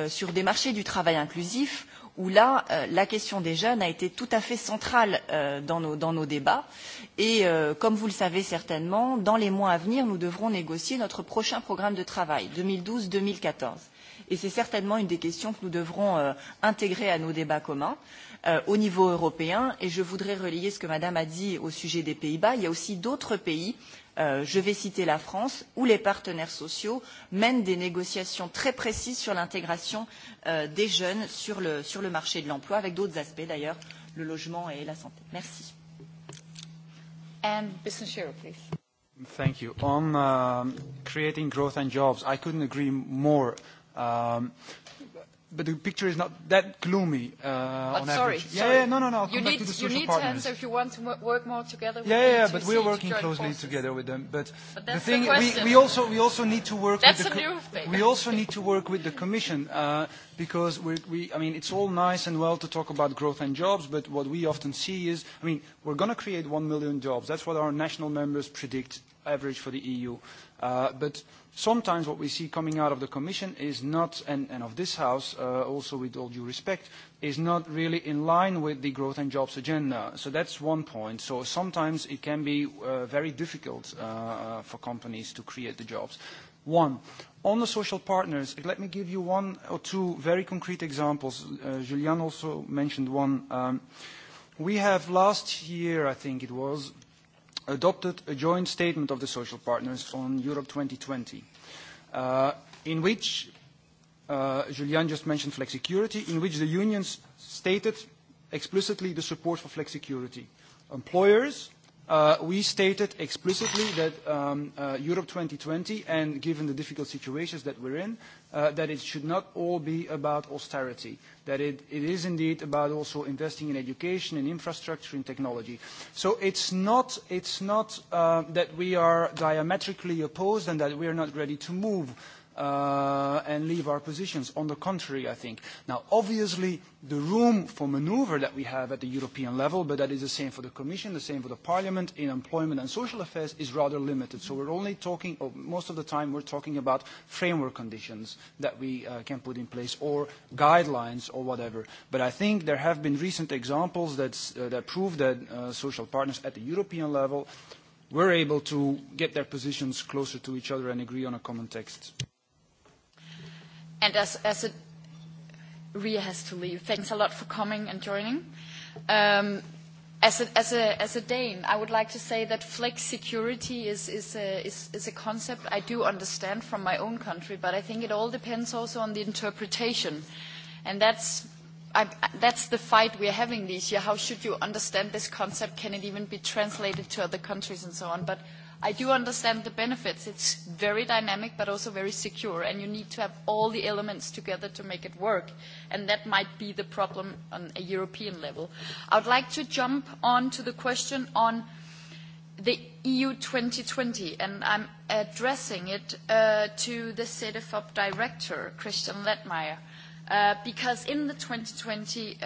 sur des marchés du travail inclusif, où là, la question des jeunes a été tout à fait centrale dans nos débats. Et comme vous le savez certainement, dans les mois à venir, nous devrons négocier notre prochain programme de travail, 2012-2014 et c'est certainement une des questions que nous devrons intégrer à nos débats communs au niveau européen et je voudrais relier ce que madame a dit au sujet des Pays-Bas il y a aussi d'autres pays je vais citer la France où les partenaires sociaux mènent des négociations très précises sur l'intégration des jeunes sur le sur le marché de l'emploi avec d'autres aspects d'ailleurs le logement et la santé merci thank you on creating growth and jobs i couldn't agree more But the picture is not that gloomy on average. Yeah, no, no, no. You need hands if you want to work more together with them. Yeah, yeah, but we're working closely together with them. But the thing, we also we also need to work. That's a new thing. We also need to work with the Commission because we, I mean, it's all nice and well to talk about growth and jobs, but what we often see is, I mean, we're going to create one million jobs. That's what our national members predict average for the EU. But sometimes what we see coming out of the Commission is not, and of this House also with all due respect, is not really in line with the growth and jobs agenda. So that's one point. So sometimes it can be very difficult for companies to create the jobs. One, on the social partners, let me give you one or two very concrete examples. Julian also mentioned one. We have last year, I think it was, adopted a joint statement of the social partners on Europe 2020, in which, Julian just mentioned flexicurity, in which the unions stated explicitly the support for flexicurity. Employers we stated explicitly that Europe 2020, and given the difficult situations that we're in, that it should not all be about austerity, that it is indeed about also investing in education, in infrastructure, in technology. So it's not that we are diametrically opposed and that we are not ready to move and leave our positions. On the contrary, I think. Now, obviously, the room for maneuver that we have at the European level, but that is the same for the Commission, the same for the Parliament, in employment and social affairs, is rather limited. So we're only talking, most of the time, we're talking about framework conditions that we can put in place, or guidelines, or whatever. But I think there have been recent examples that prove that social partners at the European level were able to get their positions closer to each other and agree on a common text. And as as it Ria has to leave. Thanks a lot for coming and joining. As a as as a Dane, I would like to say that flex security is is a is a concept I do understand from my own country, but I think it all depends also on the interpretation, and that's that's the fight we're having this year. How should you understand this concept? Can it even be translated to other countries and so on? But I do understand the benefits. It's very dynamic but also very secure and you need to have all the elements together to make it work and that might be the problem on a European level. I would like to jump on to the question on the EU 2020 and I'm addressing it to the CEDEFOP director, Christian Lettmeier, because in the 2020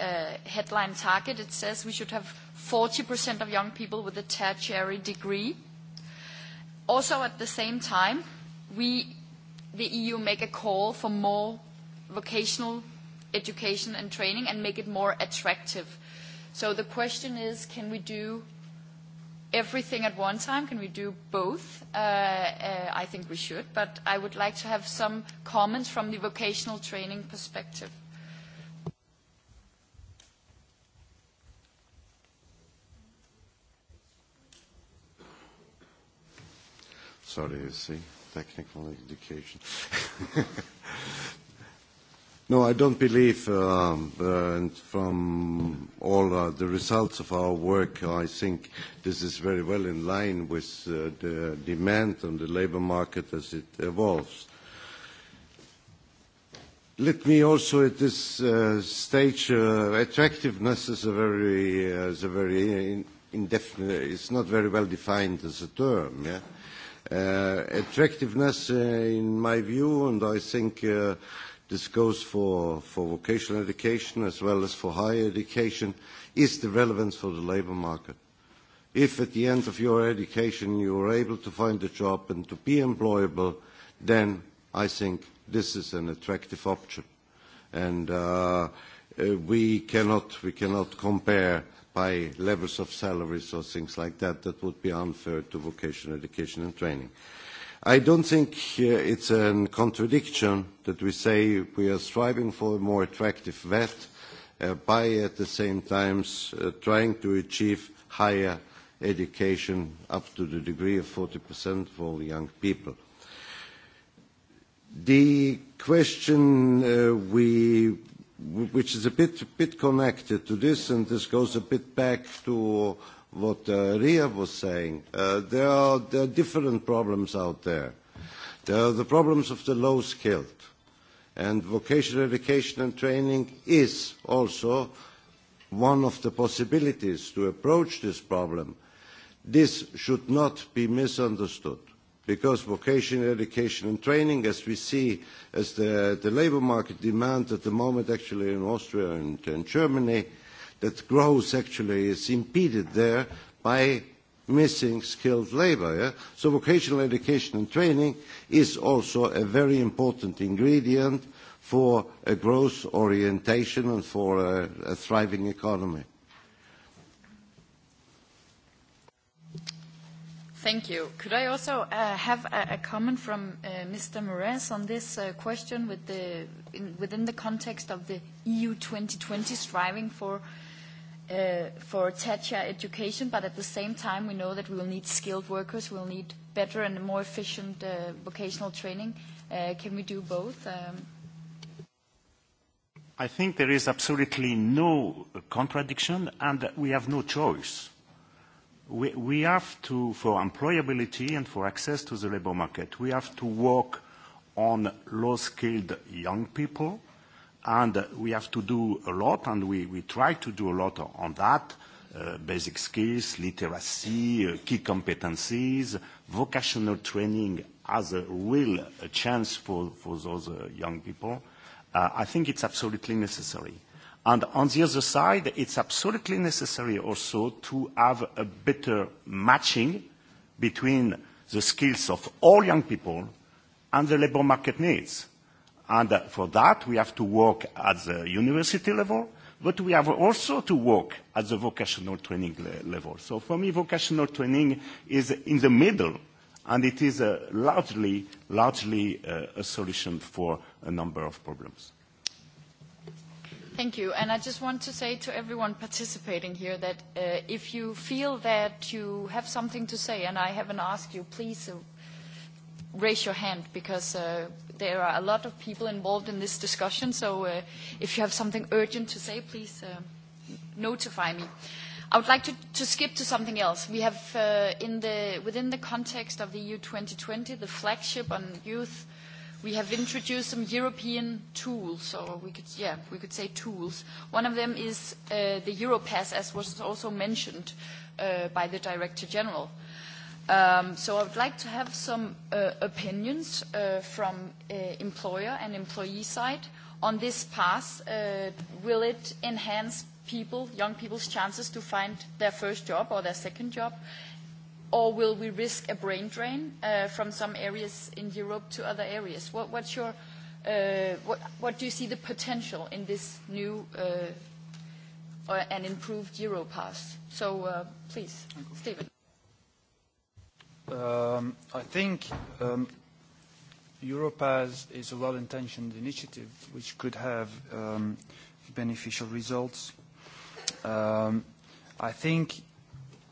headline target it says we should have 40% of young people with a tertiary degree Also, at the same time, we, the EU, make a call for more vocational education and training and make it more attractive. So the question is, can we do everything at one time? Can we do both? I think we should, but I would like to have some comments from the vocational training perspective. Sorry, you see, technical education. No, I don't believe, and from all the results of our work, I think this is very well in line with the demand on the labor market as it evolves. Let me also at this stage, attractiveness is a very, is a very indefinite, it's not very well defined as a term, yeah. Attractiveness, in my view, and I think this goes for vocational education as well as for higher education, is the relevance for the labour market. If at the end of your education you are able to find a job and to be employable, then I think this is an attractive option. And we cannot compare by levels of salaries or things like that that would be unfair to vocational education and training. I don't think it's a contradiction that we say we are striving for a more attractive VET by at the same time trying to achieve higher education up to the degree of 40% for all young people. The question we which is a bit connected to this, and this goes a bit back to what Ria was saying. There are different problems out there. There are the problems of the low-skilled, and vocational education and training is also one of the possibilities to approach this problem. This should not be misunderstood because vocational education and training, as we see, as the labour market demand at the moment actually in Austria and Germany, that growth actually is impeded there by missing skilled labour. So vocational education and training is also a very important ingredient for a growth orientation and for a thriving economy. Thank you. Could I also have a comment from Mr. Moraes on this question within the context of the EU 2020 striving for tertiary education, but at the same time we know that we will need skilled workers, we will need better and more efficient vocational training. Can we do both? I think there is absolutely no contradiction and we have no choice we have to, for employability and for access to the labor market, we have to work on low-skilled young people, and we have to do a lot, and we try to do a lot on that, basic skills, literacy, key competencies, vocational training as a real chance for those young people. I think it's absolutely necessary. And on the other side, it's absolutely necessary also to have a better matching between the skills of all young people and the labour market needs. And for that, we have to work at the university level, but we have also to work at the vocational training level. So for me, vocational training is in the middle, and it is largely a solution for a number of problems. Thank you. And I just want to say to everyone participating here that if you feel that you have something to say and I haven't asked you, please raise your hand because there are a lot of people involved in this discussion. So if you have something urgent to say, please notify me. I would like to skip to something else. We have, within the context of the EU 2020, the flagship on youth we have introduced some European tools, or we could, yeah, we could say tools. One of them is the Europass, as was also mentioned by the Director General. So I would like to have some opinions from employer and employee side on this pass. Will it enhance people, young people's chances to find their first job or their second job? or will we risk a brain drain from some areas in Europe to other areas? What's your, what do you see the potential in this new and improved Europass? So please, Stephen. I think Europass is a well-intentioned initiative which could have beneficial results. I think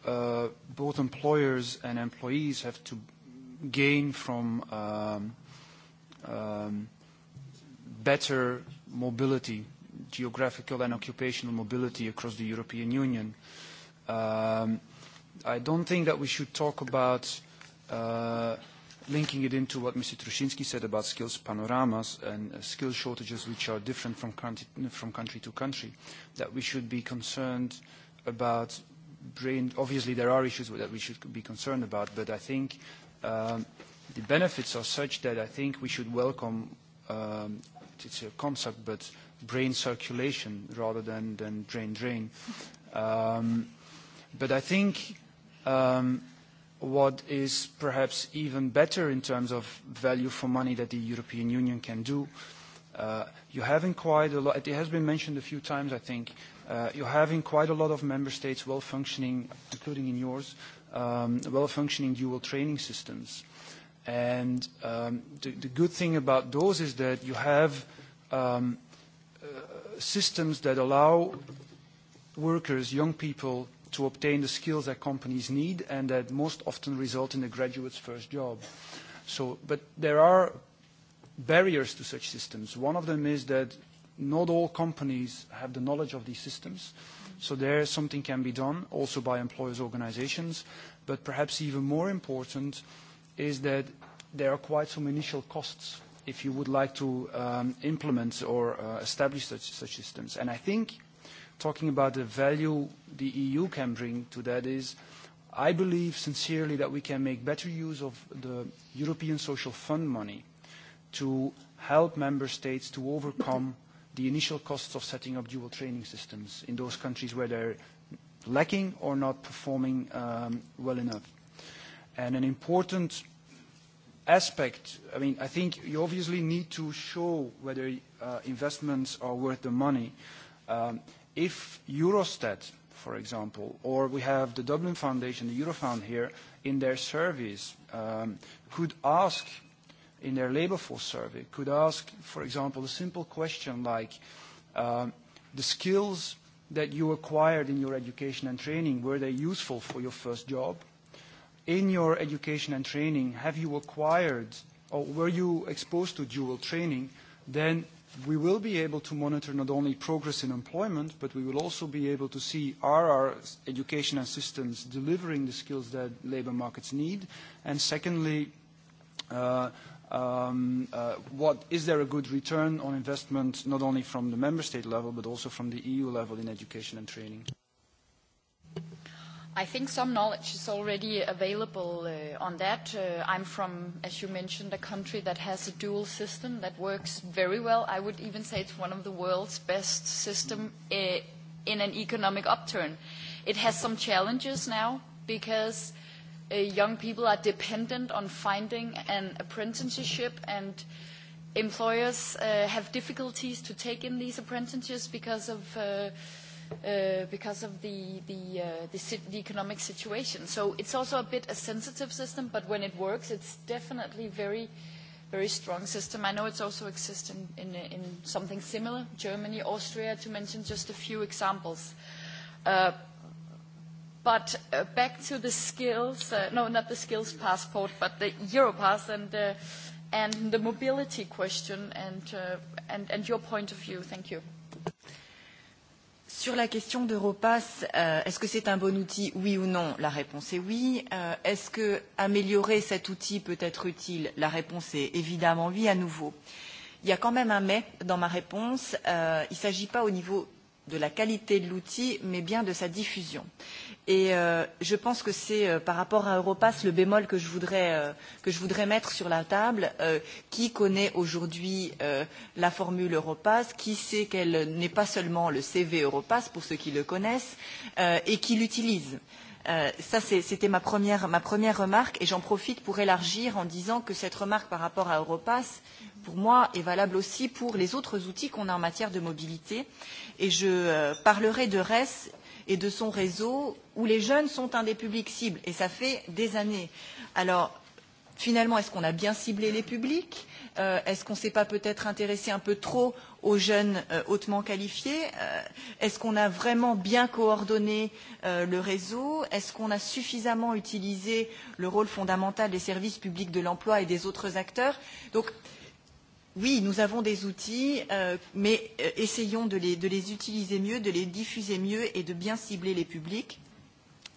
both employers and employees have to gain from better mobility, geographical and occupational mobility across the European Union. I don't think that we should talk about linking it into what Mr. Trushinsky said about skills panoramas and skill shortages which are different from country to country, that we should be concerned about brain, obviously there are issues that we should be concerned about, but I think the benefits are such that I think we should welcome, it's a concept, but brain circulation rather than, than brain drain. but I think what is perhaps even better in terms of value for money that the European Union can do, you haven't quite a lot, it has been mentioned a few times, I think, You have in quite a lot of member states well functioning, including in yours, well functioning dual training systems. And the good thing about those is that you have systems that allow workers, young people, to obtain the skills that companies need and that most often result in a graduate's first job. So, but there are barriers to such systems. One of them is that Not all companies have the knowledge of these systems, so there something can be done, also by employers' organizations. But perhaps even more important is that there are quite some initial costs if you would like to implement or establish such systems. And I think, talking about the value the EU can bring to that is, I believe sincerely that we can make better use of the European Social Fund money to help member states to overcome the initial costs of setting up dual training systems in those countries where they're lacking or not performing well enough. And an important aspect, I mean, I think you obviously need to show whether investments are worth the money. If Eurostat, for example, or we have the Dublin Foundation, the Eurofound here, in their surveys, could ask in their labor force survey could ask, for example, a simple question like the skills that you acquired in your education and training, were they useful for your first job? In your education and training, have you acquired or were you exposed to dual training? Then we will be able to monitor not only progress in employment, but we will also be able to see are our education and systems delivering the skills that labor markets need? And secondly, what is there a good return on investment, not only from the member state level, but also from the EU level in education and training? I think some knowledge is already available on that. I'm from, as you mentioned, a country that has a dual system that works very well. I would even say it's one of the world's best system in an economic upturn. It has some challenges now because young people are dependent on finding an apprenticeship and employers have difficulties to take in these apprentices because of because of the the economic situation. So it's also a bit a sensitive system, but when it works, it's definitely very very strong system. I know it's also exists in in something similar, Germany, Austria, to mention just a few examples. But back to the skills, no, not the skills passport, but the Europass and and the mobility question and and your point of view. Thank you. Sur la question d'Europass, est-ce que c'est un bon outil, oui ou non La réponse est oui. Est-ce que améliorer cet outil peut être utile La réponse est évidemment oui à nouveau. Il y a quand même un mais dans ma réponse. Il ne s'agit pas au niveau de la qualité de l'outil, mais bien de sa diffusion. Et je pense que c'est par rapport à Europass le bémol que je voudrais mettre sur la table. Qui connaît aujourd'hui la formule Europass Qui sait qu'elle n'est pas seulement le CV Europass, pour ceux qui le connaissent, et qui l'utilise Ça, c'était ma première remarque, et j'en profite pour élargir en disant que cette remarque par rapport à Europass, pour moi, est valable aussi pour les autres outils qu'on a en matière de mobilité Et je parlerai de RES et de son réseau, où les jeunes sont un des publics cibles, et ça fait des années. Alors, finalement, est-ce qu'on a bien ciblé les publics Est-ce qu'on ne s'est pas peut-être intéressé un peu trop aux jeunes hautement qualifiés Est-ce qu'on a vraiment bien coordonné le réseau Est-ce qu'on a suffisamment utilisé le rôle fondamental des services publics de l'emploi et des autres acteurs Donc, oui, nous avons des outils, mais essayons de les, de les utiliser mieux, de les diffuser mieux et de bien cibler les publics.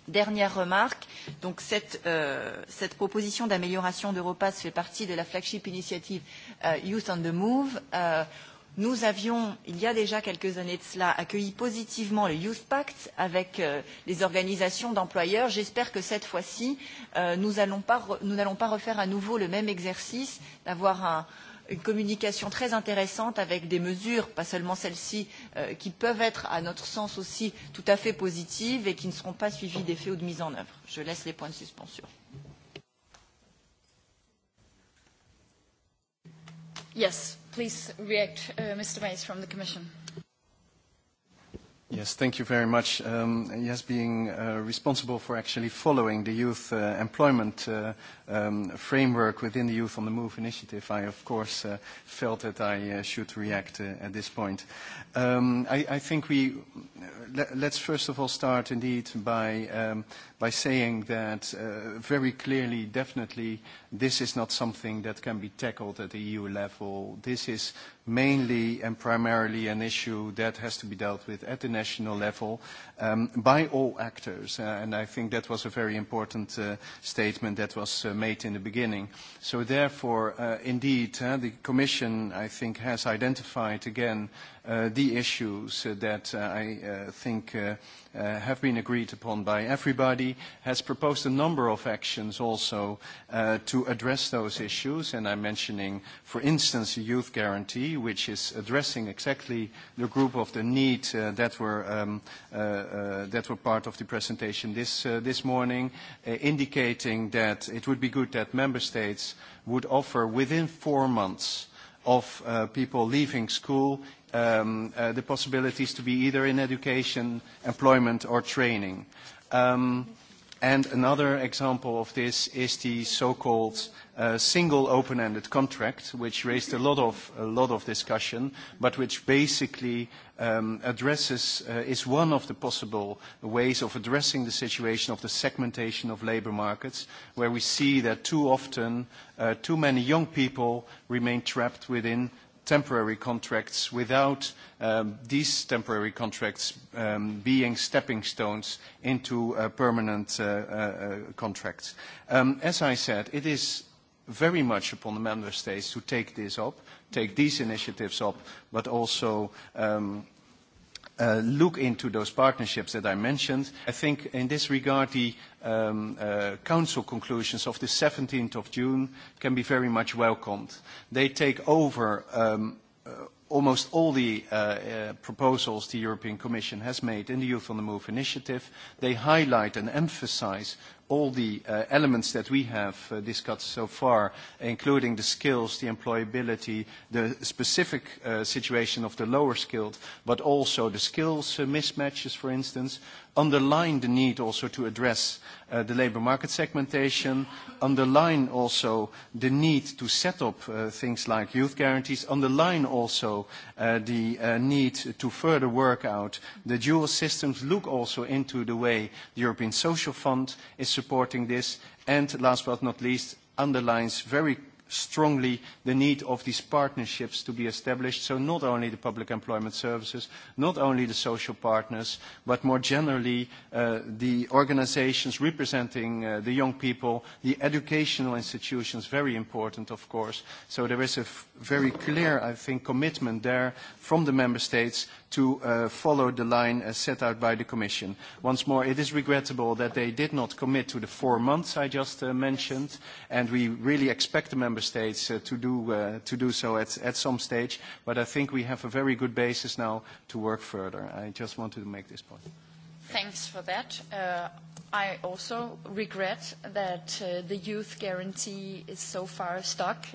Dernière remarque, donc cette, cette proposition d'amélioration d'Europass fait partie de la flagship initiative Youth on the Move. Nous avions, il y a déjà quelques années de cela, accueilli positivement le Youth Pact avec les organisations d'employeurs. J'espère que cette fois-ci, nous n'allons pas refaire à nouveau le même exercice d'avoir un une communication très intéressante avec des mesures, pas seulement celles-ci, qui peuvent être, à notre sens aussi, tout à fait positives et qui ne seront pas suivies d'effets ou de mise en œuvre. Je laisse les points de suspension. Yes, please react, Mr. Mays from the Commission. Yes, thank you very much. Yes, being responsible for actually following the youth employment framework within the Youth on the Move initiative, I, of course, felt that I should react at this point. I think we let's first of all start, indeed, by by saying that very clearly, definitely, this is not something that can be tackled at the EU level. This is mainly and primarily an issue that has to be dealt with at the national level by all actors. And I think that was a very important statement that was made in the beginning. So therefore, indeed, the Commission, I think, has identified again the issues that I think have been agreed upon by everybody, has proposed a number of actions also to address those issues. And I'm mentioning, for instance, the Youth Guarantee, which is addressing exactly the group of the need that were part of the presentation this morning, indicating that it would be good that member states would offer within four months of people leaving school the possibilities to be either in education, employment or training. And another example of this is the so-called single open-ended contract, which raised a lot of a lot of discussion, but which basically addresses is one of the possible ways of addressing the situation of the segmentation of labour markets, where we see that too often too many young people remain trapped within temporary contracts without these temporary contracts being stepping stones into permanent contracts. As I said, it is very much upon the member states to take this up, take these initiatives up, but also look into those partnerships that I mentioned. I think in this regard, the Council conclusions of the 17th of June can be very much welcomed. They take over almost all the proposals the European Commission has made in the Youth on the Move initiative. They highlight and emphasize all the elements that we have discussed so far, including the skills, the employability, the specific situation of the lower skilled, but also the skills mismatches, for instance, underline the need also to address the labour market segmentation, underline also the need to set up things like youth guarantees, underline also the need to further work out the dual systems, look also into the way the European Social Fund is supporting this, and last but not least, underlines very strongly the need of these partnerships to be established, so not only the public employment services, not only the social partners, but more generally the organisations representing the young people, the educational institutions, very important, of course. So there is a very clear, I think, commitment there from the member states to follow the line as set out by the Commission. Once more, it is regrettable that they did not commit to the four months I just mentioned, and we really expect the member states to do so at some stage, but I think we have a very good basis now to work further. I just wanted to make this point. Thanks for that. I also regret that the youth guarantee is so far stuck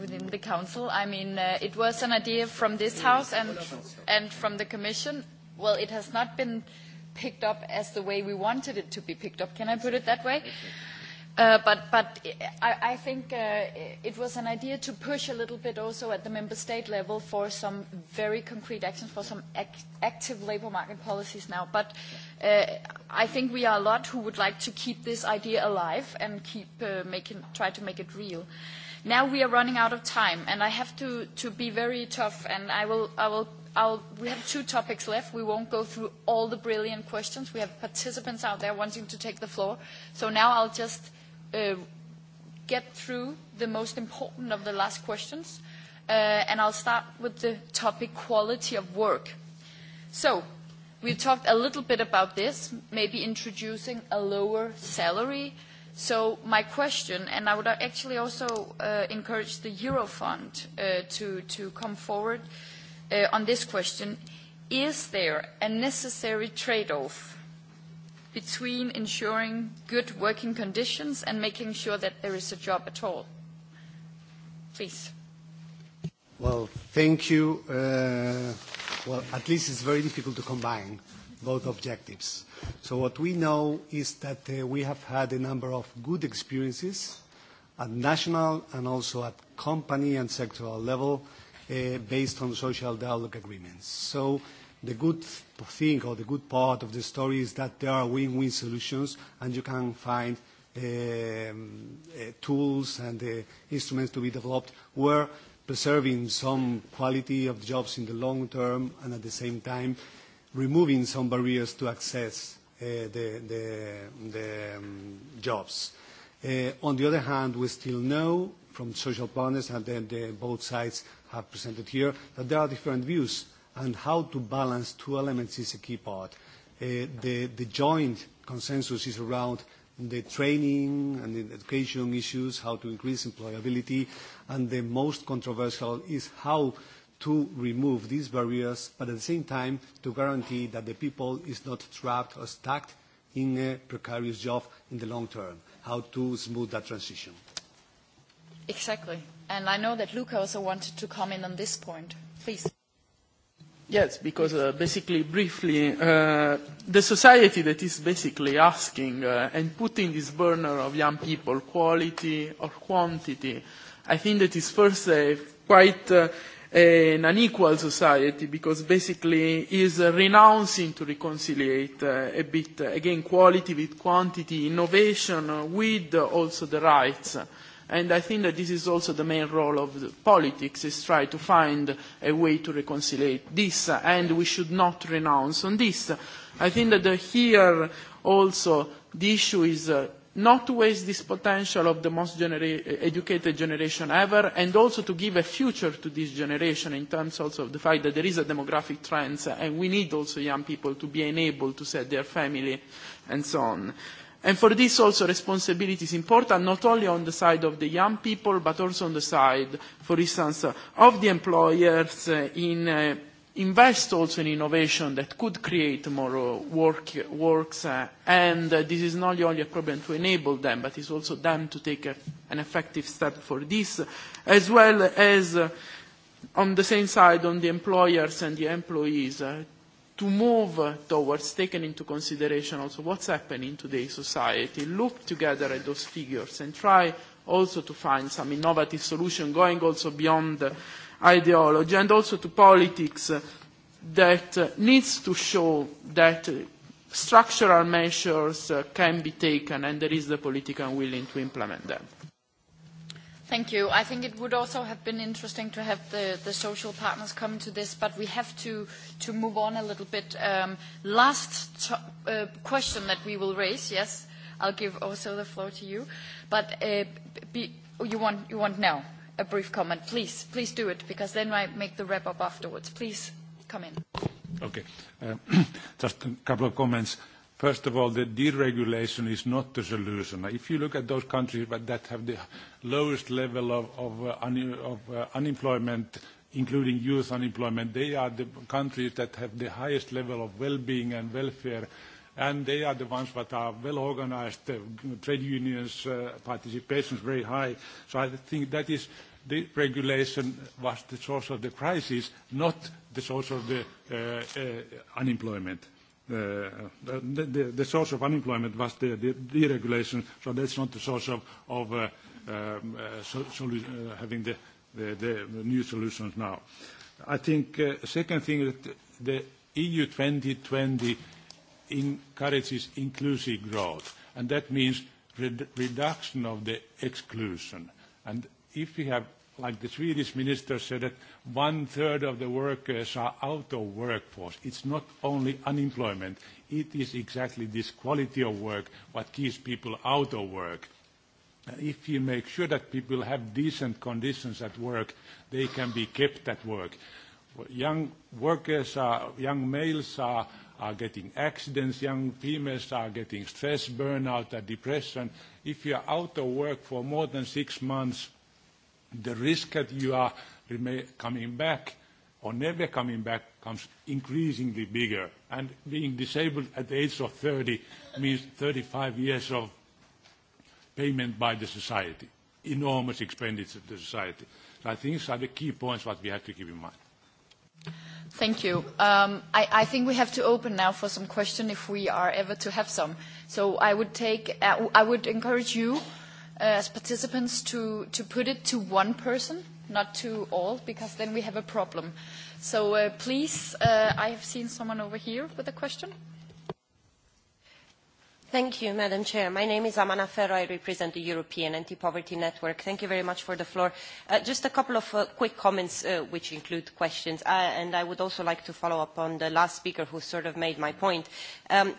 within the Council. I mean, it was an idea from this House and from the Commission. Well, it has not been picked up as the way we wanted it to be picked up. Can I put it that way? But I think it was an idea to push a little bit also at the member state level for some very concrete actions, for some active labour market policies now. But I think we are a lot who would like to keep this idea alive and keep making, try to make it real. Now we are running out of time, and I have to to be very tough. And I will I will I'll we have two topics left. We won't go through all the brilliant questions. We have participants out there wanting to take the floor. So now I'll just get through the most important of the last questions, and I'll start with the topic quality of work. So. we talked a little bit about this, maybe introducing a lower salary So my question, and I would actually also encourage the Eurofund to come forward on this question, is there a necessary trade-off between ensuring good working conditions and making sure that there is a job at all? Please. Well, thank you. Well, at least it's very difficult to combine both objectives. So what we know is that we have had a number of good experiences at national and also at company and sectoral level based on social dialogue agreements. So the good thing or the good part of the story is that there are win-win solutions and you can find tools and instruments to be developed where preserving some quality of jobs in the long term and at the same time removing some barriers to access the jobs. On the other hand, we still know from social partners and then both sides have presented here that there are different views and how to balance two elements is a key part. The joint consensus is around the training and the education issues, how to increase employability, and the most controversial is how to remove these barriers, but at the same time to guarantee that the people is not trapped or stuck in a precarious job in the long term, how to smooth that transition. Exactly. And I know that Luca also wanted to comment on this point. Please. Yes, because basically, briefly, the society that is basically asking and putting this burner of young people, quality or quantity, I think that is first a quite an unequal society because basically is renouncing to reconciliate a bit again quality with quantity, innovation with also the rights. And I think that this is also the main role of politics, is try to find a way to reconciliate this, and we should not renounce on this. I think that here also the issue is not to waste this potential of the most educated generation ever, and also to give a future to this generation in terms also of the fact that there is a demographic trend, and we need also young people to be enabled to set their family, and so on. And for this also responsibility is important, not only on the side of the young people, but also on the side, for instance, of the employers in invest also in innovation that could create more work, works and this is not only a problem to enable them but it's also them to take an effective step for this as well as on the same side on the employers and the employees to move towards taking into consideration also what's happening in today's society look together at those figures and try also to find some innovative solution going also beyond ideology and also to politics that needs to show that structural measures can be taken and there is the political willing to implement them. Thank you. I think it would also have been interesting to have the, the social partners come to this, but we have to, to move on a little bit. last question that we will raise, yes, I'll give also the floor to you, but you, want, you want now a brief comment, please. Please do it, because then I make the wrap-up afterwards. Please come in. Okay. Just a couple of comments. First of all, the deregulation is not the solution. If you look at those countries that have the lowest level of unemployment, including youth unemployment, they are the countries that have the highest level of well-being and welfare, and they are the ones that are well-organized, trade unions, participation is very high. So I think that is the regulation was the source of the crisis, not the source of the unemployment. The source of unemployment was the deregulation, so that's not the source of having the new solutions now. I think second thing is that the EU 2020 encourages inclusive growth, and that means reduction of the exclusion. And if we have, like the Swedish minister said, that one-third of the workers are out of workforce, it's not only unemployment. It is exactly this quality of work what keeps people out of work. If you make sure that people have decent conditions at work, they can be kept at work. Young workers are, young males are are getting accidents, young females are getting stress, burnout, and depression. If you are out of work for more than six months, the risk that you are coming back or never coming back comes increasingly bigger. And being disabled at the age of 30 means 35 years of payment by the society, enormous expenditure to society. So I think these are the key points that we have to keep in mind. Thank you. I think we have to open now for some questions if we are ever to have some. So I would take, I would encourage you as participants to to put it to one person, not to all, because then we have a problem. So please, I have seen someone over here with a question. Thank you, Madam Chair. My name is Amana Ferro. I represent the European Anti-Poverty Network. Thank you very much for the floor. Just a couple of quick comments, which include questions. And I would also like to follow up on the last speaker who sort of made my point,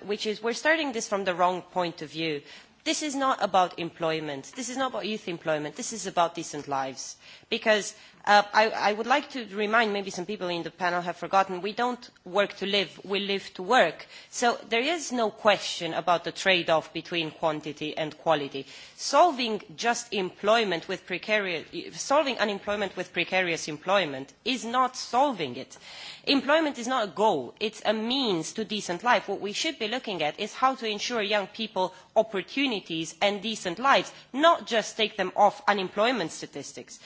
which is we're starting this from the wrong point of view This is not about employment. This is not about youth employment. This is about decent lives. Because I would like to remind, maybe some people in the panel have forgotten, we don't work to live, we live to work. So there is no question about the trade-off between quantity and quality. Solving just employment with precarious, solving unemployment with precarious employment is not solving it. Employment is not a goal, it's a means to decent life. What we should be looking at is how to ensure young people opportunities and decent lives, not just take them off unemployment statistics.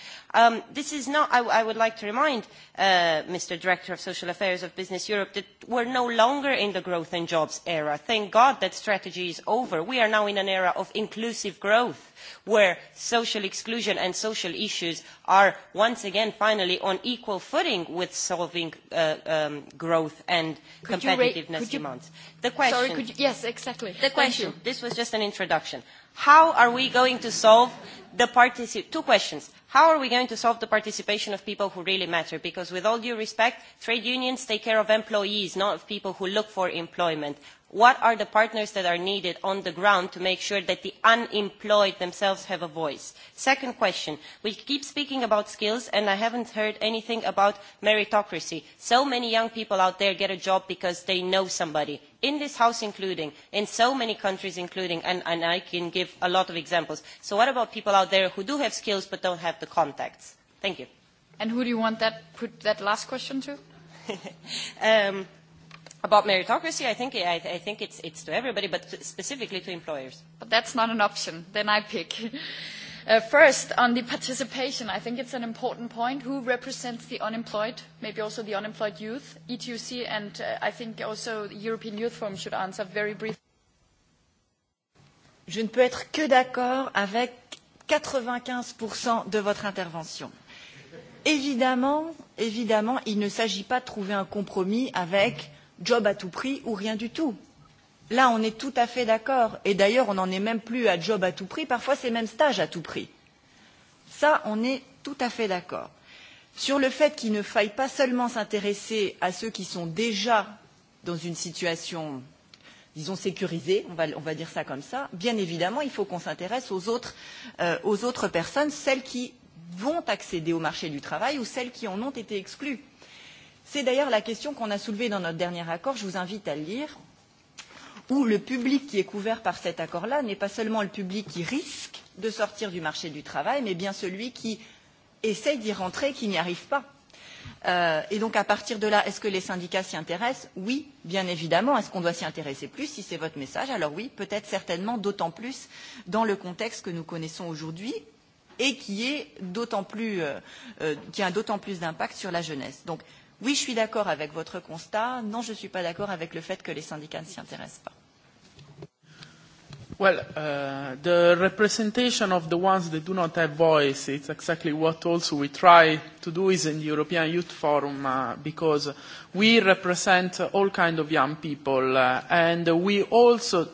This is i would like to remind mr director of social affairs of business europe that we are no longer in the growth and jobs era thank god that strategy is over we are now in an era of inclusive growth where social exclusion and social issues are once again finally on equal footing with solving growth and competitiveness demands. The question. Yes, exactly. The question. This was just an introduction. How are we going to solve the participation? Two questions. How are we going to solve the participation of people who really matter? Because with all due respect, trade unions take care of employees, not of people who look for employment what are the partners that are needed on the ground to make sure that the unemployed themselves have a voice? Second question, we keep speaking about skills and I haven't heard anything about meritocracy. So many young people out there get a job because they know somebody, in this house including, in so many countries including, and I can give a lot of examples. So what about people out there who do have skills but don't have the contacts? Thank you. And who do you want that, put that last question to? about meritocracy, I think, I, I think it's, it's to everybody, but specifically to employers. But that's not an option. Then I pick. First, on the participation, I think it's an important point. Who represents the unemployed, maybe also the unemployed youth? ETUC and I think also the European Youth Forum should answer very briefly. Je ne peux être que d'accord avec 95% de votre intervention. Évidemment, évidemment, il ne s'agit pas de trouver un compromis avec job à tout prix ou rien du tout. Là, on est tout à fait d'accord. Et d'ailleurs, on n'en est même plus à job à tout prix. Parfois, c'est même stage à tout prix. Ça, on est tout à fait d'accord. Sur le fait qu'il ne faille pas seulement s'intéresser à ceux qui sont déjà dans une situation, disons, sécurisée, on va dire ça comme ça, bien évidemment, il faut qu'on s'intéresse aux autres personnes, celles qui vont accéder au marché du travail ou celles qui en ont été exclues C'est d'ailleurs la question qu'on a soulevée dans notre dernier accord, je vous invite à le lire, où le public qui est couvert par cet accord-là n'est pas seulement le public qui risque de sortir du marché du travail, mais bien celui qui essaye d'y rentrer et qui n'y arrive pas. Et donc, à partir de là, est-ce que les syndicats s'y intéressent Oui, bien évidemment. Est-ce qu'on doit s'y intéresser plus Si c'est votre message, alors oui, peut-être certainement, d'autant plus dans le contexte que nous connaissons aujourd'hui et qui a d'autant plus d'impact sur la jeunesse. Donc, Oui, je suis d'accord avec votre constat. Non, je ne suis pas d'accord avec le fait que les syndicats ne s'y intéressent pas. Well, the representation of the ones that do not have voice, it's exactly what also we try to do is in the European Youth Forum, because we represent all kinds of young people, and we also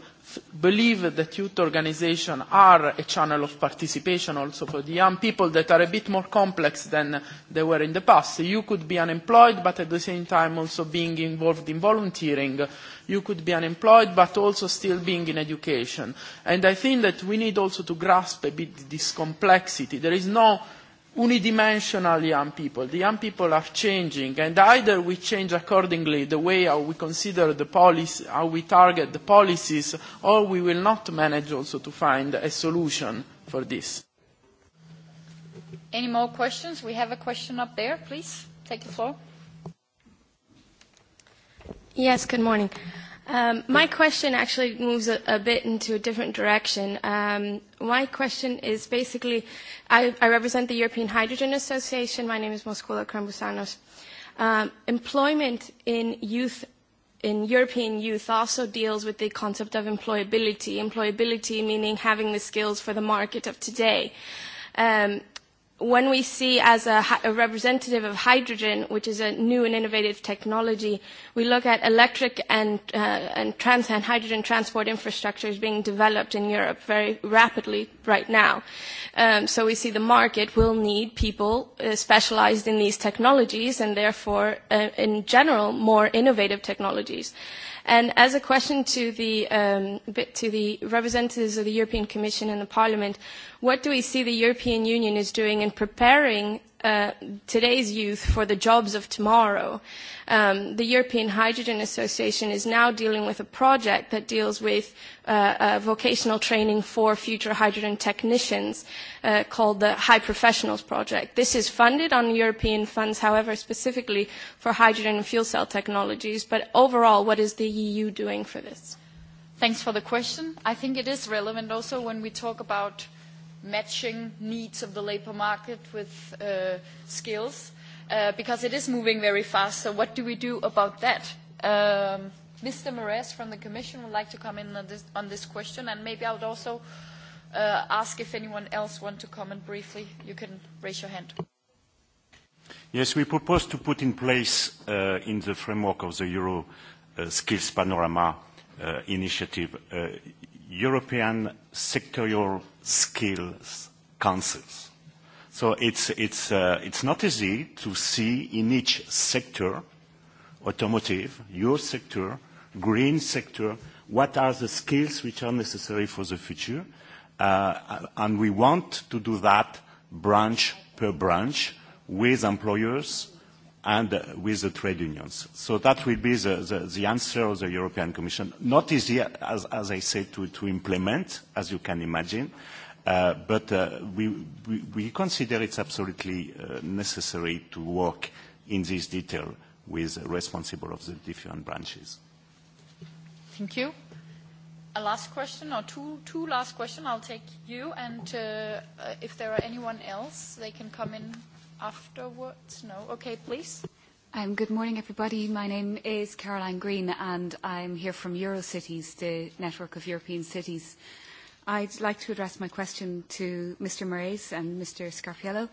believe that youth organisations are a channel of participation also for the young people that are a bit more complex than they were in the past. You could be unemployed but at the same time also being involved in volunteering. You could be unemployed but also still being in education. And I think that we need also to grasp a bit this complexity. There is no unidimensional young people. The young people are changing, and either we change accordingly the way we consider the policy, how we target the policies, or we will not manage also to find a solution for this. Any more questions? We have a question up there, please. Take the floor. Yes, good morning. Um, my question actually moves a, a bit into a different direction. Um, my question is basically, I, I represent the European Hydrogen Association. My name is Moskola Krambusanos. Um, employment in youth in European youth also deals with the concept of employability, employability meaning having the skills for the market of today. Um, when we see as a representative of hydrogen, which is a new and innovative technology, we look at electric and hydrogen transport infrastructures being developed in Europe very rapidly right now. So we see the market will need people specialized in these technologies and therefore, in general, more innovative technologies. And as a question to the to the representatives of the European Commission and the Parliament, what do we see the European Union is doing in preparing today's youth for the jobs of tomorrow. The European Hydrogen Association is now dealing with a project that deals with vocational training for future hydrogen technicians called the High Professionals Project. This is funded on European funds, however, specifically for hydrogen and fuel cell technologies. But overall, what is the EU doing for this? Thanks for the question. I think it is relevant also when we talk about matching needs of the labor market with skills, because it is moving very fast. So what do we do about that? Mr. Mores from the Commission would like to come in on this question, and maybe I would also ask if anyone else wants to comment briefly. You can raise your hand. Yes, we propose to put in place in the framework of the Euro Skills Panorama initiative European sectorial skills councils. So it's, not easy to see in each sector, automotive, your sector, green sector, what are the skills which are necessary for the future. And we want to do that branch per branch with employers and with the trade unions. So that will be the answer of the European Commission. Not easy, as I said, to implement, as you can imagine, But we consider it's absolutely necessary to work in this detail with responsible of the different branches. Thank you. A last question or two two last questions. I'll take you and if there are anyone else, they can come in afterwards. No? Okay, please. Good morning, everybody. My name is Caroline Green and I'm here from Eurocities, the network of European cities I'd like to address my question to Mr. Moraes and Mr. Scarfiello.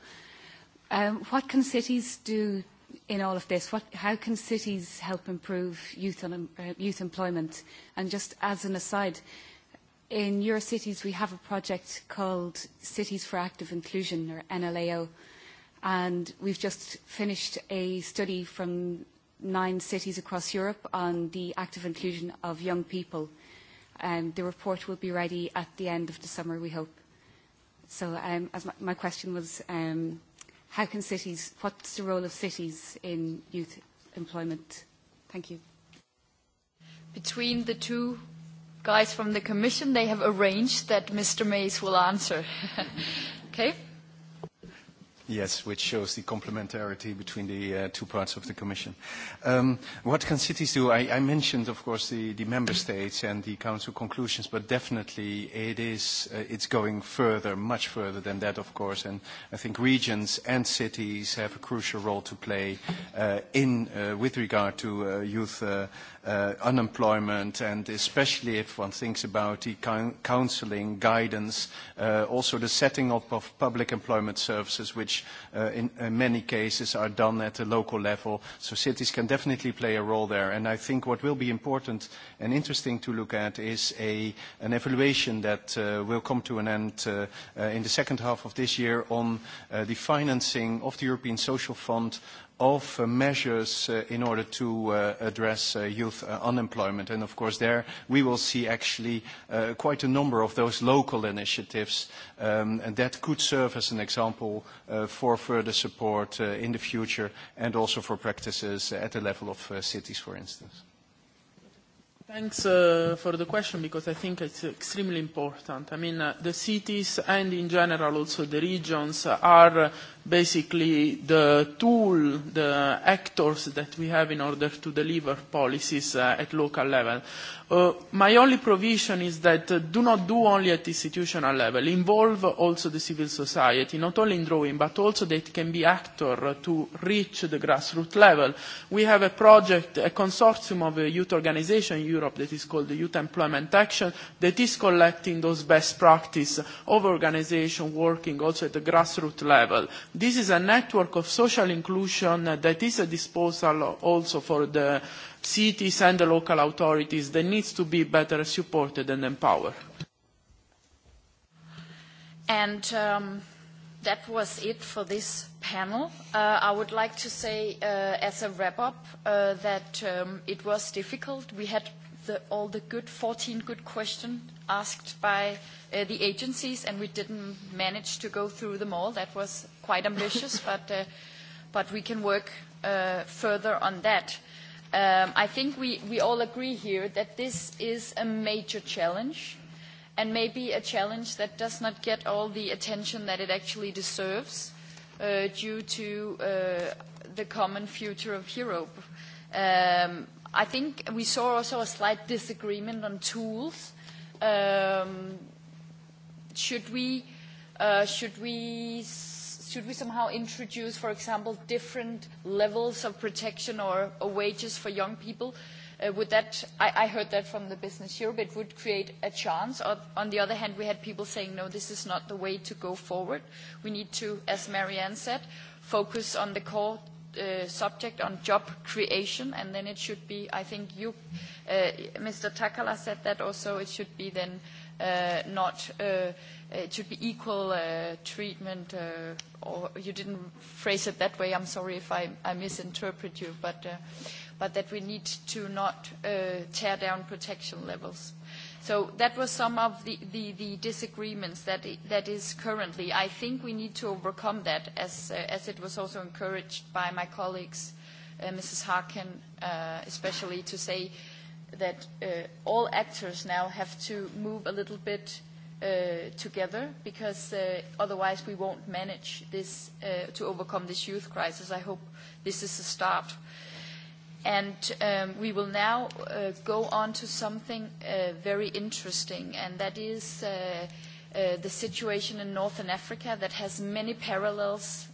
What can cities do in all of this? How can cities help improve youth employment? And just as an aside, in your cities we have a project called Cities for Active Inclusion, or NLAO, and we've just finished a study from nine cities across Europe on the active inclusion of young people The report will be ready at the end of the summer, we hope. So as my question was, how can cities, what's the role of cities in youth employment? Thank you. Between the two guys from the Commission, they have arranged that Mr. Mays will answer. Okay. Yes, which shows the complementarity between the two parts of the Commission. What can cities do? I mentioned, of course, the member states and the Council conclusions, but definitely it is it's going further, much further than that, of course. And I think regions and cities have a crucial role to play in with regard to youth unemployment, and especially if one thinks about the counselling, guidance, also the setting up of public employment services, which in many cases are done at the local level. So cities can definitely play a role there. And I think what will be important and interesting to look at is an evaluation that will come to an end in the second half of this year on the financing of the European Social Fund of measures in order to address youth unemployment. And of course there we will see actually quite a number of those local initiatives and that could serve as an example for further support in the future and also for practices at the level of cities, for instance. Thanks for the question because I think it's extremely important. I mean, the cities and in general also the regions are basically the tool, the actors that we have in order to deliver policies at local level. My only provision is that do not do only at institutional level. Involve also the civil society, not only in drawing, but also that it can be actor to reach the grassroots level. We have a project, a consortium of youth organisations in Europe that is called the Youth Employment Action that is collecting those best practices of organization working also at the grassroots level This is a network of social inclusion that is a disposal also for the cities and the local authorities that needs to be better supported and empowered. And that was it for this panel. I would like to say as a wrap-up that it was difficult. We had all the good 14 good questions asked by the agencies, and we didn't manage to go through them all. That was quite ambitious, but we can work further on that. I think we all agree here that this is a major challenge, and maybe a challenge that does not get all the attention that it actually deserves due to the common future of Europe. I think we saw also a slight disagreement on tools. Should we should we should we somehow introduce, for example, different levels of protection or wages for young people? Would that I heard that from the Business Europe it would create a chance. On the other hand, we had people saying no, this is not the way to go forward. We need to, as Marianne said, focus on the core subject on job creation and then it should be I think you Mr. Takala said that also it should be then not it should be equal treatment or you didn't phrase it that way I'm sorry if I misinterpret you but but that we need to not tear down protection levels So that was some of the disagreements that is currently. I think we need to overcome that, as it was also encouraged by my colleagues, Mrs. Harkin especially, to say that all actors now have to move a little bit together, because otherwise we won't manage this to overcome this youth crisis. I hope this is a start And we will now go on to something very interesting, and that is the situation in Northern Africa that has many parallels.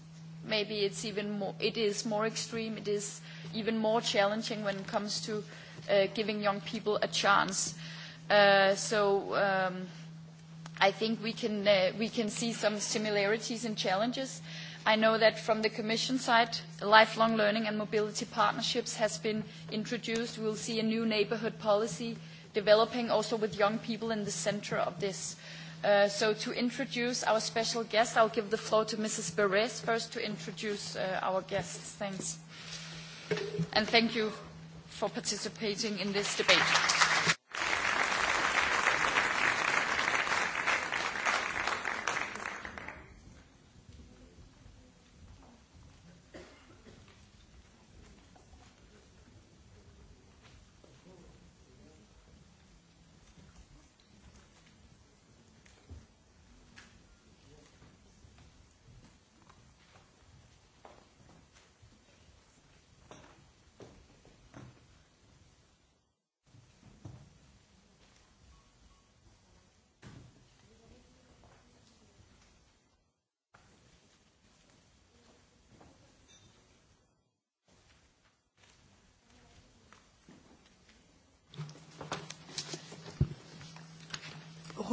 Maybe it's even more, it is more extreme, it is even more challenging when it comes to giving young people a chance. So I think we can see some similarities and challenges I know that from the Commission side, lifelong learning and mobility partnerships has been introduced. We will see a new neighbourhood policy developing also with young people in the centre of this. So to introduce our special guest, I'll give the floor to Mrs. Beres first to introduce our guests. Thanks. And thank you for participating in this debate.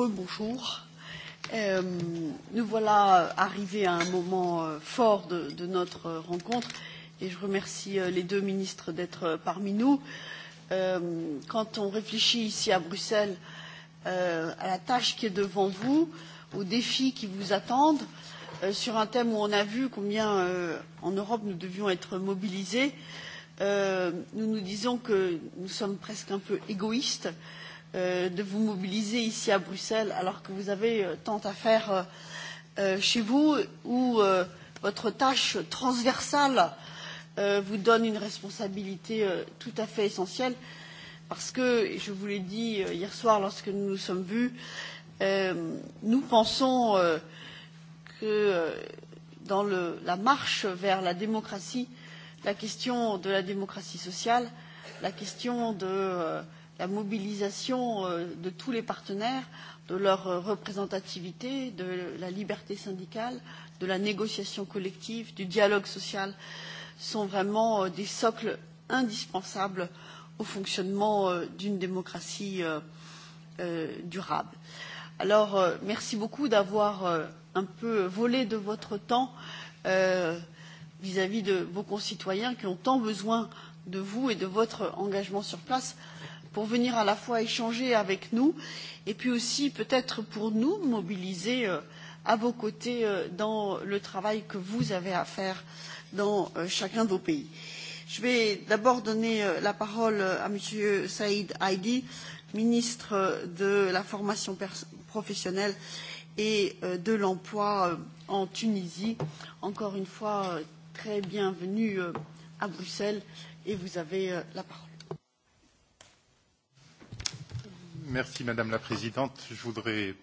Bonjour, nous voilà arrivés à un moment fort de, de notre rencontre et je remercie les deux ministres d'être parmi nous. quand on réfléchit ici à Bruxelles à la tâche qui est devant vous, aux défis qui vous attendent, sur un thème où on a vu combien en Europe nous devions être mobilisés, nous nous disons que nous sommes presque un peu égoïstes de vous mobiliser ici à Bruxelles alors que vous avez tant à faire chez vous où votre tâche transversale vous donne une responsabilité tout à fait essentielle parce que, je vous l'ai dit hier soir lorsque nous nous sommes vus, nous pensons que dans la marche vers la démocratie, la question de la démocratie sociale, la question de la mobilisation de tous les partenaires, de leur représentativité, de la liberté syndicale, de la négociation collective, du dialogue social sont vraiment des socles indispensables au fonctionnement d'une démocratie durable. Alors, merci beaucoup d'avoir un peu volé de votre temps vis-à-vis de vos concitoyens qui ont tant besoin de vous et de votre engagement sur place pour venir à la fois échanger avec nous et puis aussi peut être pour nous mobiliser à vos côtés dans le travail que vous avez à faire dans chacun de vos pays. Je vais d'abord donner la parole à M. Saïd Haïdi, ministre de la formation professionnelle et de l'emploi en Tunisie. Encore une fois, très bienvenue à Bruxelles et vous avez la parole. Merci Madame la Présidente. Je voudrais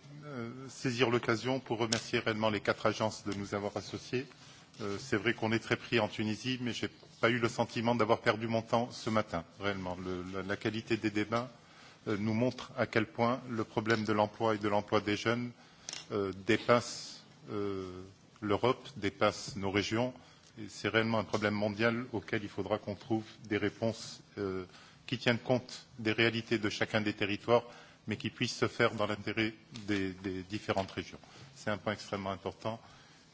saisir l'occasion pour remercier réellement les quatre agences de nous avoir associés. C'est vrai qu'on est très pris en Tunisie, mais je n'ai pas eu le sentiment d'avoir perdu mon temps ce matin, réellement. La qualité des débats nous montre à quel point le problème de l'emploi et de l'emploi des jeunes dépasse l'Europe, dépasse nos régions. C'est réellement un problème mondial auquel il faudra qu'on trouve des réponses qui tiennent compte des réalités de chacun des territoires, mais qui puissent se faire dans l'intérêt des différentes régions. C'est un point extrêmement important.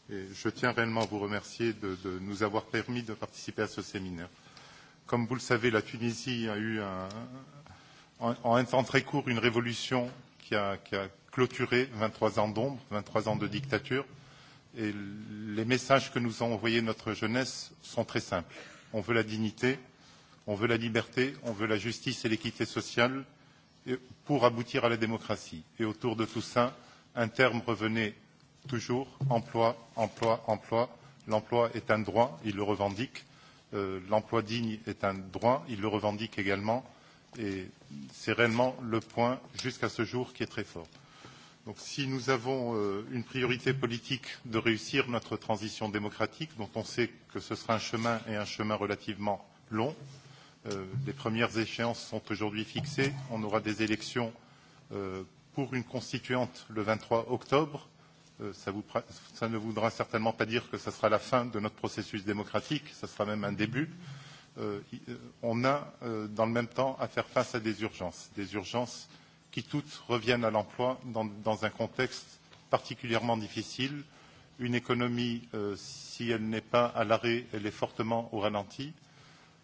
et Je tiens réellement à vous remercier de nous avoir permis de participer à ce séminaire. Comme vous le savez, la Tunisie a eu en un temps très court une révolution qui a clôturé 23 ans d'ombre, 23 ans de dictature. Et les messages que nous a envoyés notre jeunesse sont très simples. On veut la dignité, On veut la liberté, on veut la justice et l'équité sociale pour aboutir à la démocratie. Et autour de tout ça, un terme revenait toujours emploi, emploi, emploi. L'emploi est un droit, il le revendique. L'emploi digne est un droit, il le revendique également. Et c'est réellement le point jusqu'à ce jour qui est très fort. Donc si nous avons une priorité politique de réussir notre transition démocratique, dont on sait que ce sera un chemin et un chemin relativement long, Les premières échéances sont aujourd'hui fixées. On aura des élections pour une constituante le 23 octobre. Ça ne voudra certainement pas dire que ce sera la fin de notre processus démocratique. Ce sera même un début. On a, dans le même temps, à faire face à des urgences. Des urgences qui toutes reviennent à l'emploi dans un contexte particulièrement difficile. Une économie, si elle n'est pas à l'arrêt, elle est fortement au ralenti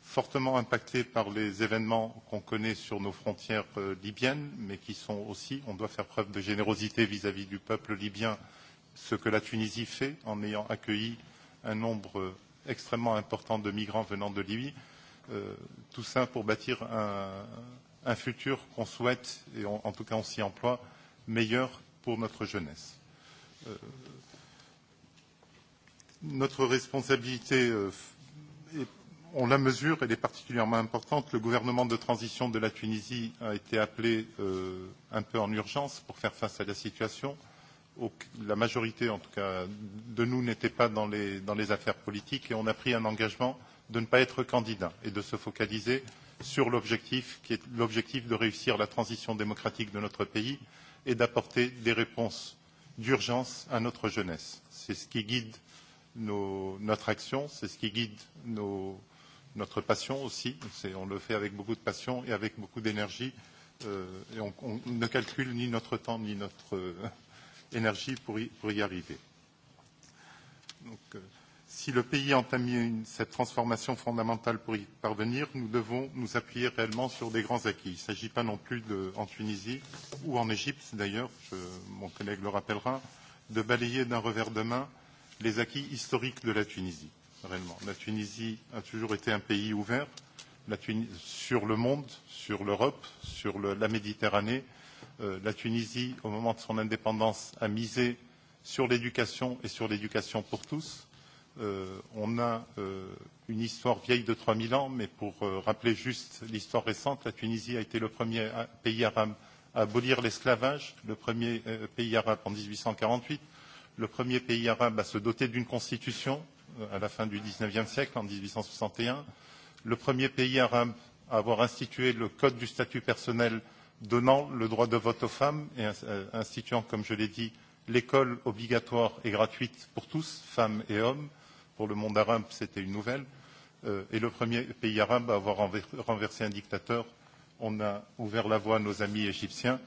fortement impacté par les événements qu'on connaît sur nos frontières libyennes, mais qui sont aussi, on doit faire preuve de générosité vis-à-vis du peuple libyen, ce que la Tunisie fait en ayant accueilli un nombre extrêmement important de migrants venant de Libye. Tout ça pour bâtir un futur qu'on souhaite, et en tout cas on s'y emploie, meilleur pour notre jeunesse. Notre responsabilité est on la mesure, elle est particulièrement importante. Le gouvernement de transition de la Tunisie a été appelé un peu en urgence pour faire face à la situation. La majorité, en tout cas, de nous n'était pas dans les affaires politiques et on a pris un engagement de ne pas être candidat et de se focaliser sur l'objectif, qui est l'objectif de réussir la transition démocratique de notre pays et d'apporter des réponses d'urgence à notre jeunesse. C'est ce qui guide notre action, c'est ce qui guide nos notre passion aussi. On le fait avec beaucoup de passion et avec beaucoup d'énergie. Et on ne calcule ni notre temps ni notre énergie pour y arriver. Donc, si le pays entame cette transformation fondamentale pour y parvenir, nous devons nous appuyer réellement sur des grands acquis. Il ne s'agit pas non plus, en Tunisie ou en Égypte d'ailleurs, mon collègue le rappellera, de balayer d'un revers de main les acquis historiques de la Tunisie réellement. La Tunisie a toujours été un pays ouvert la sur le monde, sur l'Europe, sur la Méditerranée. La Tunisie, au moment de son indépendance, a misé sur l'éducation et sur l'éducation pour tous. On a une histoire vieille de 3000 ans, mais pour rappeler juste l'histoire récente, la Tunisie a été le premier pays arabe à abolir l'esclavage, le premier pays arabe en 1848, le premier pays arabe à se doter d'une constitution à la fin du XIXe siècle, en 1861, le premier pays arabe à avoir institué le code du statut personnel donnant le droit de vote aux femmes et instituant, comme je l'ai dit, l'école obligatoire et gratuite pour tous, femmes et hommes. Pour le monde arabe, c'était une nouvelle. Et le premier pays arabe à avoir renversé un dictateur, on a ouvert la voie à nos amis égyptiens.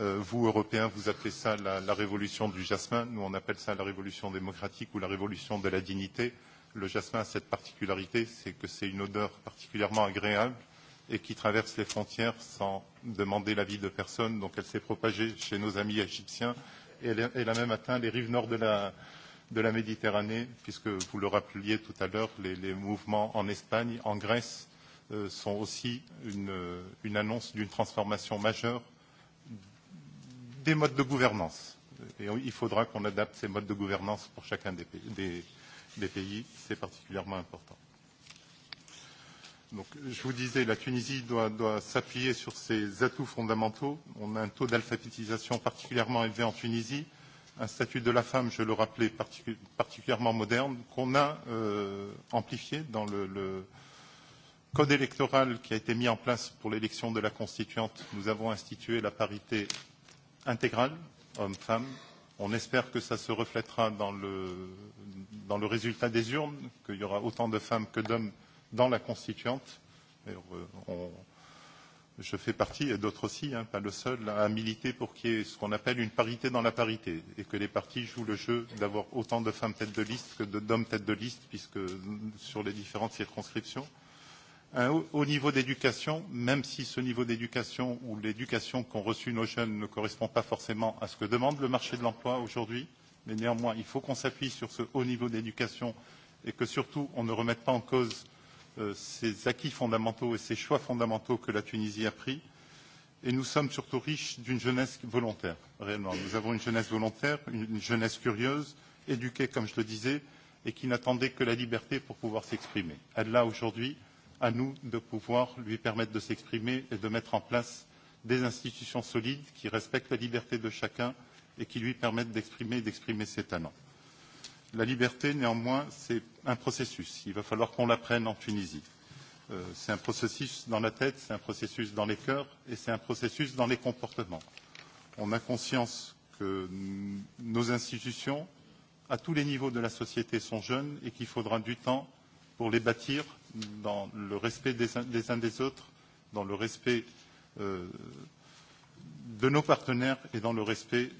Vous, Européens, vous appelez ça la révolution du jasmin. Nous, on appelle ça la révolution démocratique ou la révolution de la dignité. Le jasmin a cette particularité, c'est que c'est une odeur particulièrement agréable et qui traverse les frontières sans demander l'avis de personne. Donc elle s'est propagée chez nos amis égyptiens et elle a même atteint les rives nord de la de la Méditerranée, puisque vous le rappeliez tout à l'heure, les mouvements en Espagne, en Grèce, sont aussi une annonce d'une transformation majeure des modes de gouvernance. Et il faudra qu'on adapte ces modes de gouvernance pour chacun des pays. Des pays. C'est particulièrement important. Donc, je vous disais, la Tunisie doit, doit s'appuyer sur ses atouts fondamentaux. On a un taux d'alphabétisation particulièrement élevé en Tunisie, un statut de la femme, je le rappelais, particulièrement moderne, qu'on a amplifié dans le, le code électoral qui a été mis en place pour l'élection de la constituante. Nous avons institué la parité intégrale, hommes-femmes. On espère que ça se reflètera dans le, dans le résultat des urnes, qu'il y aura autant de femmes que d'hommes dans la constituante. On, je fais partie, et d'autres aussi, hein, pas le seul, à militer pour qu'il y ait ce qu'on appelle une parité dans la parité, et que les partis jouent le jeu d'avoir autant de femmes tête de liste que d'hommes tête de liste, puisque sur les différentes circonscriptions un haut niveau d'éducation, même si ce niveau d'éducation ou l'éducation qu'ont reçue nos jeunes ne correspond pas forcément à ce que demande le marché de l'emploi aujourd'hui, mais néanmoins, il faut qu'on s'appuie sur ce haut niveau d'éducation et que surtout, on ne remette pas en cause ces acquis fondamentaux et ces choix fondamentaux que la Tunisie a pris. Et nous sommes surtout riches d'une jeunesse volontaire, réellement. Nous avons une jeunesse volontaire, une jeunesse curieuse, éduquée, comme je le disais, et qui n'attendait que la liberté pour pouvoir s'exprimer. Elle l'a aujourd'hui à nous de pouvoir lui permettre de s'exprimer et de mettre en place des institutions solides qui respectent la liberté de chacun et qui lui permettent d'exprimer et d'exprimer ses talents. La liberté, néanmoins, c'est un processus. Il va falloir qu'on l'apprenne en Tunisie. C'est un processus dans la tête, c'est un processus dans les cœurs et c'est un processus dans les comportements. On a conscience que nos institutions, à tous les niveaux de la société, sont jeunes et qu'il faudra du temps pour les bâtir dans le respect des uns des autres, dans le respect de nos partenaires et dans le respect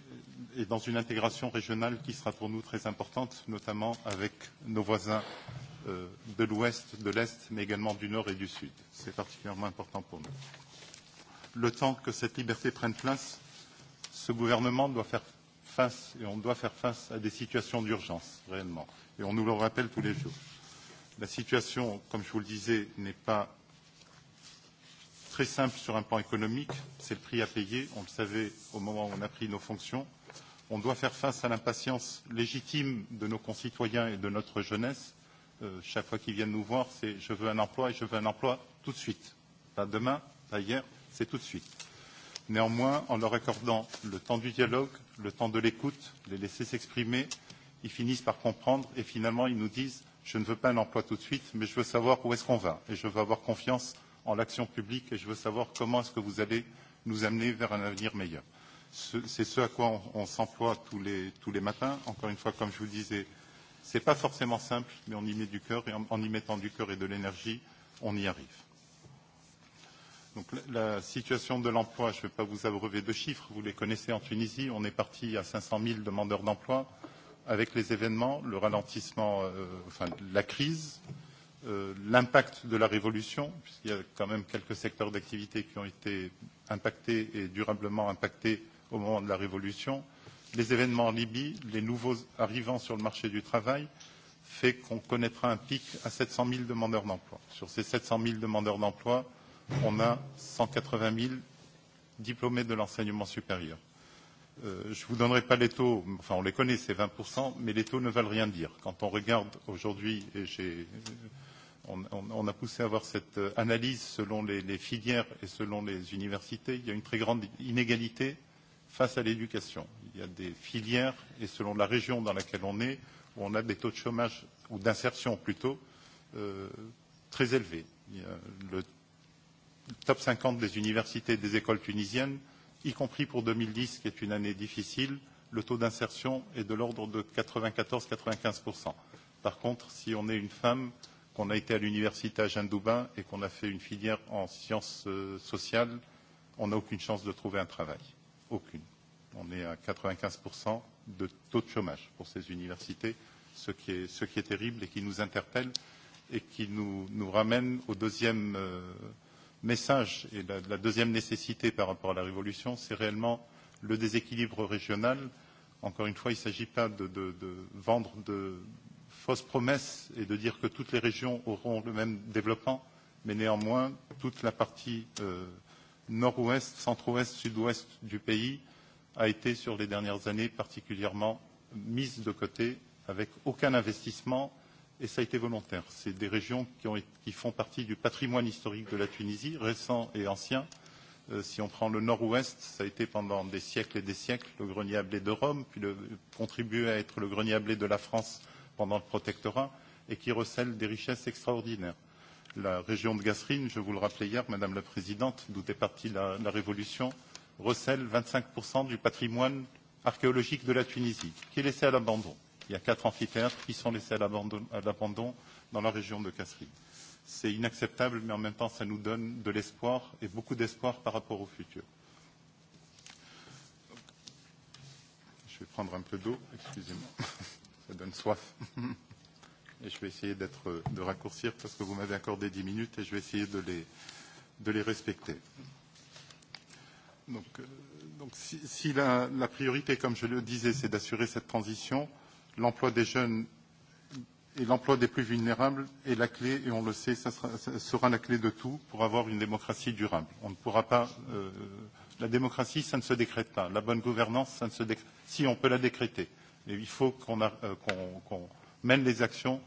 et dans une intégration régionale qui sera pour nous très importante, notamment avec nos voisins de l'Ouest, de l'Est, mais également du Nord et du Sud. C'est particulièrement important pour nous. Le temps que cette liberté prenne place, ce gouvernement doit faire face et on doit faire face à des situations d'urgence, réellement. Et on nous le rappelle tous les jours. La situation, comme je vous le disais, n'est pas très simple sur un plan économique. C'est le prix à payer. On le savait au moment où on a pris nos fonctions. On doit faire face à l'impatience légitime de nos concitoyens et de notre jeunesse. Chaque fois qu'ils viennent nous voir, c'est je veux un emploi et je veux un emploi tout de suite. Pas demain, pas hier, c'est tout de suite. Néanmoins, en leur accordant le temps du dialogue, le temps de l'écoute, les laisser s'exprimer, ils finissent par comprendre et finalement ils nous disent je ne veux pas un emploi tout de suite, mais je veux savoir où est-ce qu'on va. Et je veux avoir confiance en l'action publique et je veux savoir comment est-ce que vous allez nous amener vers un avenir meilleur. C'est ce à quoi on s'emploie tous les matins. Encore une fois, comme je vous le disais, ce n'est pas forcément simple, mais on y met du cœur et en y mettant du cœur et de l'énergie, on y arrive. Donc la situation de l'emploi, je ne vais pas vous abreuver de chiffres, vous les connaissez en Tunisie, on est parti à 500 000 demandeurs d'emploi avec les événements, le ralentissement, enfin la crise, l'impact de la révolution, puisqu'il y a quand même quelques secteurs d'activité qui ont été impactés et durablement impactés au moment de la révolution, les événements en Libye, les nouveaux arrivants sur le marché du travail, fait qu'on connaîtra un pic à 700 000 demandeurs d'emploi. Sur ces 700 000 demandeurs d'emploi, on a 180 000 diplômés de l'enseignement supérieur. Je ne vous donnerai pas les taux, enfin on les connaît, c'est 20%, mais les taux ne veulent rien dire. Quand on regarde aujourd'hui, et on a poussé à voir cette analyse selon les filières et selon les universités, il y a une très grande inégalité face à l'éducation. Il y a des filières, et selon la région dans laquelle on est, où on a des taux de chômage, ou d'insertion plutôt, très élevés. Le top 50 des universités et des écoles tunisiennes y compris pour 2010, qui est une année difficile, le taux d'insertion est de l'ordre de 94-95%. Par contre, si on est une femme, qu'on a été à l'université à Jeanne-Doubin et qu'on a fait une filière en sciences sociales, on n'a aucune chance de trouver un travail. Aucune. On est à 95% de taux de chômage pour ces universités, ce qui est, ce qui est terrible et qui nous interpelle et qui nous, nous ramène au deuxième message et la deuxième nécessité par rapport à la révolution, c'est réellement le déséquilibre régional. Encore une fois, il ne s'agit pas de vendre de fausses promesses et de dire que toutes les régions auront le même développement, mais néanmoins, toute la partie nord-ouest, centre-ouest, sud-ouest du pays a été, sur les dernières années, particulièrement mise de côté, avec aucun investissement et ça a été volontaire. C'est des régions qui, ont, qui font partie du patrimoine historique de la Tunisie, récent et ancien. Si on prend le nord-ouest, ça a été pendant des siècles et des siècles le grenier à blé de Rome, puis le, contribué à être le grenier à blé de la France pendant le protectorat, et qui recèle des richesses extraordinaires. La région de Gasserine, je vous le rappelais hier, Madame la Présidente, d'où est partie la, la Révolution, recèle 25% du patrimoine archéologique de la Tunisie, qui est laissé à l'abandon. Il y a quatre amphithéâtres qui sont laissés à l'abandon dans la région de Casserie. C'est inacceptable, mais en même temps, ça nous donne de l'espoir et beaucoup d'espoir par rapport au futur. Je vais prendre un peu d'eau, excusez-moi, ça donne soif. Et je vais essayer d'être, de raccourcir parce que vous m'avez accordé 10 minutes et je vais essayer de les, de les respecter. Donc, donc si, si la, la priorité, comme je le disais, c'est d'assurer cette transition, l'emploi des jeunes et l'emploi des plus vulnérables est la clé, et on le sait, ça sera la clé de tout pour avoir une démocratie durable. On ne pourra pas. La démocratie, ça ne se décrète pas. La bonne gouvernance, ça ne se décrète Si, on peut la décréter. Mais il faut qu'on mène les actions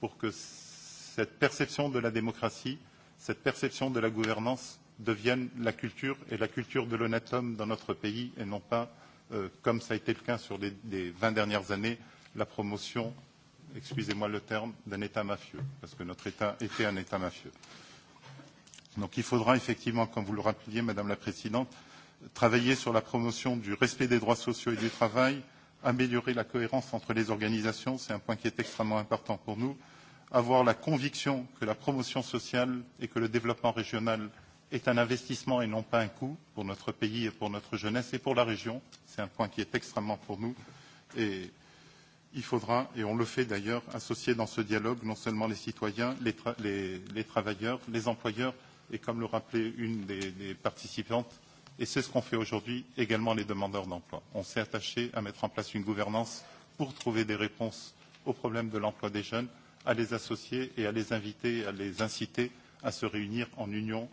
pour que cette perception de la démocratie, cette perception de la gouvernance devienne la culture et la culture de l'honnête homme dans notre pays et non pas, comme ça a été le cas sur les 20 dernières années, la promotion, excusez-moi le terme, d'un État mafieux, parce que notre État était un État mafieux. Donc il faudra effectivement, comme vous le rappeliez, Madame la Présidente, travailler sur la promotion du respect des droits sociaux et du travail, améliorer la cohérence entre les organisations, c'est un point qui est extrêmement important pour nous, avoir la conviction que la promotion sociale et que le développement régional est un investissement et non pas un coût pour notre pays et pour notre jeunesse et pour la région. C'est un point qui est extrêmement pour nous. Et il faudra, et on le fait d'ailleurs, associer dans ce dialogue non seulement les citoyens, les travailleurs, les employeurs, et comme le rappelait une des participantes, et c'est ce qu'on fait aujourd'hui, également les demandeurs d'emploi. On s'est attaché à mettre en place une gouvernance pour trouver des réponses aux problèmes de l'emploi des jeunes, à les associer et à les inviter, à les inciter à se réunir en union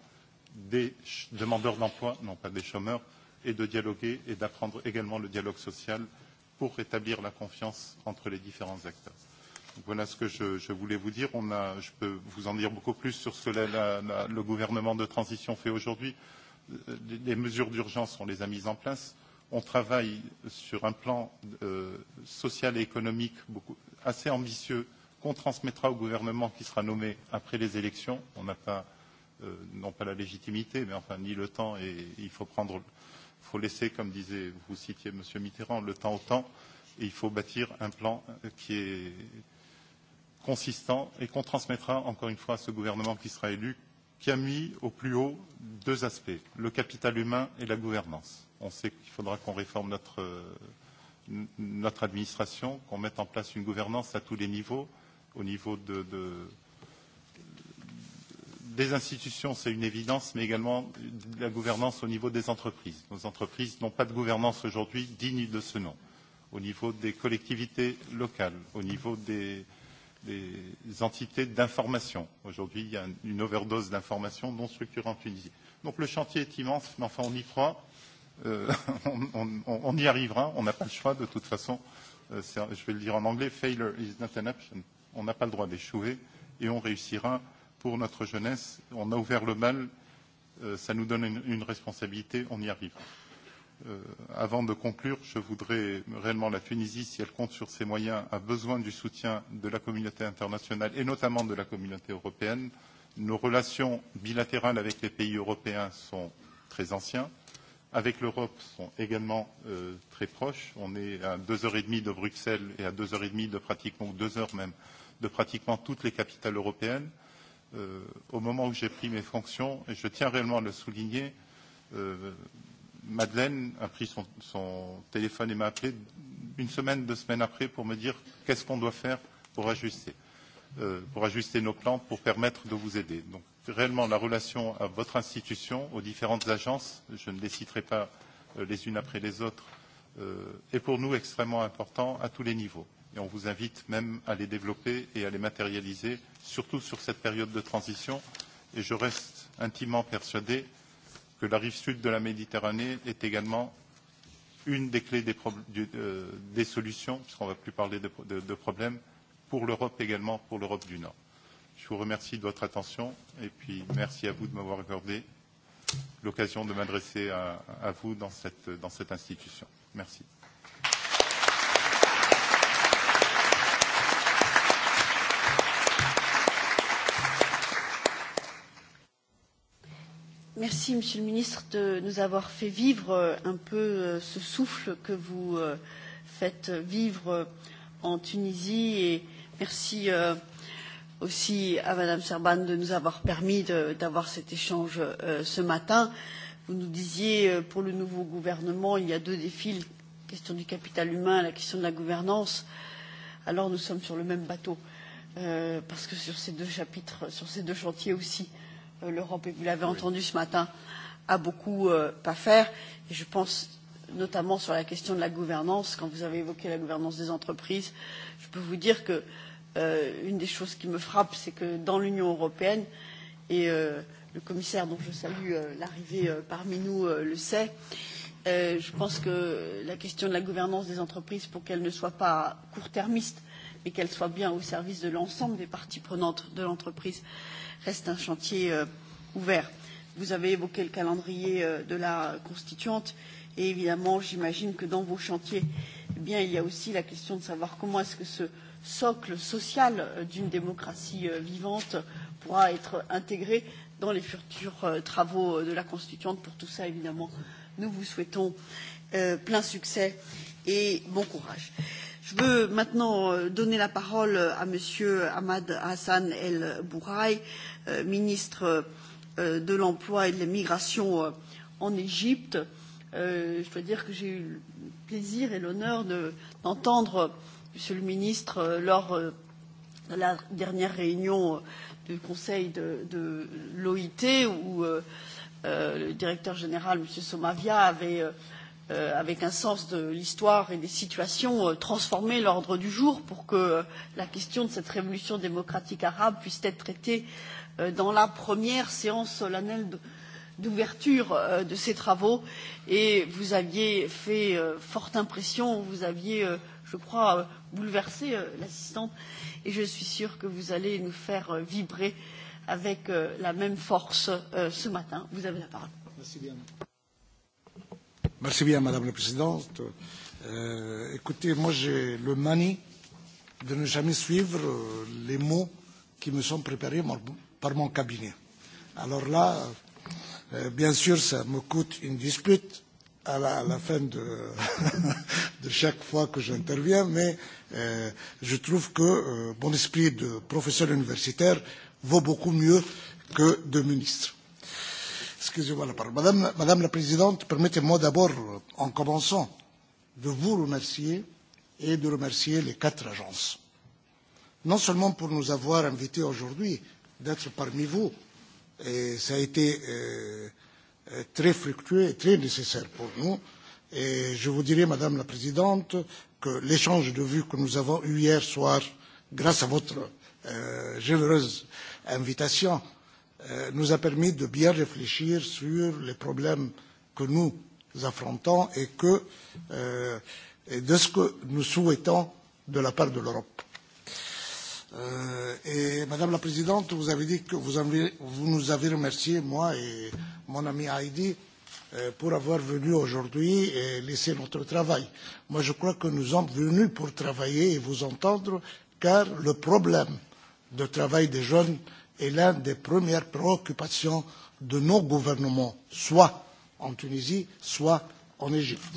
des demandeurs d'emploi, non pas des chômeurs, et de dialoguer et d'apprendre également le dialogue social pour rétablir la confiance entre les différents acteurs. Voilà ce que je voulais vous dire. Je peux vous en dire beaucoup plus sur ce que le gouvernement de transition fait aujourd'hui. Les mesures d'urgence, on les a mises en place. On travaille sur un plan social et économique assez ambitieux qu'on transmettra au gouvernement qui sera nommé après les élections. On n'a pas, non pas la légitimité, mais enfin ni le temps et il faut prendre Il faut laisser, comme disait, vous citiez Monsieur Mitterrand, le temps au temps, et il faut bâtir un plan qui est consistant et qu'on transmettra encore une fois à ce gouvernement qui sera élu, qui a mis au plus haut deux aspects, le capital humain et la gouvernance. On sait qu'il faudra qu'on réforme notre, notre administration, qu'on mette en place une gouvernance à tous les niveaux, au niveau de, de, des institutions, c'est une évidence, mais également la gouvernance au niveau des entreprises. Nos entreprises n'ont pas de gouvernance aujourd'hui digne de ce nom, au niveau des collectivités locales, au niveau des entités d'information. Aujourd'hui, il y a une overdose d'informations non structurées en Tunisie. Donc le chantier est immense, mais enfin on y croit, on y arrivera, on n'a pas le choix de toute façon. Je vais le dire en anglais, failure is not an option. On n'a pas le droit d'échouer et on réussira pour notre jeunesse. On a ouvert le bal, ça nous donne une responsabilité, on y arrive. Avant de conclure, je voudrais réellement la Tunisie, si elle compte sur ses moyens, a besoin du soutien de la communauté internationale et notamment de la communauté européenne. Nos relations bilatérales avec les pays européens sont très anciens. Avec l'Europe, sont également très proches. On est à deux heures et demie de Bruxelles et à deux heures et demie de pratiquement, deux heures même, de pratiquement toutes les capitales européennes au moment où j'ai pris mes fonctions, et je tiens réellement à le souligner, Madeleine a pris son, son téléphone et m'a appelé une semaine, deux semaines après pour me dire qu'est-ce qu'on doit faire pour ajuster, euh, pour ajuster nos plans, pour permettre de vous aider. Donc réellement la relation à votre institution, aux différentes agences, je ne les citerai pas les unes après les autres, est pour nous extrêmement important à tous les niveaux et on vous invite même à les développer et à les matérialiser, surtout sur cette période de transition. Et je reste intimement persuadé que la rive sud de la Méditerranée est également une des clés des solutions, puisqu'on ne va plus parler de problèmes, pour l'Europe également, pour l'Europe du Nord. Je vous remercie de votre attention et puis merci à vous de m'avoir accordé l'occasion de m'adresser à vous dans cette institution. Merci. Merci, Monsieur le Ministre, de nous avoir fait vivre un peu ce souffle que vous faites vivre en Tunisie et merci aussi à Madame Serban de nous avoir permis d'avoir cet échange ce matin. Vous nous disiez, pour le nouveau gouvernement, il y a deux défis, la question du capital humain, et la question de la gouvernance. Alors nous sommes sur le même bateau, parce que sur ces deux chapitres, sur ces deux chantiers aussi, l'Europe, et vous l'avez entendu ce matin, a beaucoup à faire. Et je pense notamment sur la question de la gouvernance. Quand vous avez évoqué la gouvernance des entreprises, je peux vous dire que une des choses qui me frappe, c'est que dans l'Union européenne, et le commissaire dont je salue l'arrivée parmi nous le sait, je pense que la question de la gouvernance des entreprises, pour qu'elle ne soit pas court-termiste, et qu'elle soit bien au service de l'ensemble des parties prenantes de l'entreprise reste un chantier ouvert. Vous avez évoqué le calendrier de la constituante et évidemment, j'imagine que dans vos chantiers, il y a aussi la question de savoir comment est-ce que ce socle social d'une démocratie vivante pourra être intégré dans les futurs travaux de la constituante. Pour tout ça, évidemment, nous vous souhaitons plein succès et bon courage. Je veux maintenant donner la parole à Monsieur Ahmad Hassan El Bouraï, ministre de l'Emploi et de l'Immigration en Égypte. Je dois dire que j'ai eu le plaisir et l'honneur d'entendre Monsieur le ministre lors de la dernière réunion du Conseil de l'OIT où le directeur général, M. Somavia, avait avec un sens de l'histoire et des situations, transformer l'ordre du jour pour que la question de cette révolution démocratique arabe puisse être traitée dans la première séance solennelle d'ouverture de ces travaux. Et vous aviez fait forte impression, vous aviez, je crois, bouleversé l'assistante, et je suis sûre que vous allez nous faire vibrer avec la même force ce matin. Vous avez la parole. Merci bien. Merci bien, Madame la Présidente. Euh, écoutez, moi, j'ai le mani de ne jamais suivre les mots qui me sont préparés par mon cabinet. Alors là, bien sûr, ça me coûte une dispute à la, à la fin de, de chaque fois que j'interviens, mais euh, je trouve que euh, mon esprit de professeur universitaire vaut beaucoup mieux que de ministre Madame, la Présidente, permettez-moi d'abord, en commençant, de vous remercier et de remercier les quatre agences. Non seulement pour nous avoir invités aujourd'hui d'être parmi vous, et ça a été très fructueux et très nécessaire pour nous, et je vous dirai, Madame la Présidente, que l'échange de vues que nous avons eu hier soir, grâce à votre généreuse invitation, nous a permis de bien réfléchir sur les problèmes que nous affrontons et de ce que nous souhaitons de la part de l'Europe. Madame la Présidente, vous avez dit que vous nous avez remercié, moi et mon ami Heidi, pour avoir venu aujourd'hui et laisser notre travail. Moi, je crois que nous sommes venus pour travailler et vous entendre, car le problème de travail des jeunes est l'une des premières préoccupations de nos gouvernements, soit en Tunisie, soit en Égypte.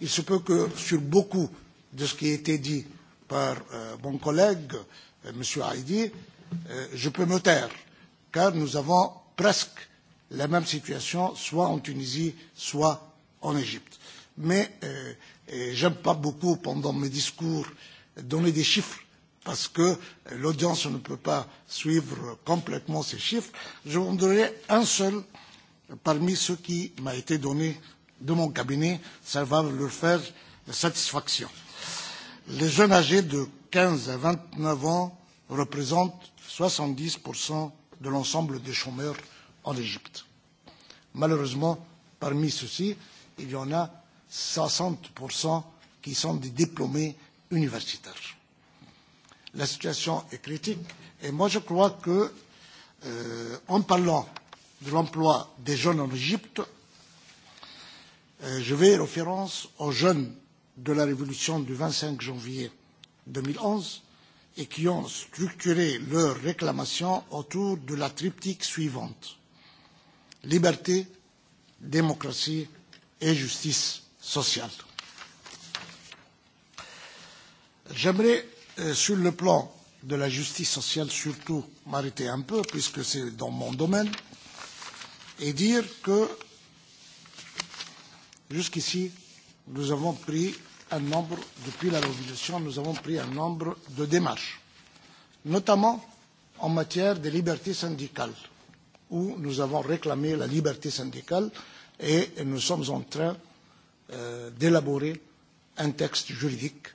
Il se peut que sur beaucoup de ce qui a été dit par mon collègue, M. Haïdi, je peux me taire, car nous avons presque la même situation, soit en Tunisie, soit en Égypte. Mais je n'aime pas beaucoup, pendant mes discours, donner des chiffres parce que l'audience ne peut pas suivre complètement ces chiffres. Je vous donnerai un seul parmi ceux qui m'a été donné de mon cabinet. Ça va leur faire satisfaction. Les jeunes âgés de 15 à 29 ans représentent 70% de l'ensemble des chômeurs en Égypte. Malheureusement, parmi ceux-ci, il y en a 60% qui sont des diplômés universitaires la situation est critique. Et moi, je crois que, en parlant de l'emploi des jeunes en Égypte, je vais référence aux jeunes de la révolution du 25 janvier 2011 et qui ont structuré leurs réclamations autour de la triptyque suivante. Liberté, démocratie et justice sociale. J'aimerais Sur le plan de la justice sociale, surtout m'arrêter un peu, puisque c'est dans mon domaine, et dire que jusqu'ici, nous avons pris un nombre, depuis la Révolution, nous avons pris un nombre de démarches, notamment en matière de liberté syndicale, où nous avons réclamé la liberté syndicale et nous sommes en train d'élaborer un texte juridique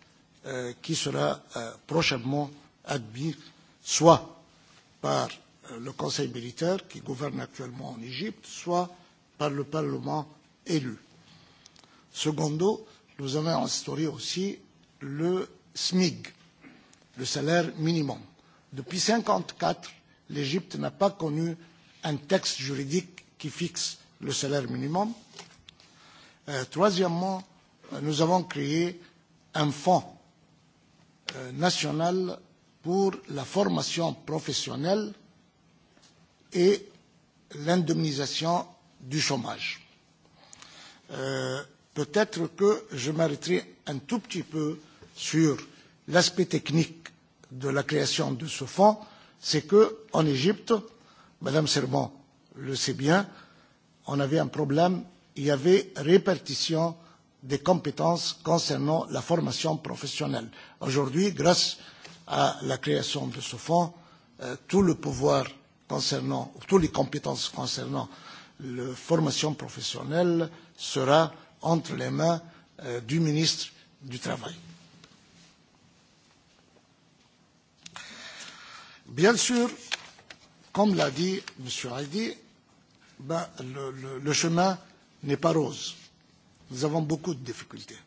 qui sera prochainement admis soit par le Conseil militaire qui gouverne actuellement en Égypte, soit par le Parlement élu. Secondo, nous avons instauré aussi le SMIG, le salaire minimum. Depuis 1954, l'Égypte n'a pas connu un texte juridique qui fixe le salaire minimum. Troisièmement, nous avons créé un fonds national pour la formation professionnelle et l'indemnisation du chômage. Peut-être que je m'arrêterai un tout petit peu sur l'aspect technique de la création de ce fonds, c'est qu'en Égypte, Madame Serban le sait bien, on avait un problème, il y avait répartition des compétences concernant la formation professionnelle. Aujourd'hui, grâce à la création de ce fonds, tout le pouvoir concernant, toutes les compétences concernant la formation professionnelle sera entre les mains du ministre du Travail. Bien sûr, comme l'a dit M. Heidi, le chemin n'est pas rose nous avons beaucoup de difficultés.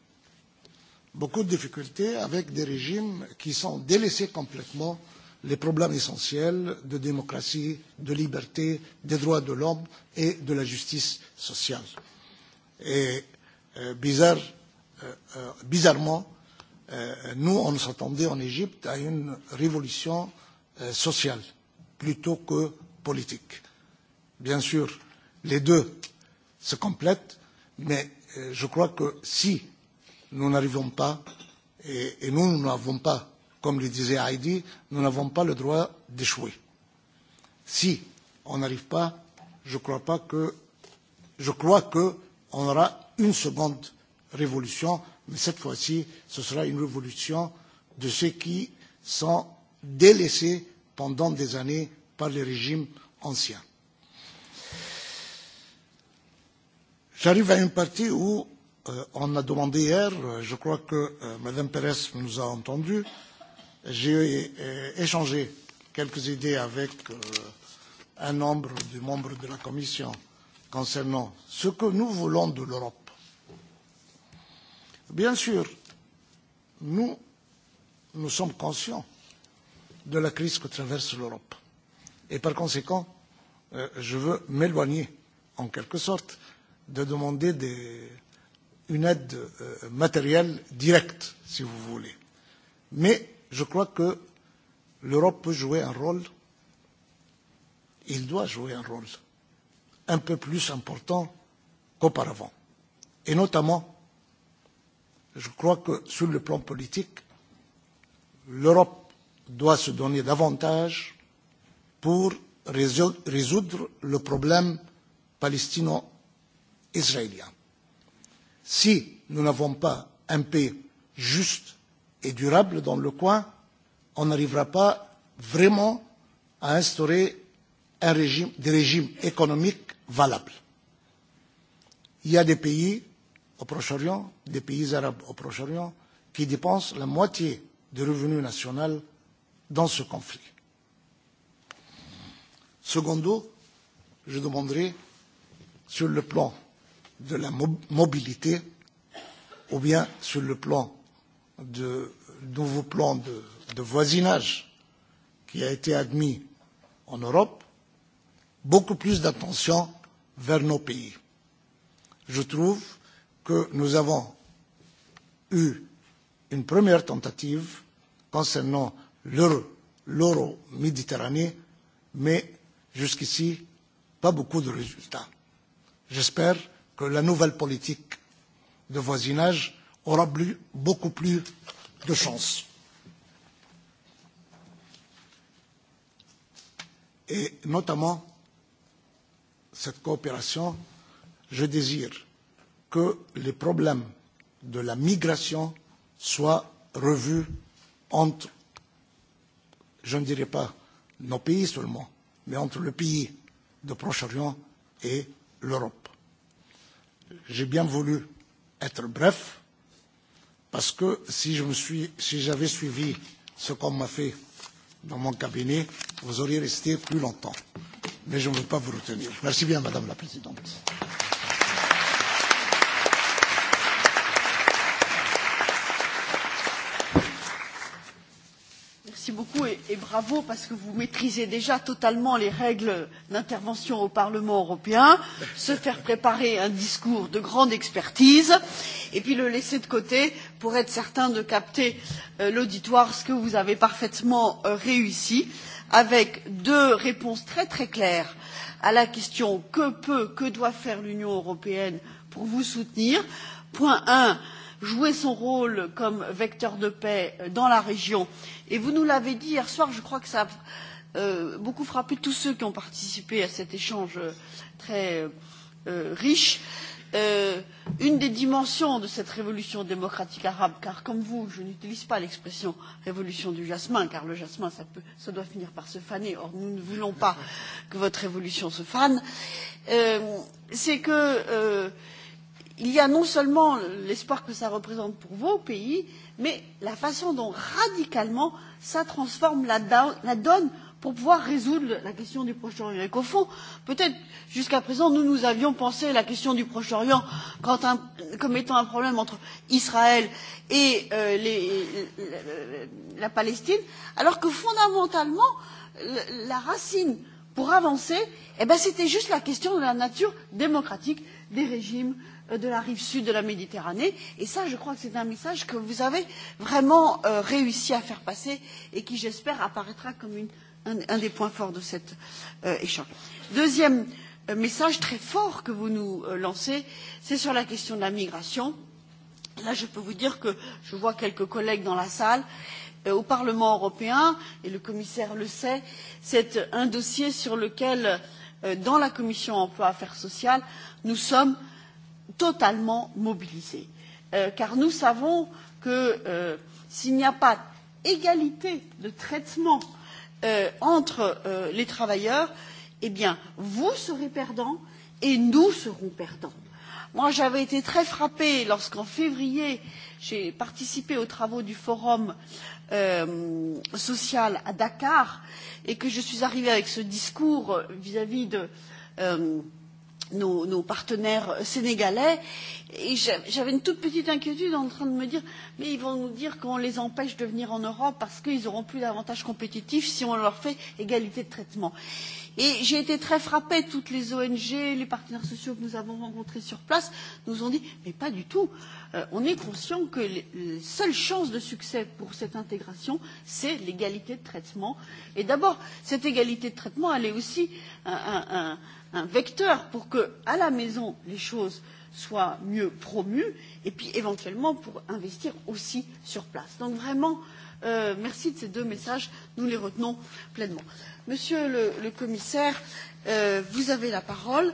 Beaucoup de difficultés avec des régimes qui sont délaissés complètement les problèmes essentiels de démocratie, de liberté, des droits de l'homme et de la justice sociale. Et bizarre bizarrement, nous, on s'attendait en Égypte à une révolution sociale plutôt que politique. Bien sûr, les deux se complètent, mais je crois que si nous n'arrivons pas, et nous n'avons pas, comme le disait Heidi, nous n'avons pas le droit d'échouer. Si on n'arrive pas, je crois pas que je crois qu'on aura une seconde révolution, mais cette fois ci, ce sera une révolution de ceux qui sont délaissés pendant des années par les régimes anciens. J'arrive à une partie où on a demandé hier, je crois que Mme Pérez nous a entendu, j'ai échangé quelques idées avec un nombre de membres de la Commission concernant ce que nous voulons de l'Europe. Bien sûr, nous, nous sommes conscients de la crise que traverse l'Europe. Et par conséquent, je veux m'éloigner, en quelque sorte, de demander des, une aide matérielle directe, si vous voulez. Mais je crois que l'Europe peut jouer un rôle, il doit jouer un rôle un peu plus important qu'auparavant. Et notamment, je crois que sur le plan politique, l'Europe doit se donner davantage pour résoudre le problème palestino israélien. Si nous n'avons pas un paix juste et durable dans le coin, on n'arrivera pas vraiment à instaurer un régime, des régimes économiques valables. Il y a des pays au Proche-Orient, des pays arabes au Proche-Orient, qui dépensent la moitié du revenu national dans ce conflit. Secondo, je demanderai, sur le plan de la mobilité ou bien sur le plan de nouveau plan de voisinage qui a été admis en Europe, beaucoup plus d'attention vers nos pays. Je trouve que nous avons eu une première tentative concernant l'euro-méditerranée, mais jusqu'ici, pas beaucoup de résultats. J'espère la nouvelle politique de voisinage aura beaucoup plus de chance. Et notamment, cette coopération, je désire que les problèmes de la migration soient revus entre, je ne dirais pas nos pays seulement, mais entre le pays de Proche-Orient et l'Europe j'ai bien voulu être bref, parce que si j'avais suivi ce qu'on m'a fait dans mon cabinet, vous auriez resté plus longtemps. Mais je ne veux pas vous retenir. Merci bien, Madame la Présidente. beaucoup et bravo parce que vous maîtrisez déjà totalement les règles d'intervention au Parlement européen, se faire préparer un discours de grande expertise et puis le laisser de côté pour être certain de capter l'auditoire, ce que vous avez parfaitement réussi avec deux réponses très très claires à la question que peut, que doit faire l'Union européenne pour vous soutenir. Point 1 jouer son rôle comme vecteur de paix dans la région et vous nous l'avez dit hier soir je crois que cela a beaucoup frappé tous ceux qui ont participé à cet échange très riche une des dimensions de cette révolution démocratique arabe car comme vous je n'utilise pas l'expression révolution du jasmin car le jasmin ça doit finir par se faner or nous ne voulons pas que votre révolution se fane c'est que il y a non seulement l'espoir que cela représente pour vos pays mais la façon dont radicalement cela transforme la donne pour pouvoir résoudre la question du proche orient. au fond peut être jusqu'à présent nous nous avions pensé la question du proche orient comme étant un problème entre israël et la palestine alors que fondamentalement la racine pour avancer c'était juste la question de la nature démocratique des régimes de la rive sud de la Méditerranée. Et ça, je crois que c'est un message que vous avez vraiment réussi à faire passer et qui, j'espère, apparaîtra comme un des points forts de cet échange. Deuxième message très fort que vous nous lancez, c'est sur la question de la migration. Là, je peux vous dire que je vois quelques collègues dans la salle. Au Parlement européen, et le commissaire le sait, c'est un dossier sur lequel, dans la Commission emploi et affaires sociales, nous sommes totalement mobilisés car nous savons que s'il n'y a pas égalité de traitement entre les travailleurs eh bien vous serez perdants et nous serons perdants. j'avais été très frappée lorsqu'en février j'ai participé aux travaux du forum social à dakar et que je suis arrivée avec ce discours vis à vis de nos partenaires sénégalais et j'avais une toute petite inquiétude en train de me dire mais ils vont nous dire qu'on les empêche de venir en europe parce qu'ils n'auront plus d'avantages compétitifs si on leur fait égalité de traitement. et j'ai été très frappée toutes les ong les partenaires sociaux que nous avons rencontrés sur place nous ont dit mais pas du tout on est conscient que la seule chance de succès pour cette intégration c'est l'égalité de traitement et d'abord cette égalité de traitement elle est aussi un un vecteur pour que, à la maison, les choses soient mieux promues et puis éventuellement pour investir aussi sur place. Donc vraiment, merci de ces deux messages, nous les retenons pleinement. Monsieur le Commissaire, vous avez la parole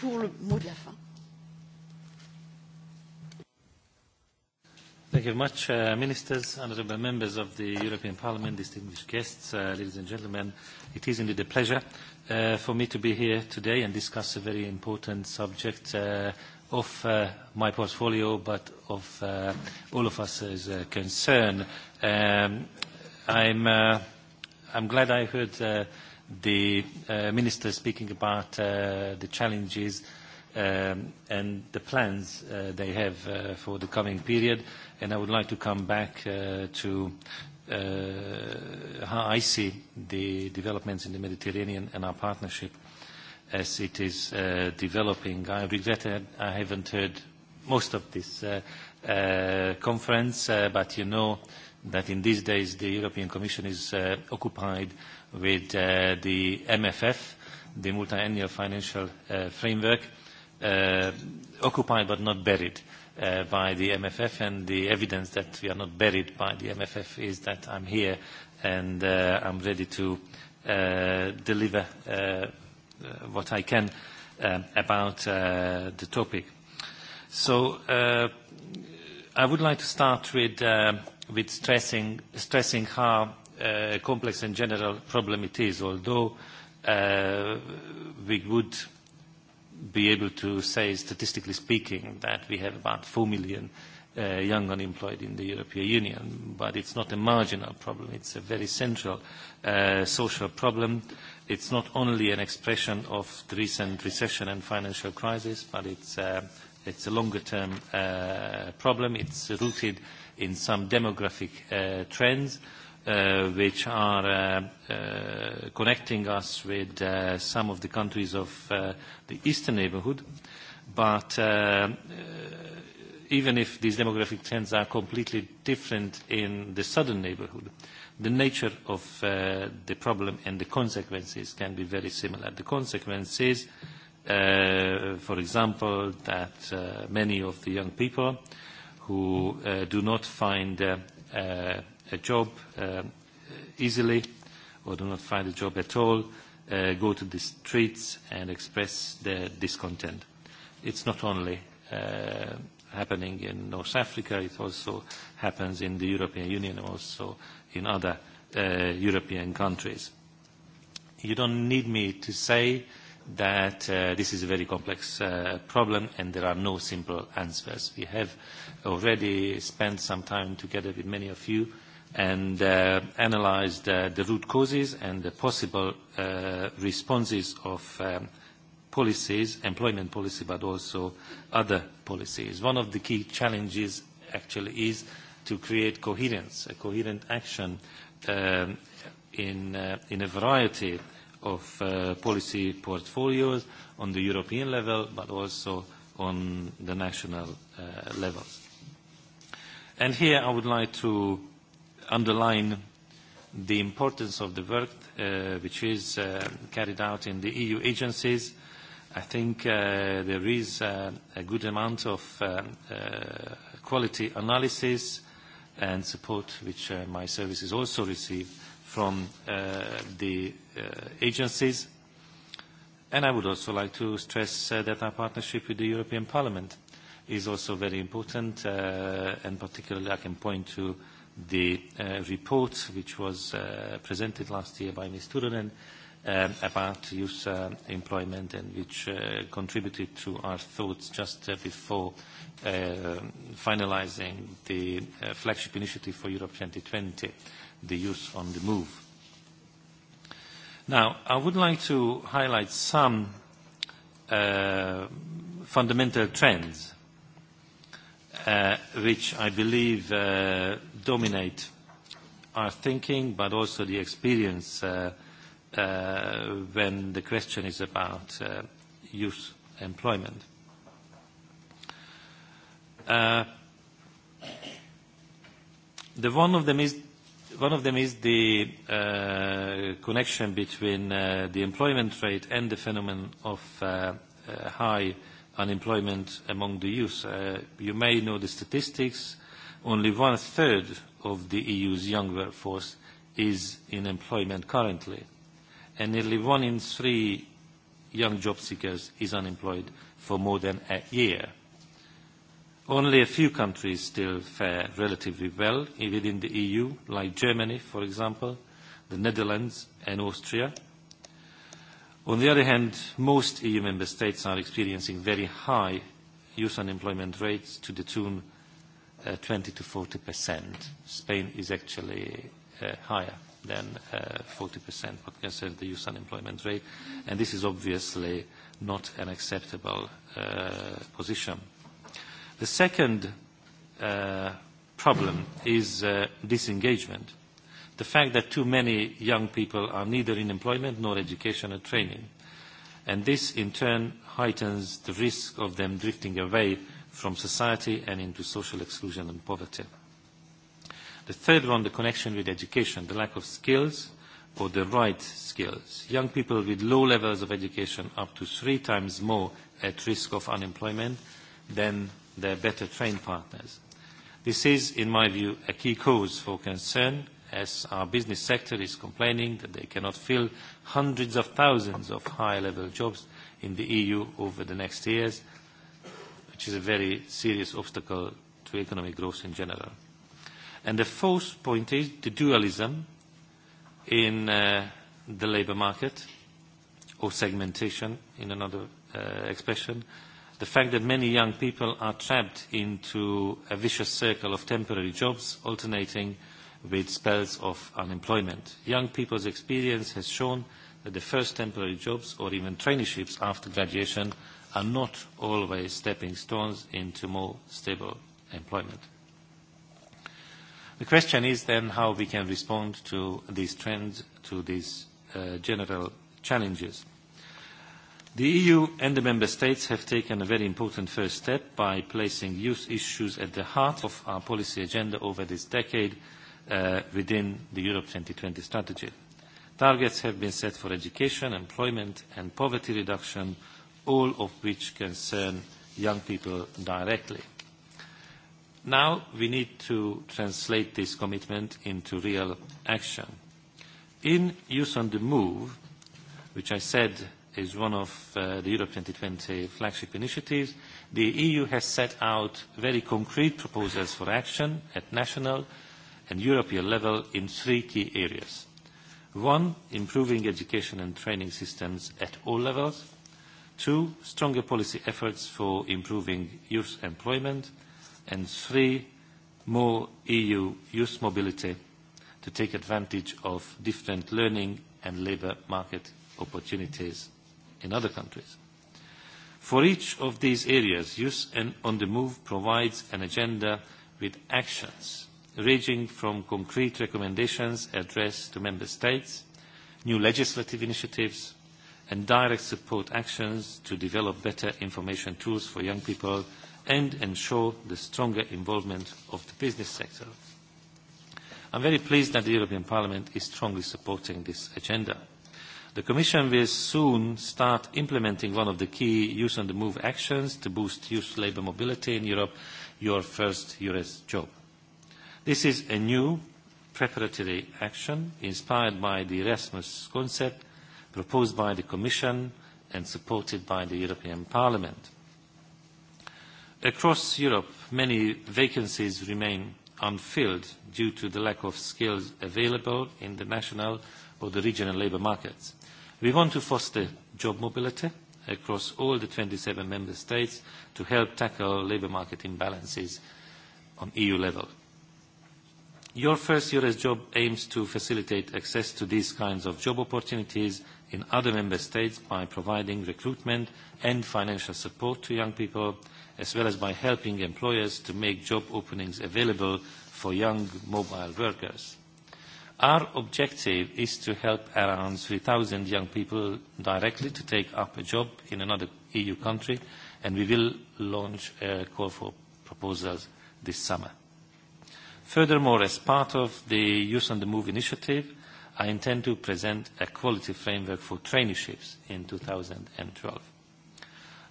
pour le mot de la fin. Thank you much, Ministers, honourable members of the European Parliament, distinguished guests, ladies and gentlemen. It is indeed a pleasure for me to be here today and discuss a very important subject of my portfolio, but of all of us as a concern. I'm glad I heard the Minister speaking about the challenges and the plans they have for the coming period, and I would like to come back to how I see the developments in the Mediterranean and our partnership as it is developing. I regret that I haven't heard most of this conference, but you know that in these days the European Commission is occupied with the MFF, the Multiannual Financial Framework, occupied but not buried by the MFF and the evidence that we are not buried by the MFF is that I'm here and I'm ready to deliver what I can about the topic. So I would like to start with stressing stressing how complex and general problem it is, although we would be able to say, statistically speaking, that we have about 4 million young unemployed in the European Union. But it's not a marginal problem. It's a very central social problem. It's not only an expression of the recent recession and financial crisis, but it's a longer-term problem. It's rooted in some demographic trends which are connecting us with some of the countries of the eastern neighborhood. But even if these demographic trends are completely different in the southern neighborhood, the nature of the problem and the consequences can be very similar. The consequences, for example, that many of the young people who do not find a job easily or do not find a job at all go to the streets and express their discontent. It's not only happening in North Africa, it also happens in the European Union, and also in other European countries. You don't need me to say that this is a very complex problem and there are no simple answers. We have already spent some time together with many of you and analyzed the root causes and the possible responses of policies, employment policy, but also other policies. One of the key challenges actually is to create coherence, a coherent action in a variety of policy portfolios on the European level, but also on the national levels. And here I would like to underline the importance of the work which is carried out in the EU agencies. I think there is a good amount of quality analysis and support which my services also receive from the agencies. And I would also like to stress that our partnership with the European Parliament is also very important, and particularly I can point to the report which was presented last year by Ms. Turunen about youth employment and which contributed to our thoughts just before finalizing the flagship initiative for Europe 2020, the Youth on the Move. Now, I would like to highlight some fundamental trends which I believe dominate our thinking, but also the experience when the question is about youth employment. The one of them is one of them is the connection between the employment rate and the phenomenon of high unemployment among the youth. You may know the statistics only one-third of the EU's young workforce is in employment currently, and nearly one in three young job seekers is unemployed for more than a year. Only a few countries still fare relatively well within the EU, like Germany, for example, the Netherlands and Austria. On the other hand, most EU member states are experiencing very high youth unemployment rates to the tune 20 to 40 Spain is actually higher than 40 what concerns the youth unemployment rate, and this is obviously not an acceptable position. The second problem is disengagement. The fact that too many young people are neither in employment nor education or training, and this in turn heightens the risk of them drifting away from society and into social exclusion and poverty. The third one, the connection with education, the lack of skills or the right skills. Young people with low levels of education up to three times more at risk of unemployment than their better trained partners. This is, in my view, a key cause for concern as our business sector is complaining that they cannot fill hundreds of thousands of high-level jobs in the EU over the next years which is a very serious obstacle to economic growth in general. And the fourth point is the dualism in the labour market, or segmentation in another expression, the fact that many young people are trapped into a vicious circle of temporary jobs alternating with spells of unemployment. Young people's experience has shown that the first temporary jobs or even traineeships after graduation are not always stepping stones into more stable employment. The question is then how we can respond to these trends, to these general challenges. The EU and the Member States have taken a very important first step by placing youth issues at the heart of our policy agenda over this decade within the Europe 2020 strategy. Targets have been set for education, employment and poverty reduction all of which concern young people directly. Now we need to translate this commitment into real action. In Youth on the Move, which I said is one of the Europe 2020 flagship initiatives, the EU has set out very concrete proposals for action at national and European level in three key areas. One, improving education and training systems at all levels. Two, stronger policy efforts for improving youth employment. And three, more EU youth mobility to take advantage of different learning and labour market opportunities in other countries. For each of these areas, Youth on the Move provides an agenda with actions ranging from concrete recommendations addressed to Member States, new legislative initiatives, and direct support actions to develop better information tools for young people and ensure the stronger involvement of the business sector. I am very pleased that the European Parliament is strongly supporting this agenda. The Commission will soon start implementing one of the key use on the Move actions to boost youth labour mobility in Europe, Your First Eures Job. This is a new preparatory action inspired by the Erasmus concept proposed by the Commission and supported by the European Parliament. Across Europe, many vacancies remain unfilled due to the lack of skills available in the national or the regional labour markets. We want to foster job mobility across all the 27 member states to help tackle labour market imbalances on EU level. Your first year as job aims to facilitate access to these kinds of job opportunities in other member states by providing recruitment and financial support to young people, as well as by helping employers to make job openings available for young mobile workers. Our objective is to help around 3,000 young people directly to take up a job in another EU country, and we will launch a call for proposals this summer. Furthermore, as part of the Youth on the Move initiative, I intend to present a quality framework for traineeships in 2012.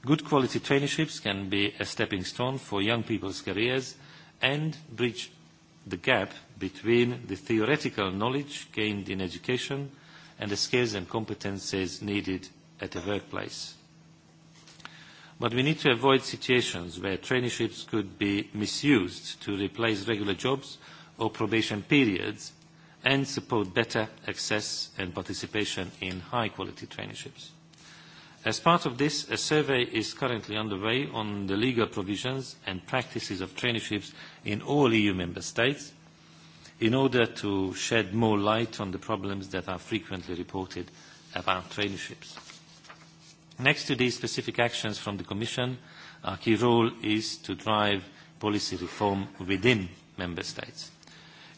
Good quality traineeships can be a stepping stone for young people's careers and bridge the gap between the theoretical knowledge gained in education and the skills and competences needed at the workplace. But we need to avoid situations where traineeships could be misused to replace regular jobs or probation periods and support better access and participation in high-quality traineeships. As part of this, a survey is currently underway on the legal provisions and practices of traineeships in all EU member states in order to shed more light on the problems that are frequently reported about traineeships. Next to these specific actions from the Commission, our key role is to drive policy reform within member states.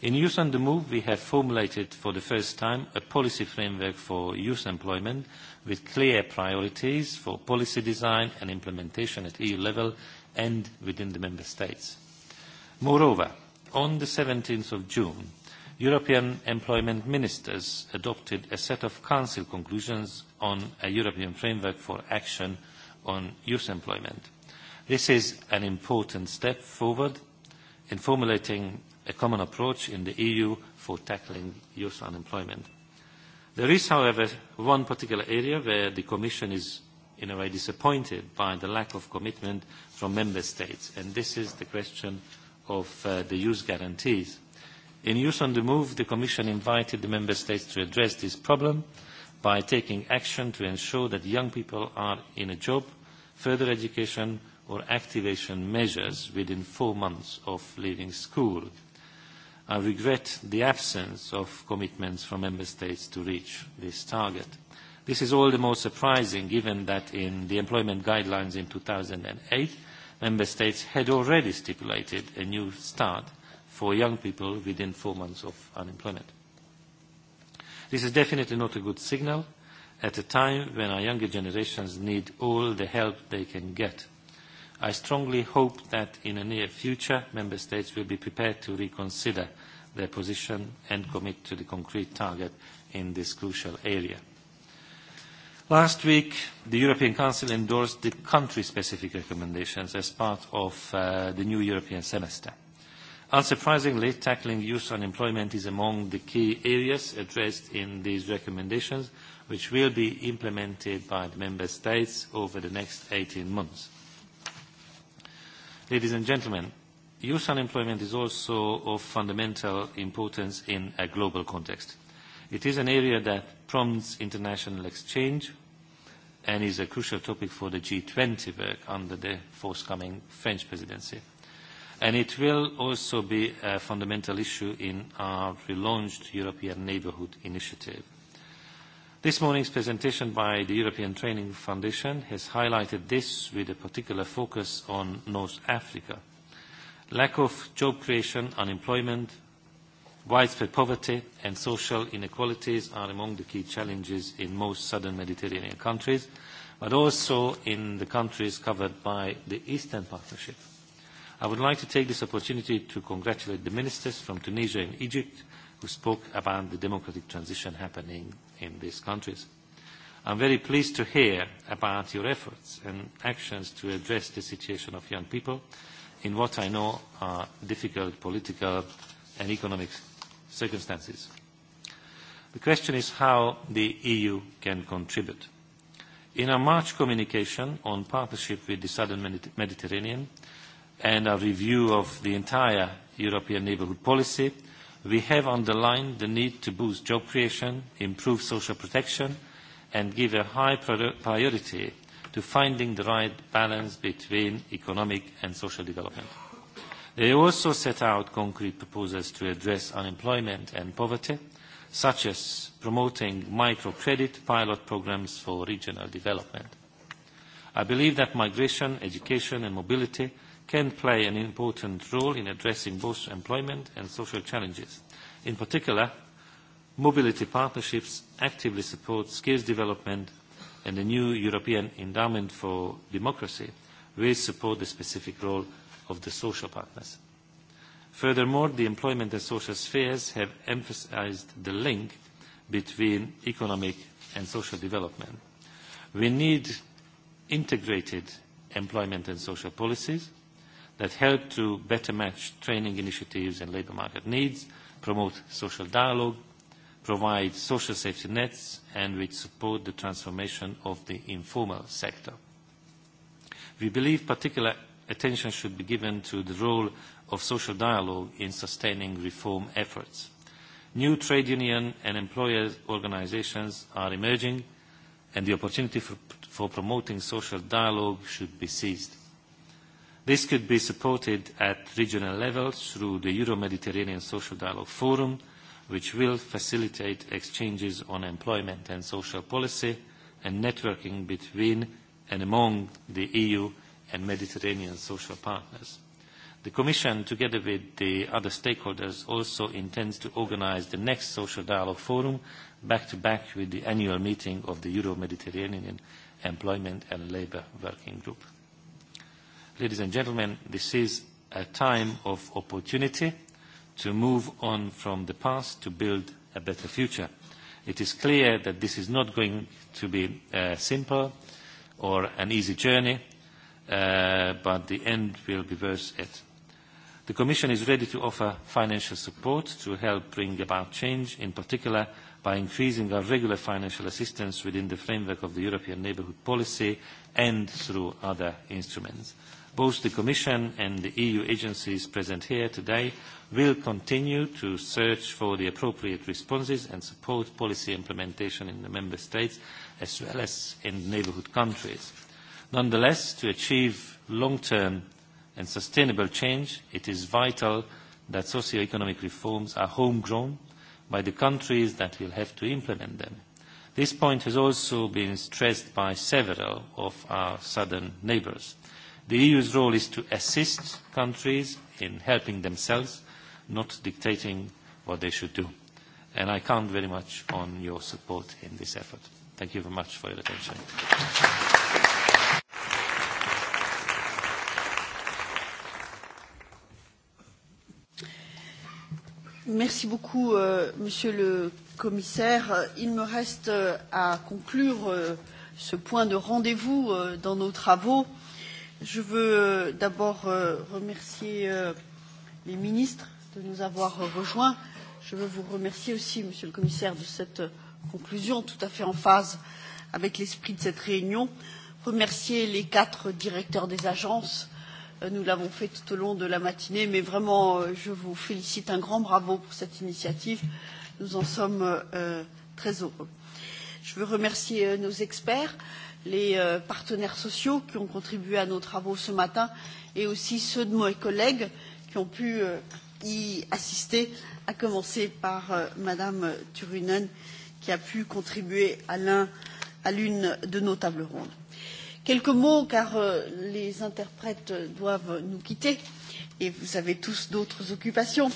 In Youth on the Move, we have formulated for the first time a policy framework for youth employment with clear priorities for policy design and implementation at EU level and within the Member States. Moreover, on the 17th of June, European employment ministers adopted a set of Council conclusions on a European framework for action on youth employment. This is an important step forward in formulating a common approach in the EU for tackling youth unemployment. There is, however, one particular area where the Commission is in a way disappointed by the lack of commitment from Member States, and this is the question of the youth guarantees. In Youth on the Move, the Commission invited the Member States to address this problem by taking action to ensure that young people are in a job, further education or activation measures within four months of leaving school. I regret the absence of commitments from Member States to reach this target. This is all the more surprising given that in the Employment Guidelines in 2008, Member States had already stipulated a new start for young people within four months of unemployment. This is definitely not a good signal at a time when our younger generations need all the help they can get I strongly hope that in the near future Member States will be prepared to reconsider their position and commit to the concrete target in this crucial area. Last week, the European Council endorsed the country-specific recommendations as part of the new European semester. Unsurprisingly, tackling youth unemployment is among the key areas addressed in these recommendations, which will be implemented by the Member States over the next 18 months. Ladies and gentlemen, youth unemployment is also of fundamental importance in a global context. It is an area that prompts international exchange and is a crucial topic for the G20 work under the forthcoming French presidency. And it will also be a fundamental issue in our relaunched European Neighbourhood Initiative. This morning's presentation by the European Training Foundation has highlighted this with a particular focus on North Africa. Lack of job creation, unemployment, widespread poverty and social inequalities are among the key challenges in most southern Mediterranean countries, but also in the countries covered by the Eastern Partnership. I would like to take this opportunity to congratulate the ministers from Tunisia and Egypt who spoke about the democratic transition happening in these countries. I am very pleased to hear about your efforts and actions to address the situation of young people in what I know are difficult political and economic circumstances. The question is how the EU can contribute. In our March communication on partnership with the Southern Mediterranean and our review of the entire European Neighbourhood Policy, we have underlined the need to boost job creation, improve social protection, and give a high priority to finding the right balance between economic and social development. They also set out concrete proposals to address unemployment and poverty, such as promoting microcredit pilot programmes for regional development. I believe that migration, education and mobility can play an important role in addressing both employment and social challenges. In particular, mobility partnerships actively support skills development and the new European Endowment for Democracy will support the specific role of the social partners. Furthermore, the employment and social spheres have emphasized the link between economic and social development. We need integrated employment and social policies that help to better match training initiatives and labour market needs, promote social dialogue, provide social safety nets and which support the transformation of the informal sector. We believe particular attention should be given to the role of social dialogue in sustaining reform efforts. New trade union and employer organisations are emerging and the opportunity for promoting social dialogue should be seized. This could be supported at regional level through the Euro-Mediterranean Social Dialogue Forum, which will facilitate exchanges on employment and social policy and networking between and among the EU and Mediterranean social partners. The Commission, together with the other stakeholders, also intends to organise the next Social Dialogue Forum back-to-back with the annual meeting of the Euro-Mediterranean Employment and Labour Working Group. Ladies and gentlemen, this is a time of opportunity to move on from the past to build a better future. It is clear that this is not going to be simple or an easy journey, but the end will be worth it. The Commission is ready to offer financial support to help bring about change, in particular by increasing our regular financial assistance within the framework of the European Neighbourhood Policy and through other instruments. Both the Commission and the EU agencies present here today will continue to search for the appropriate responses and support policy implementation in the Member States as well as in neighbourhood countries. Nonetheless, to achieve long-term and sustainable change, it is vital that socio-economic reforms are homegrown by the countries that will have to implement them. This point has also been stressed by several of our southern neighbours. The EU's role is to assist countries in helping themselves, not dictating what they should do. And I count very much on your support in this effort. Thank you very much for your attention. Merci beaucoup, Monsieur le Commissaire. Il me reste à conclure ce point de rendez-vous dans nos travaux Je veux d'abord remercier les ministres de nous avoir rejoints. Je veux vous remercier aussi, Monsieur le Commissaire, de cette conclusion tout à fait en phase avec l'esprit de cette réunion. Remercier les quatre directeurs des agences. Nous l'avons fait tout au long de la matinée, mais vraiment, je vous félicite un grand bravo pour cette initiative. Nous en sommes très heureux. Je veux remercier nos experts les partenaires sociaux qui ont contribué à nos travaux ce matin et aussi ceux de mes collègues qui ont pu y assister, à commencer par Madame Turunen qui a pu contribuer à l'une de nos tables rondes. Quelques mots car les interprètes doivent nous quitter et vous avez tous d'autres occupations.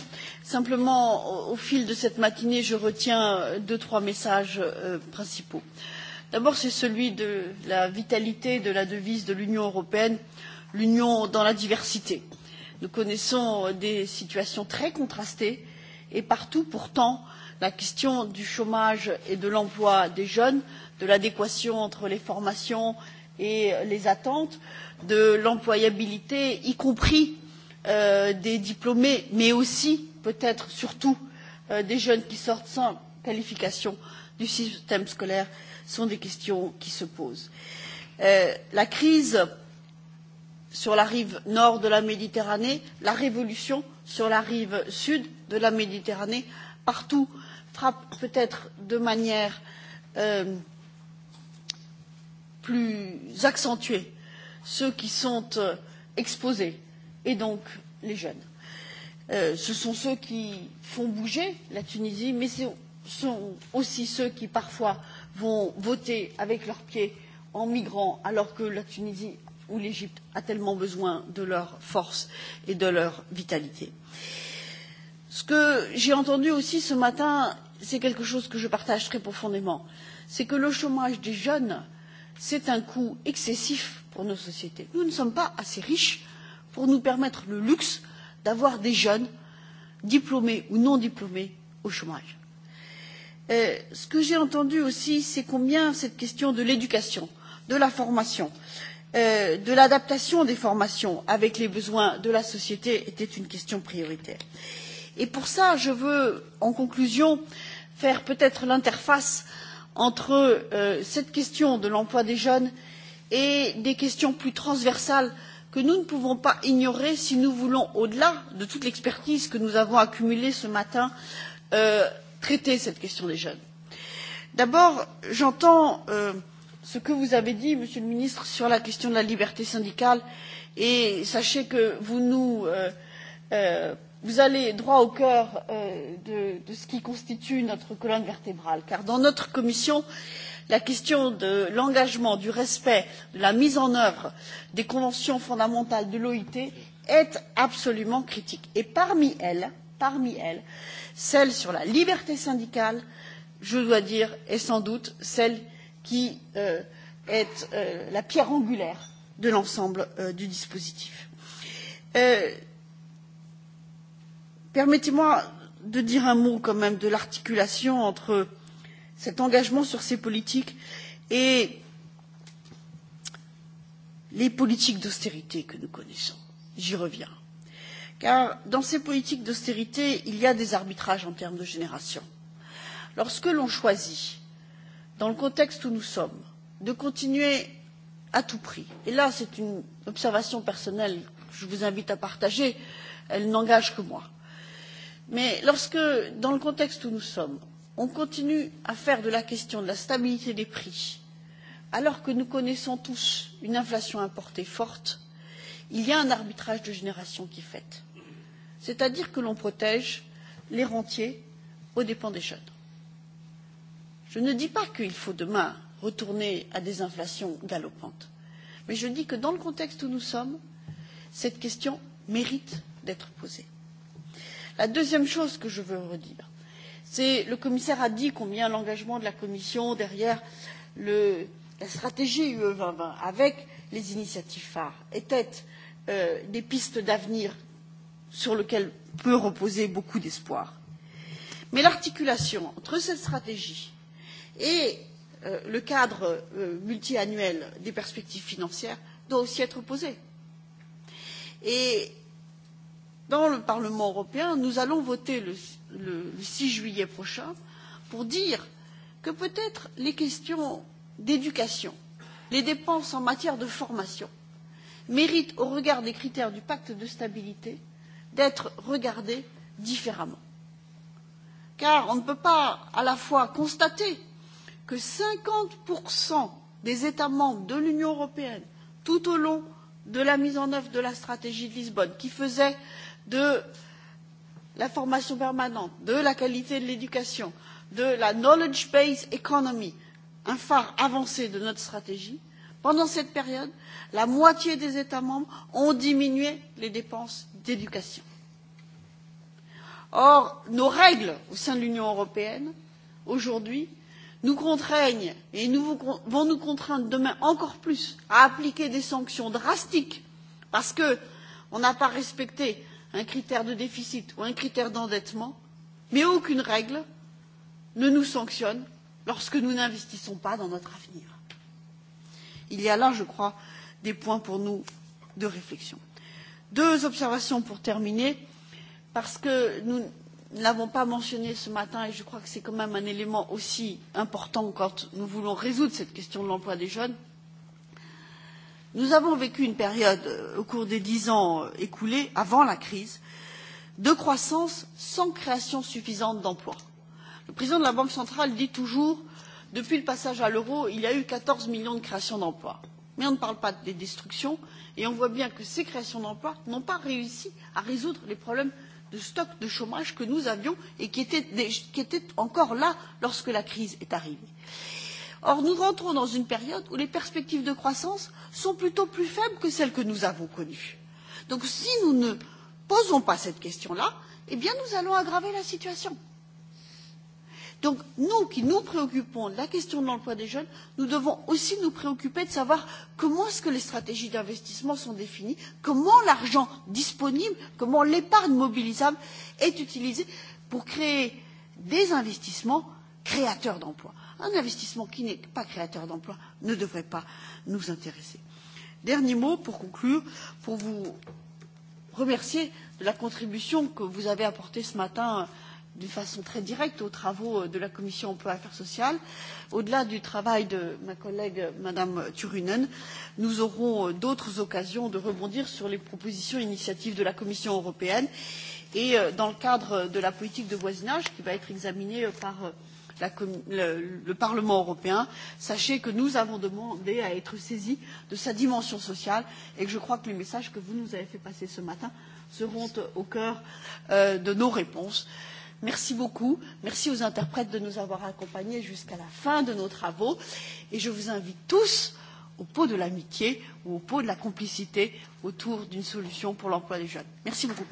Simplement, au fil de cette matinée, je retiens deux, trois messages principaux. D'abord, c'est celui de la vitalité de la devise de l'Union européenne, l'Union dans la diversité. Nous connaissons des situations très contrastées et partout, pourtant, la question du chômage et de l'emploi des jeunes, de l'adéquation entre les formations et les attentes, de l'employabilité, y compris des diplômés, mais aussi, peut être surtout, des jeunes qui sortent sans qualification du système scolaire sont des questions qui se posent. La crise sur la rive nord de la Méditerranée, la révolution sur la rive sud de la Méditerranée, partout frappe peut être de manière plus accentuée ceux qui sont exposés et donc les jeunes. Ce sont ceux qui font bouger la Tunisie, mais ce sont aussi ceux qui parfois vont voter avec leurs pieds en migrant alors que la Tunisie ou l'Égypte ont tellement besoin de leur force et de leur vitalité. Ce que j'ai entendu aussi ce matin, c'est quelque chose que je partage très profondément, c'est que le chômage des jeunes, c'est un coût excessif pour nos sociétés. Nous ne sommes pas assez riches pour nous permettre le luxe d'avoir des jeunes, diplômés ou non diplômés, au chômage ce que j'ai entendu aussi c'est combien cette question de l'éducation de la formation de l'adaptation des formations avec les besoins de la société était une question prioritaire. et pour cela je veux en conclusion faire peut être l'interface entre cette question de l'emploi des jeunes et des questions plus transversales que nous ne pouvons pas ignorer si nous voulons au delà de toute l'expertise que nous avons accumulée ce matin traiter cette question des jeunes. d'abord j'entends ce que vous avez dit monsieur le ministre sur la question de la liberté syndicale et sachez que vous allez droit au cœur de ce qui constitue notre colonne vertébrale car dans notre commission la question de l'engagement du respect de la mise en œuvre des conventions fondamentales de l'oit est absolument critique et parmi elles parmi elles, celle sur la liberté syndicale, je dois dire, est sans doute celle qui est la pierre angulaire de l'ensemble du dispositif. Permettez-moi de dire un mot quand même de l'articulation entre cet engagement sur ces politiques et les politiques d'austérité que nous connaissons. J'y reviens car dans ces politiques d'austérité, il y a des arbitrages en termes de génération. Lorsque l'on choisit, dans le contexte où nous sommes, de continuer à tout prix et là c'est une observation personnelle que je vous invite à partager, elle n'engage que moi mais lorsque, dans le contexte où nous sommes, on continue à faire de la question de la stabilité des prix, alors que nous connaissons tous une inflation importée forte, il y a un arbitrage de génération qui est fait c'est à dire que l'on protège les rentiers aux dépens des jeunes. je ne dis pas qu'il faut demain retourner à des inflations galopantes mais je dis que dans le contexte où nous sommes cette question mérite d'être posée. la deuxième chose que je veux redire c'est le commissaire a dit combien l'engagement de la commission derrière la stratégie ue 2020 avec les initiatives phares était des pistes d'avenir sur lequel peut reposer beaucoup d'espoir. mais l'articulation entre cette stratégie et le cadre multiannuel des perspectives financières doit aussi être posée. et dans le parlement européen nous allons voter le 6 juillet prochain pour dire que peut être les questions d'éducation les dépenses en matière de formation méritent au regard des critères du pacte de stabilité d'être regardé différemment. Car on ne peut pas à la fois constater que 50% des États membres de l'Union européenne, tout au long de la mise en œuvre de la stratégie de Lisbonne, qui faisait de la formation permanente, de la qualité de l'éducation, de la knowledge based economy un phare avancé de notre stratégie, pendant cette période, la moitié des États membres ont diminué les dépenses d'éducation. Or, nos règles au sein de l'Union européenne, aujourd'hui, nous contraignent et vont nous contraindre demain encore plus à appliquer des sanctions drastiques parce que qu'on n'a pas respecté un critère de déficit ou un critère d'endettement, mais aucune règle ne nous sanctionne lorsque nous n'investissons pas dans notre avenir. Il y a là, je crois, des points pour nous de réflexion. Deux observations pour terminer parce que nous ne l'avons pas mentionné ce matin et je crois que c'est quand même un élément aussi important quand nous voulons résoudre cette question de l'emploi des jeunes. Nous avons vécu une période au cours des dix ans écoulés, avant la crise, de croissance sans création suffisante d'emplois. Le président de la Banque centrale dit toujours depuis le passage à l'euro, il y a eu 14 millions de créations d'emplois. Mais on ne parle pas des destructions et on voit bien que ces créations d'emplois n'ont pas réussi à résoudre les problèmes de stock de chômage que nous avions et qui était encore là lorsque la crise est arrivée. Or, nous rentrons dans une période où les perspectives de croissance sont plutôt plus faibles que celles que nous avons connues. Donc, si nous ne posons pas cette question là, eh nous allons aggraver la situation Donc nous qui nous préoccupons de la question de l'emploi des jeunes, nous devons aussi nous préoccuper de savoir comment est que les stratégies d'investissement sont définies, comment l'argent disponible, comment l'épargne mobilisable est utilisée pour créer des investissements créateurs d'emplois. Un investissement qui n'est pas créateur d'emplois ne devrait pas nous intéresser. Dernier mot pour conclure, pour vous remercier de la contribution que vous avez apportée ce matin de façon très directe aux travaux de la commission emploi et affaires sociales. au delà du travail de ma collègue mme turunen nous aurons d'autres occasions de rebondir sur les propositions initiatives de la commission européenne et dans le cadre de la politique de voisinage qui va être examinée par le parlement européen sachez que nous avons demandé à être saisis de sa dimension sociale et que je crois que les messages que vous nous avez fait passer ce matin seront au cœur de nos réponses. Merci beaucoup. Merci aux interprètes de nous avoir accompagnés jusqu'à la fin de nos travaux. Et je vous invite tous au pot de l'amitié ou au pot de la complicité autour d'une solution pour l'emploi des jeunes. Merci beaucoup.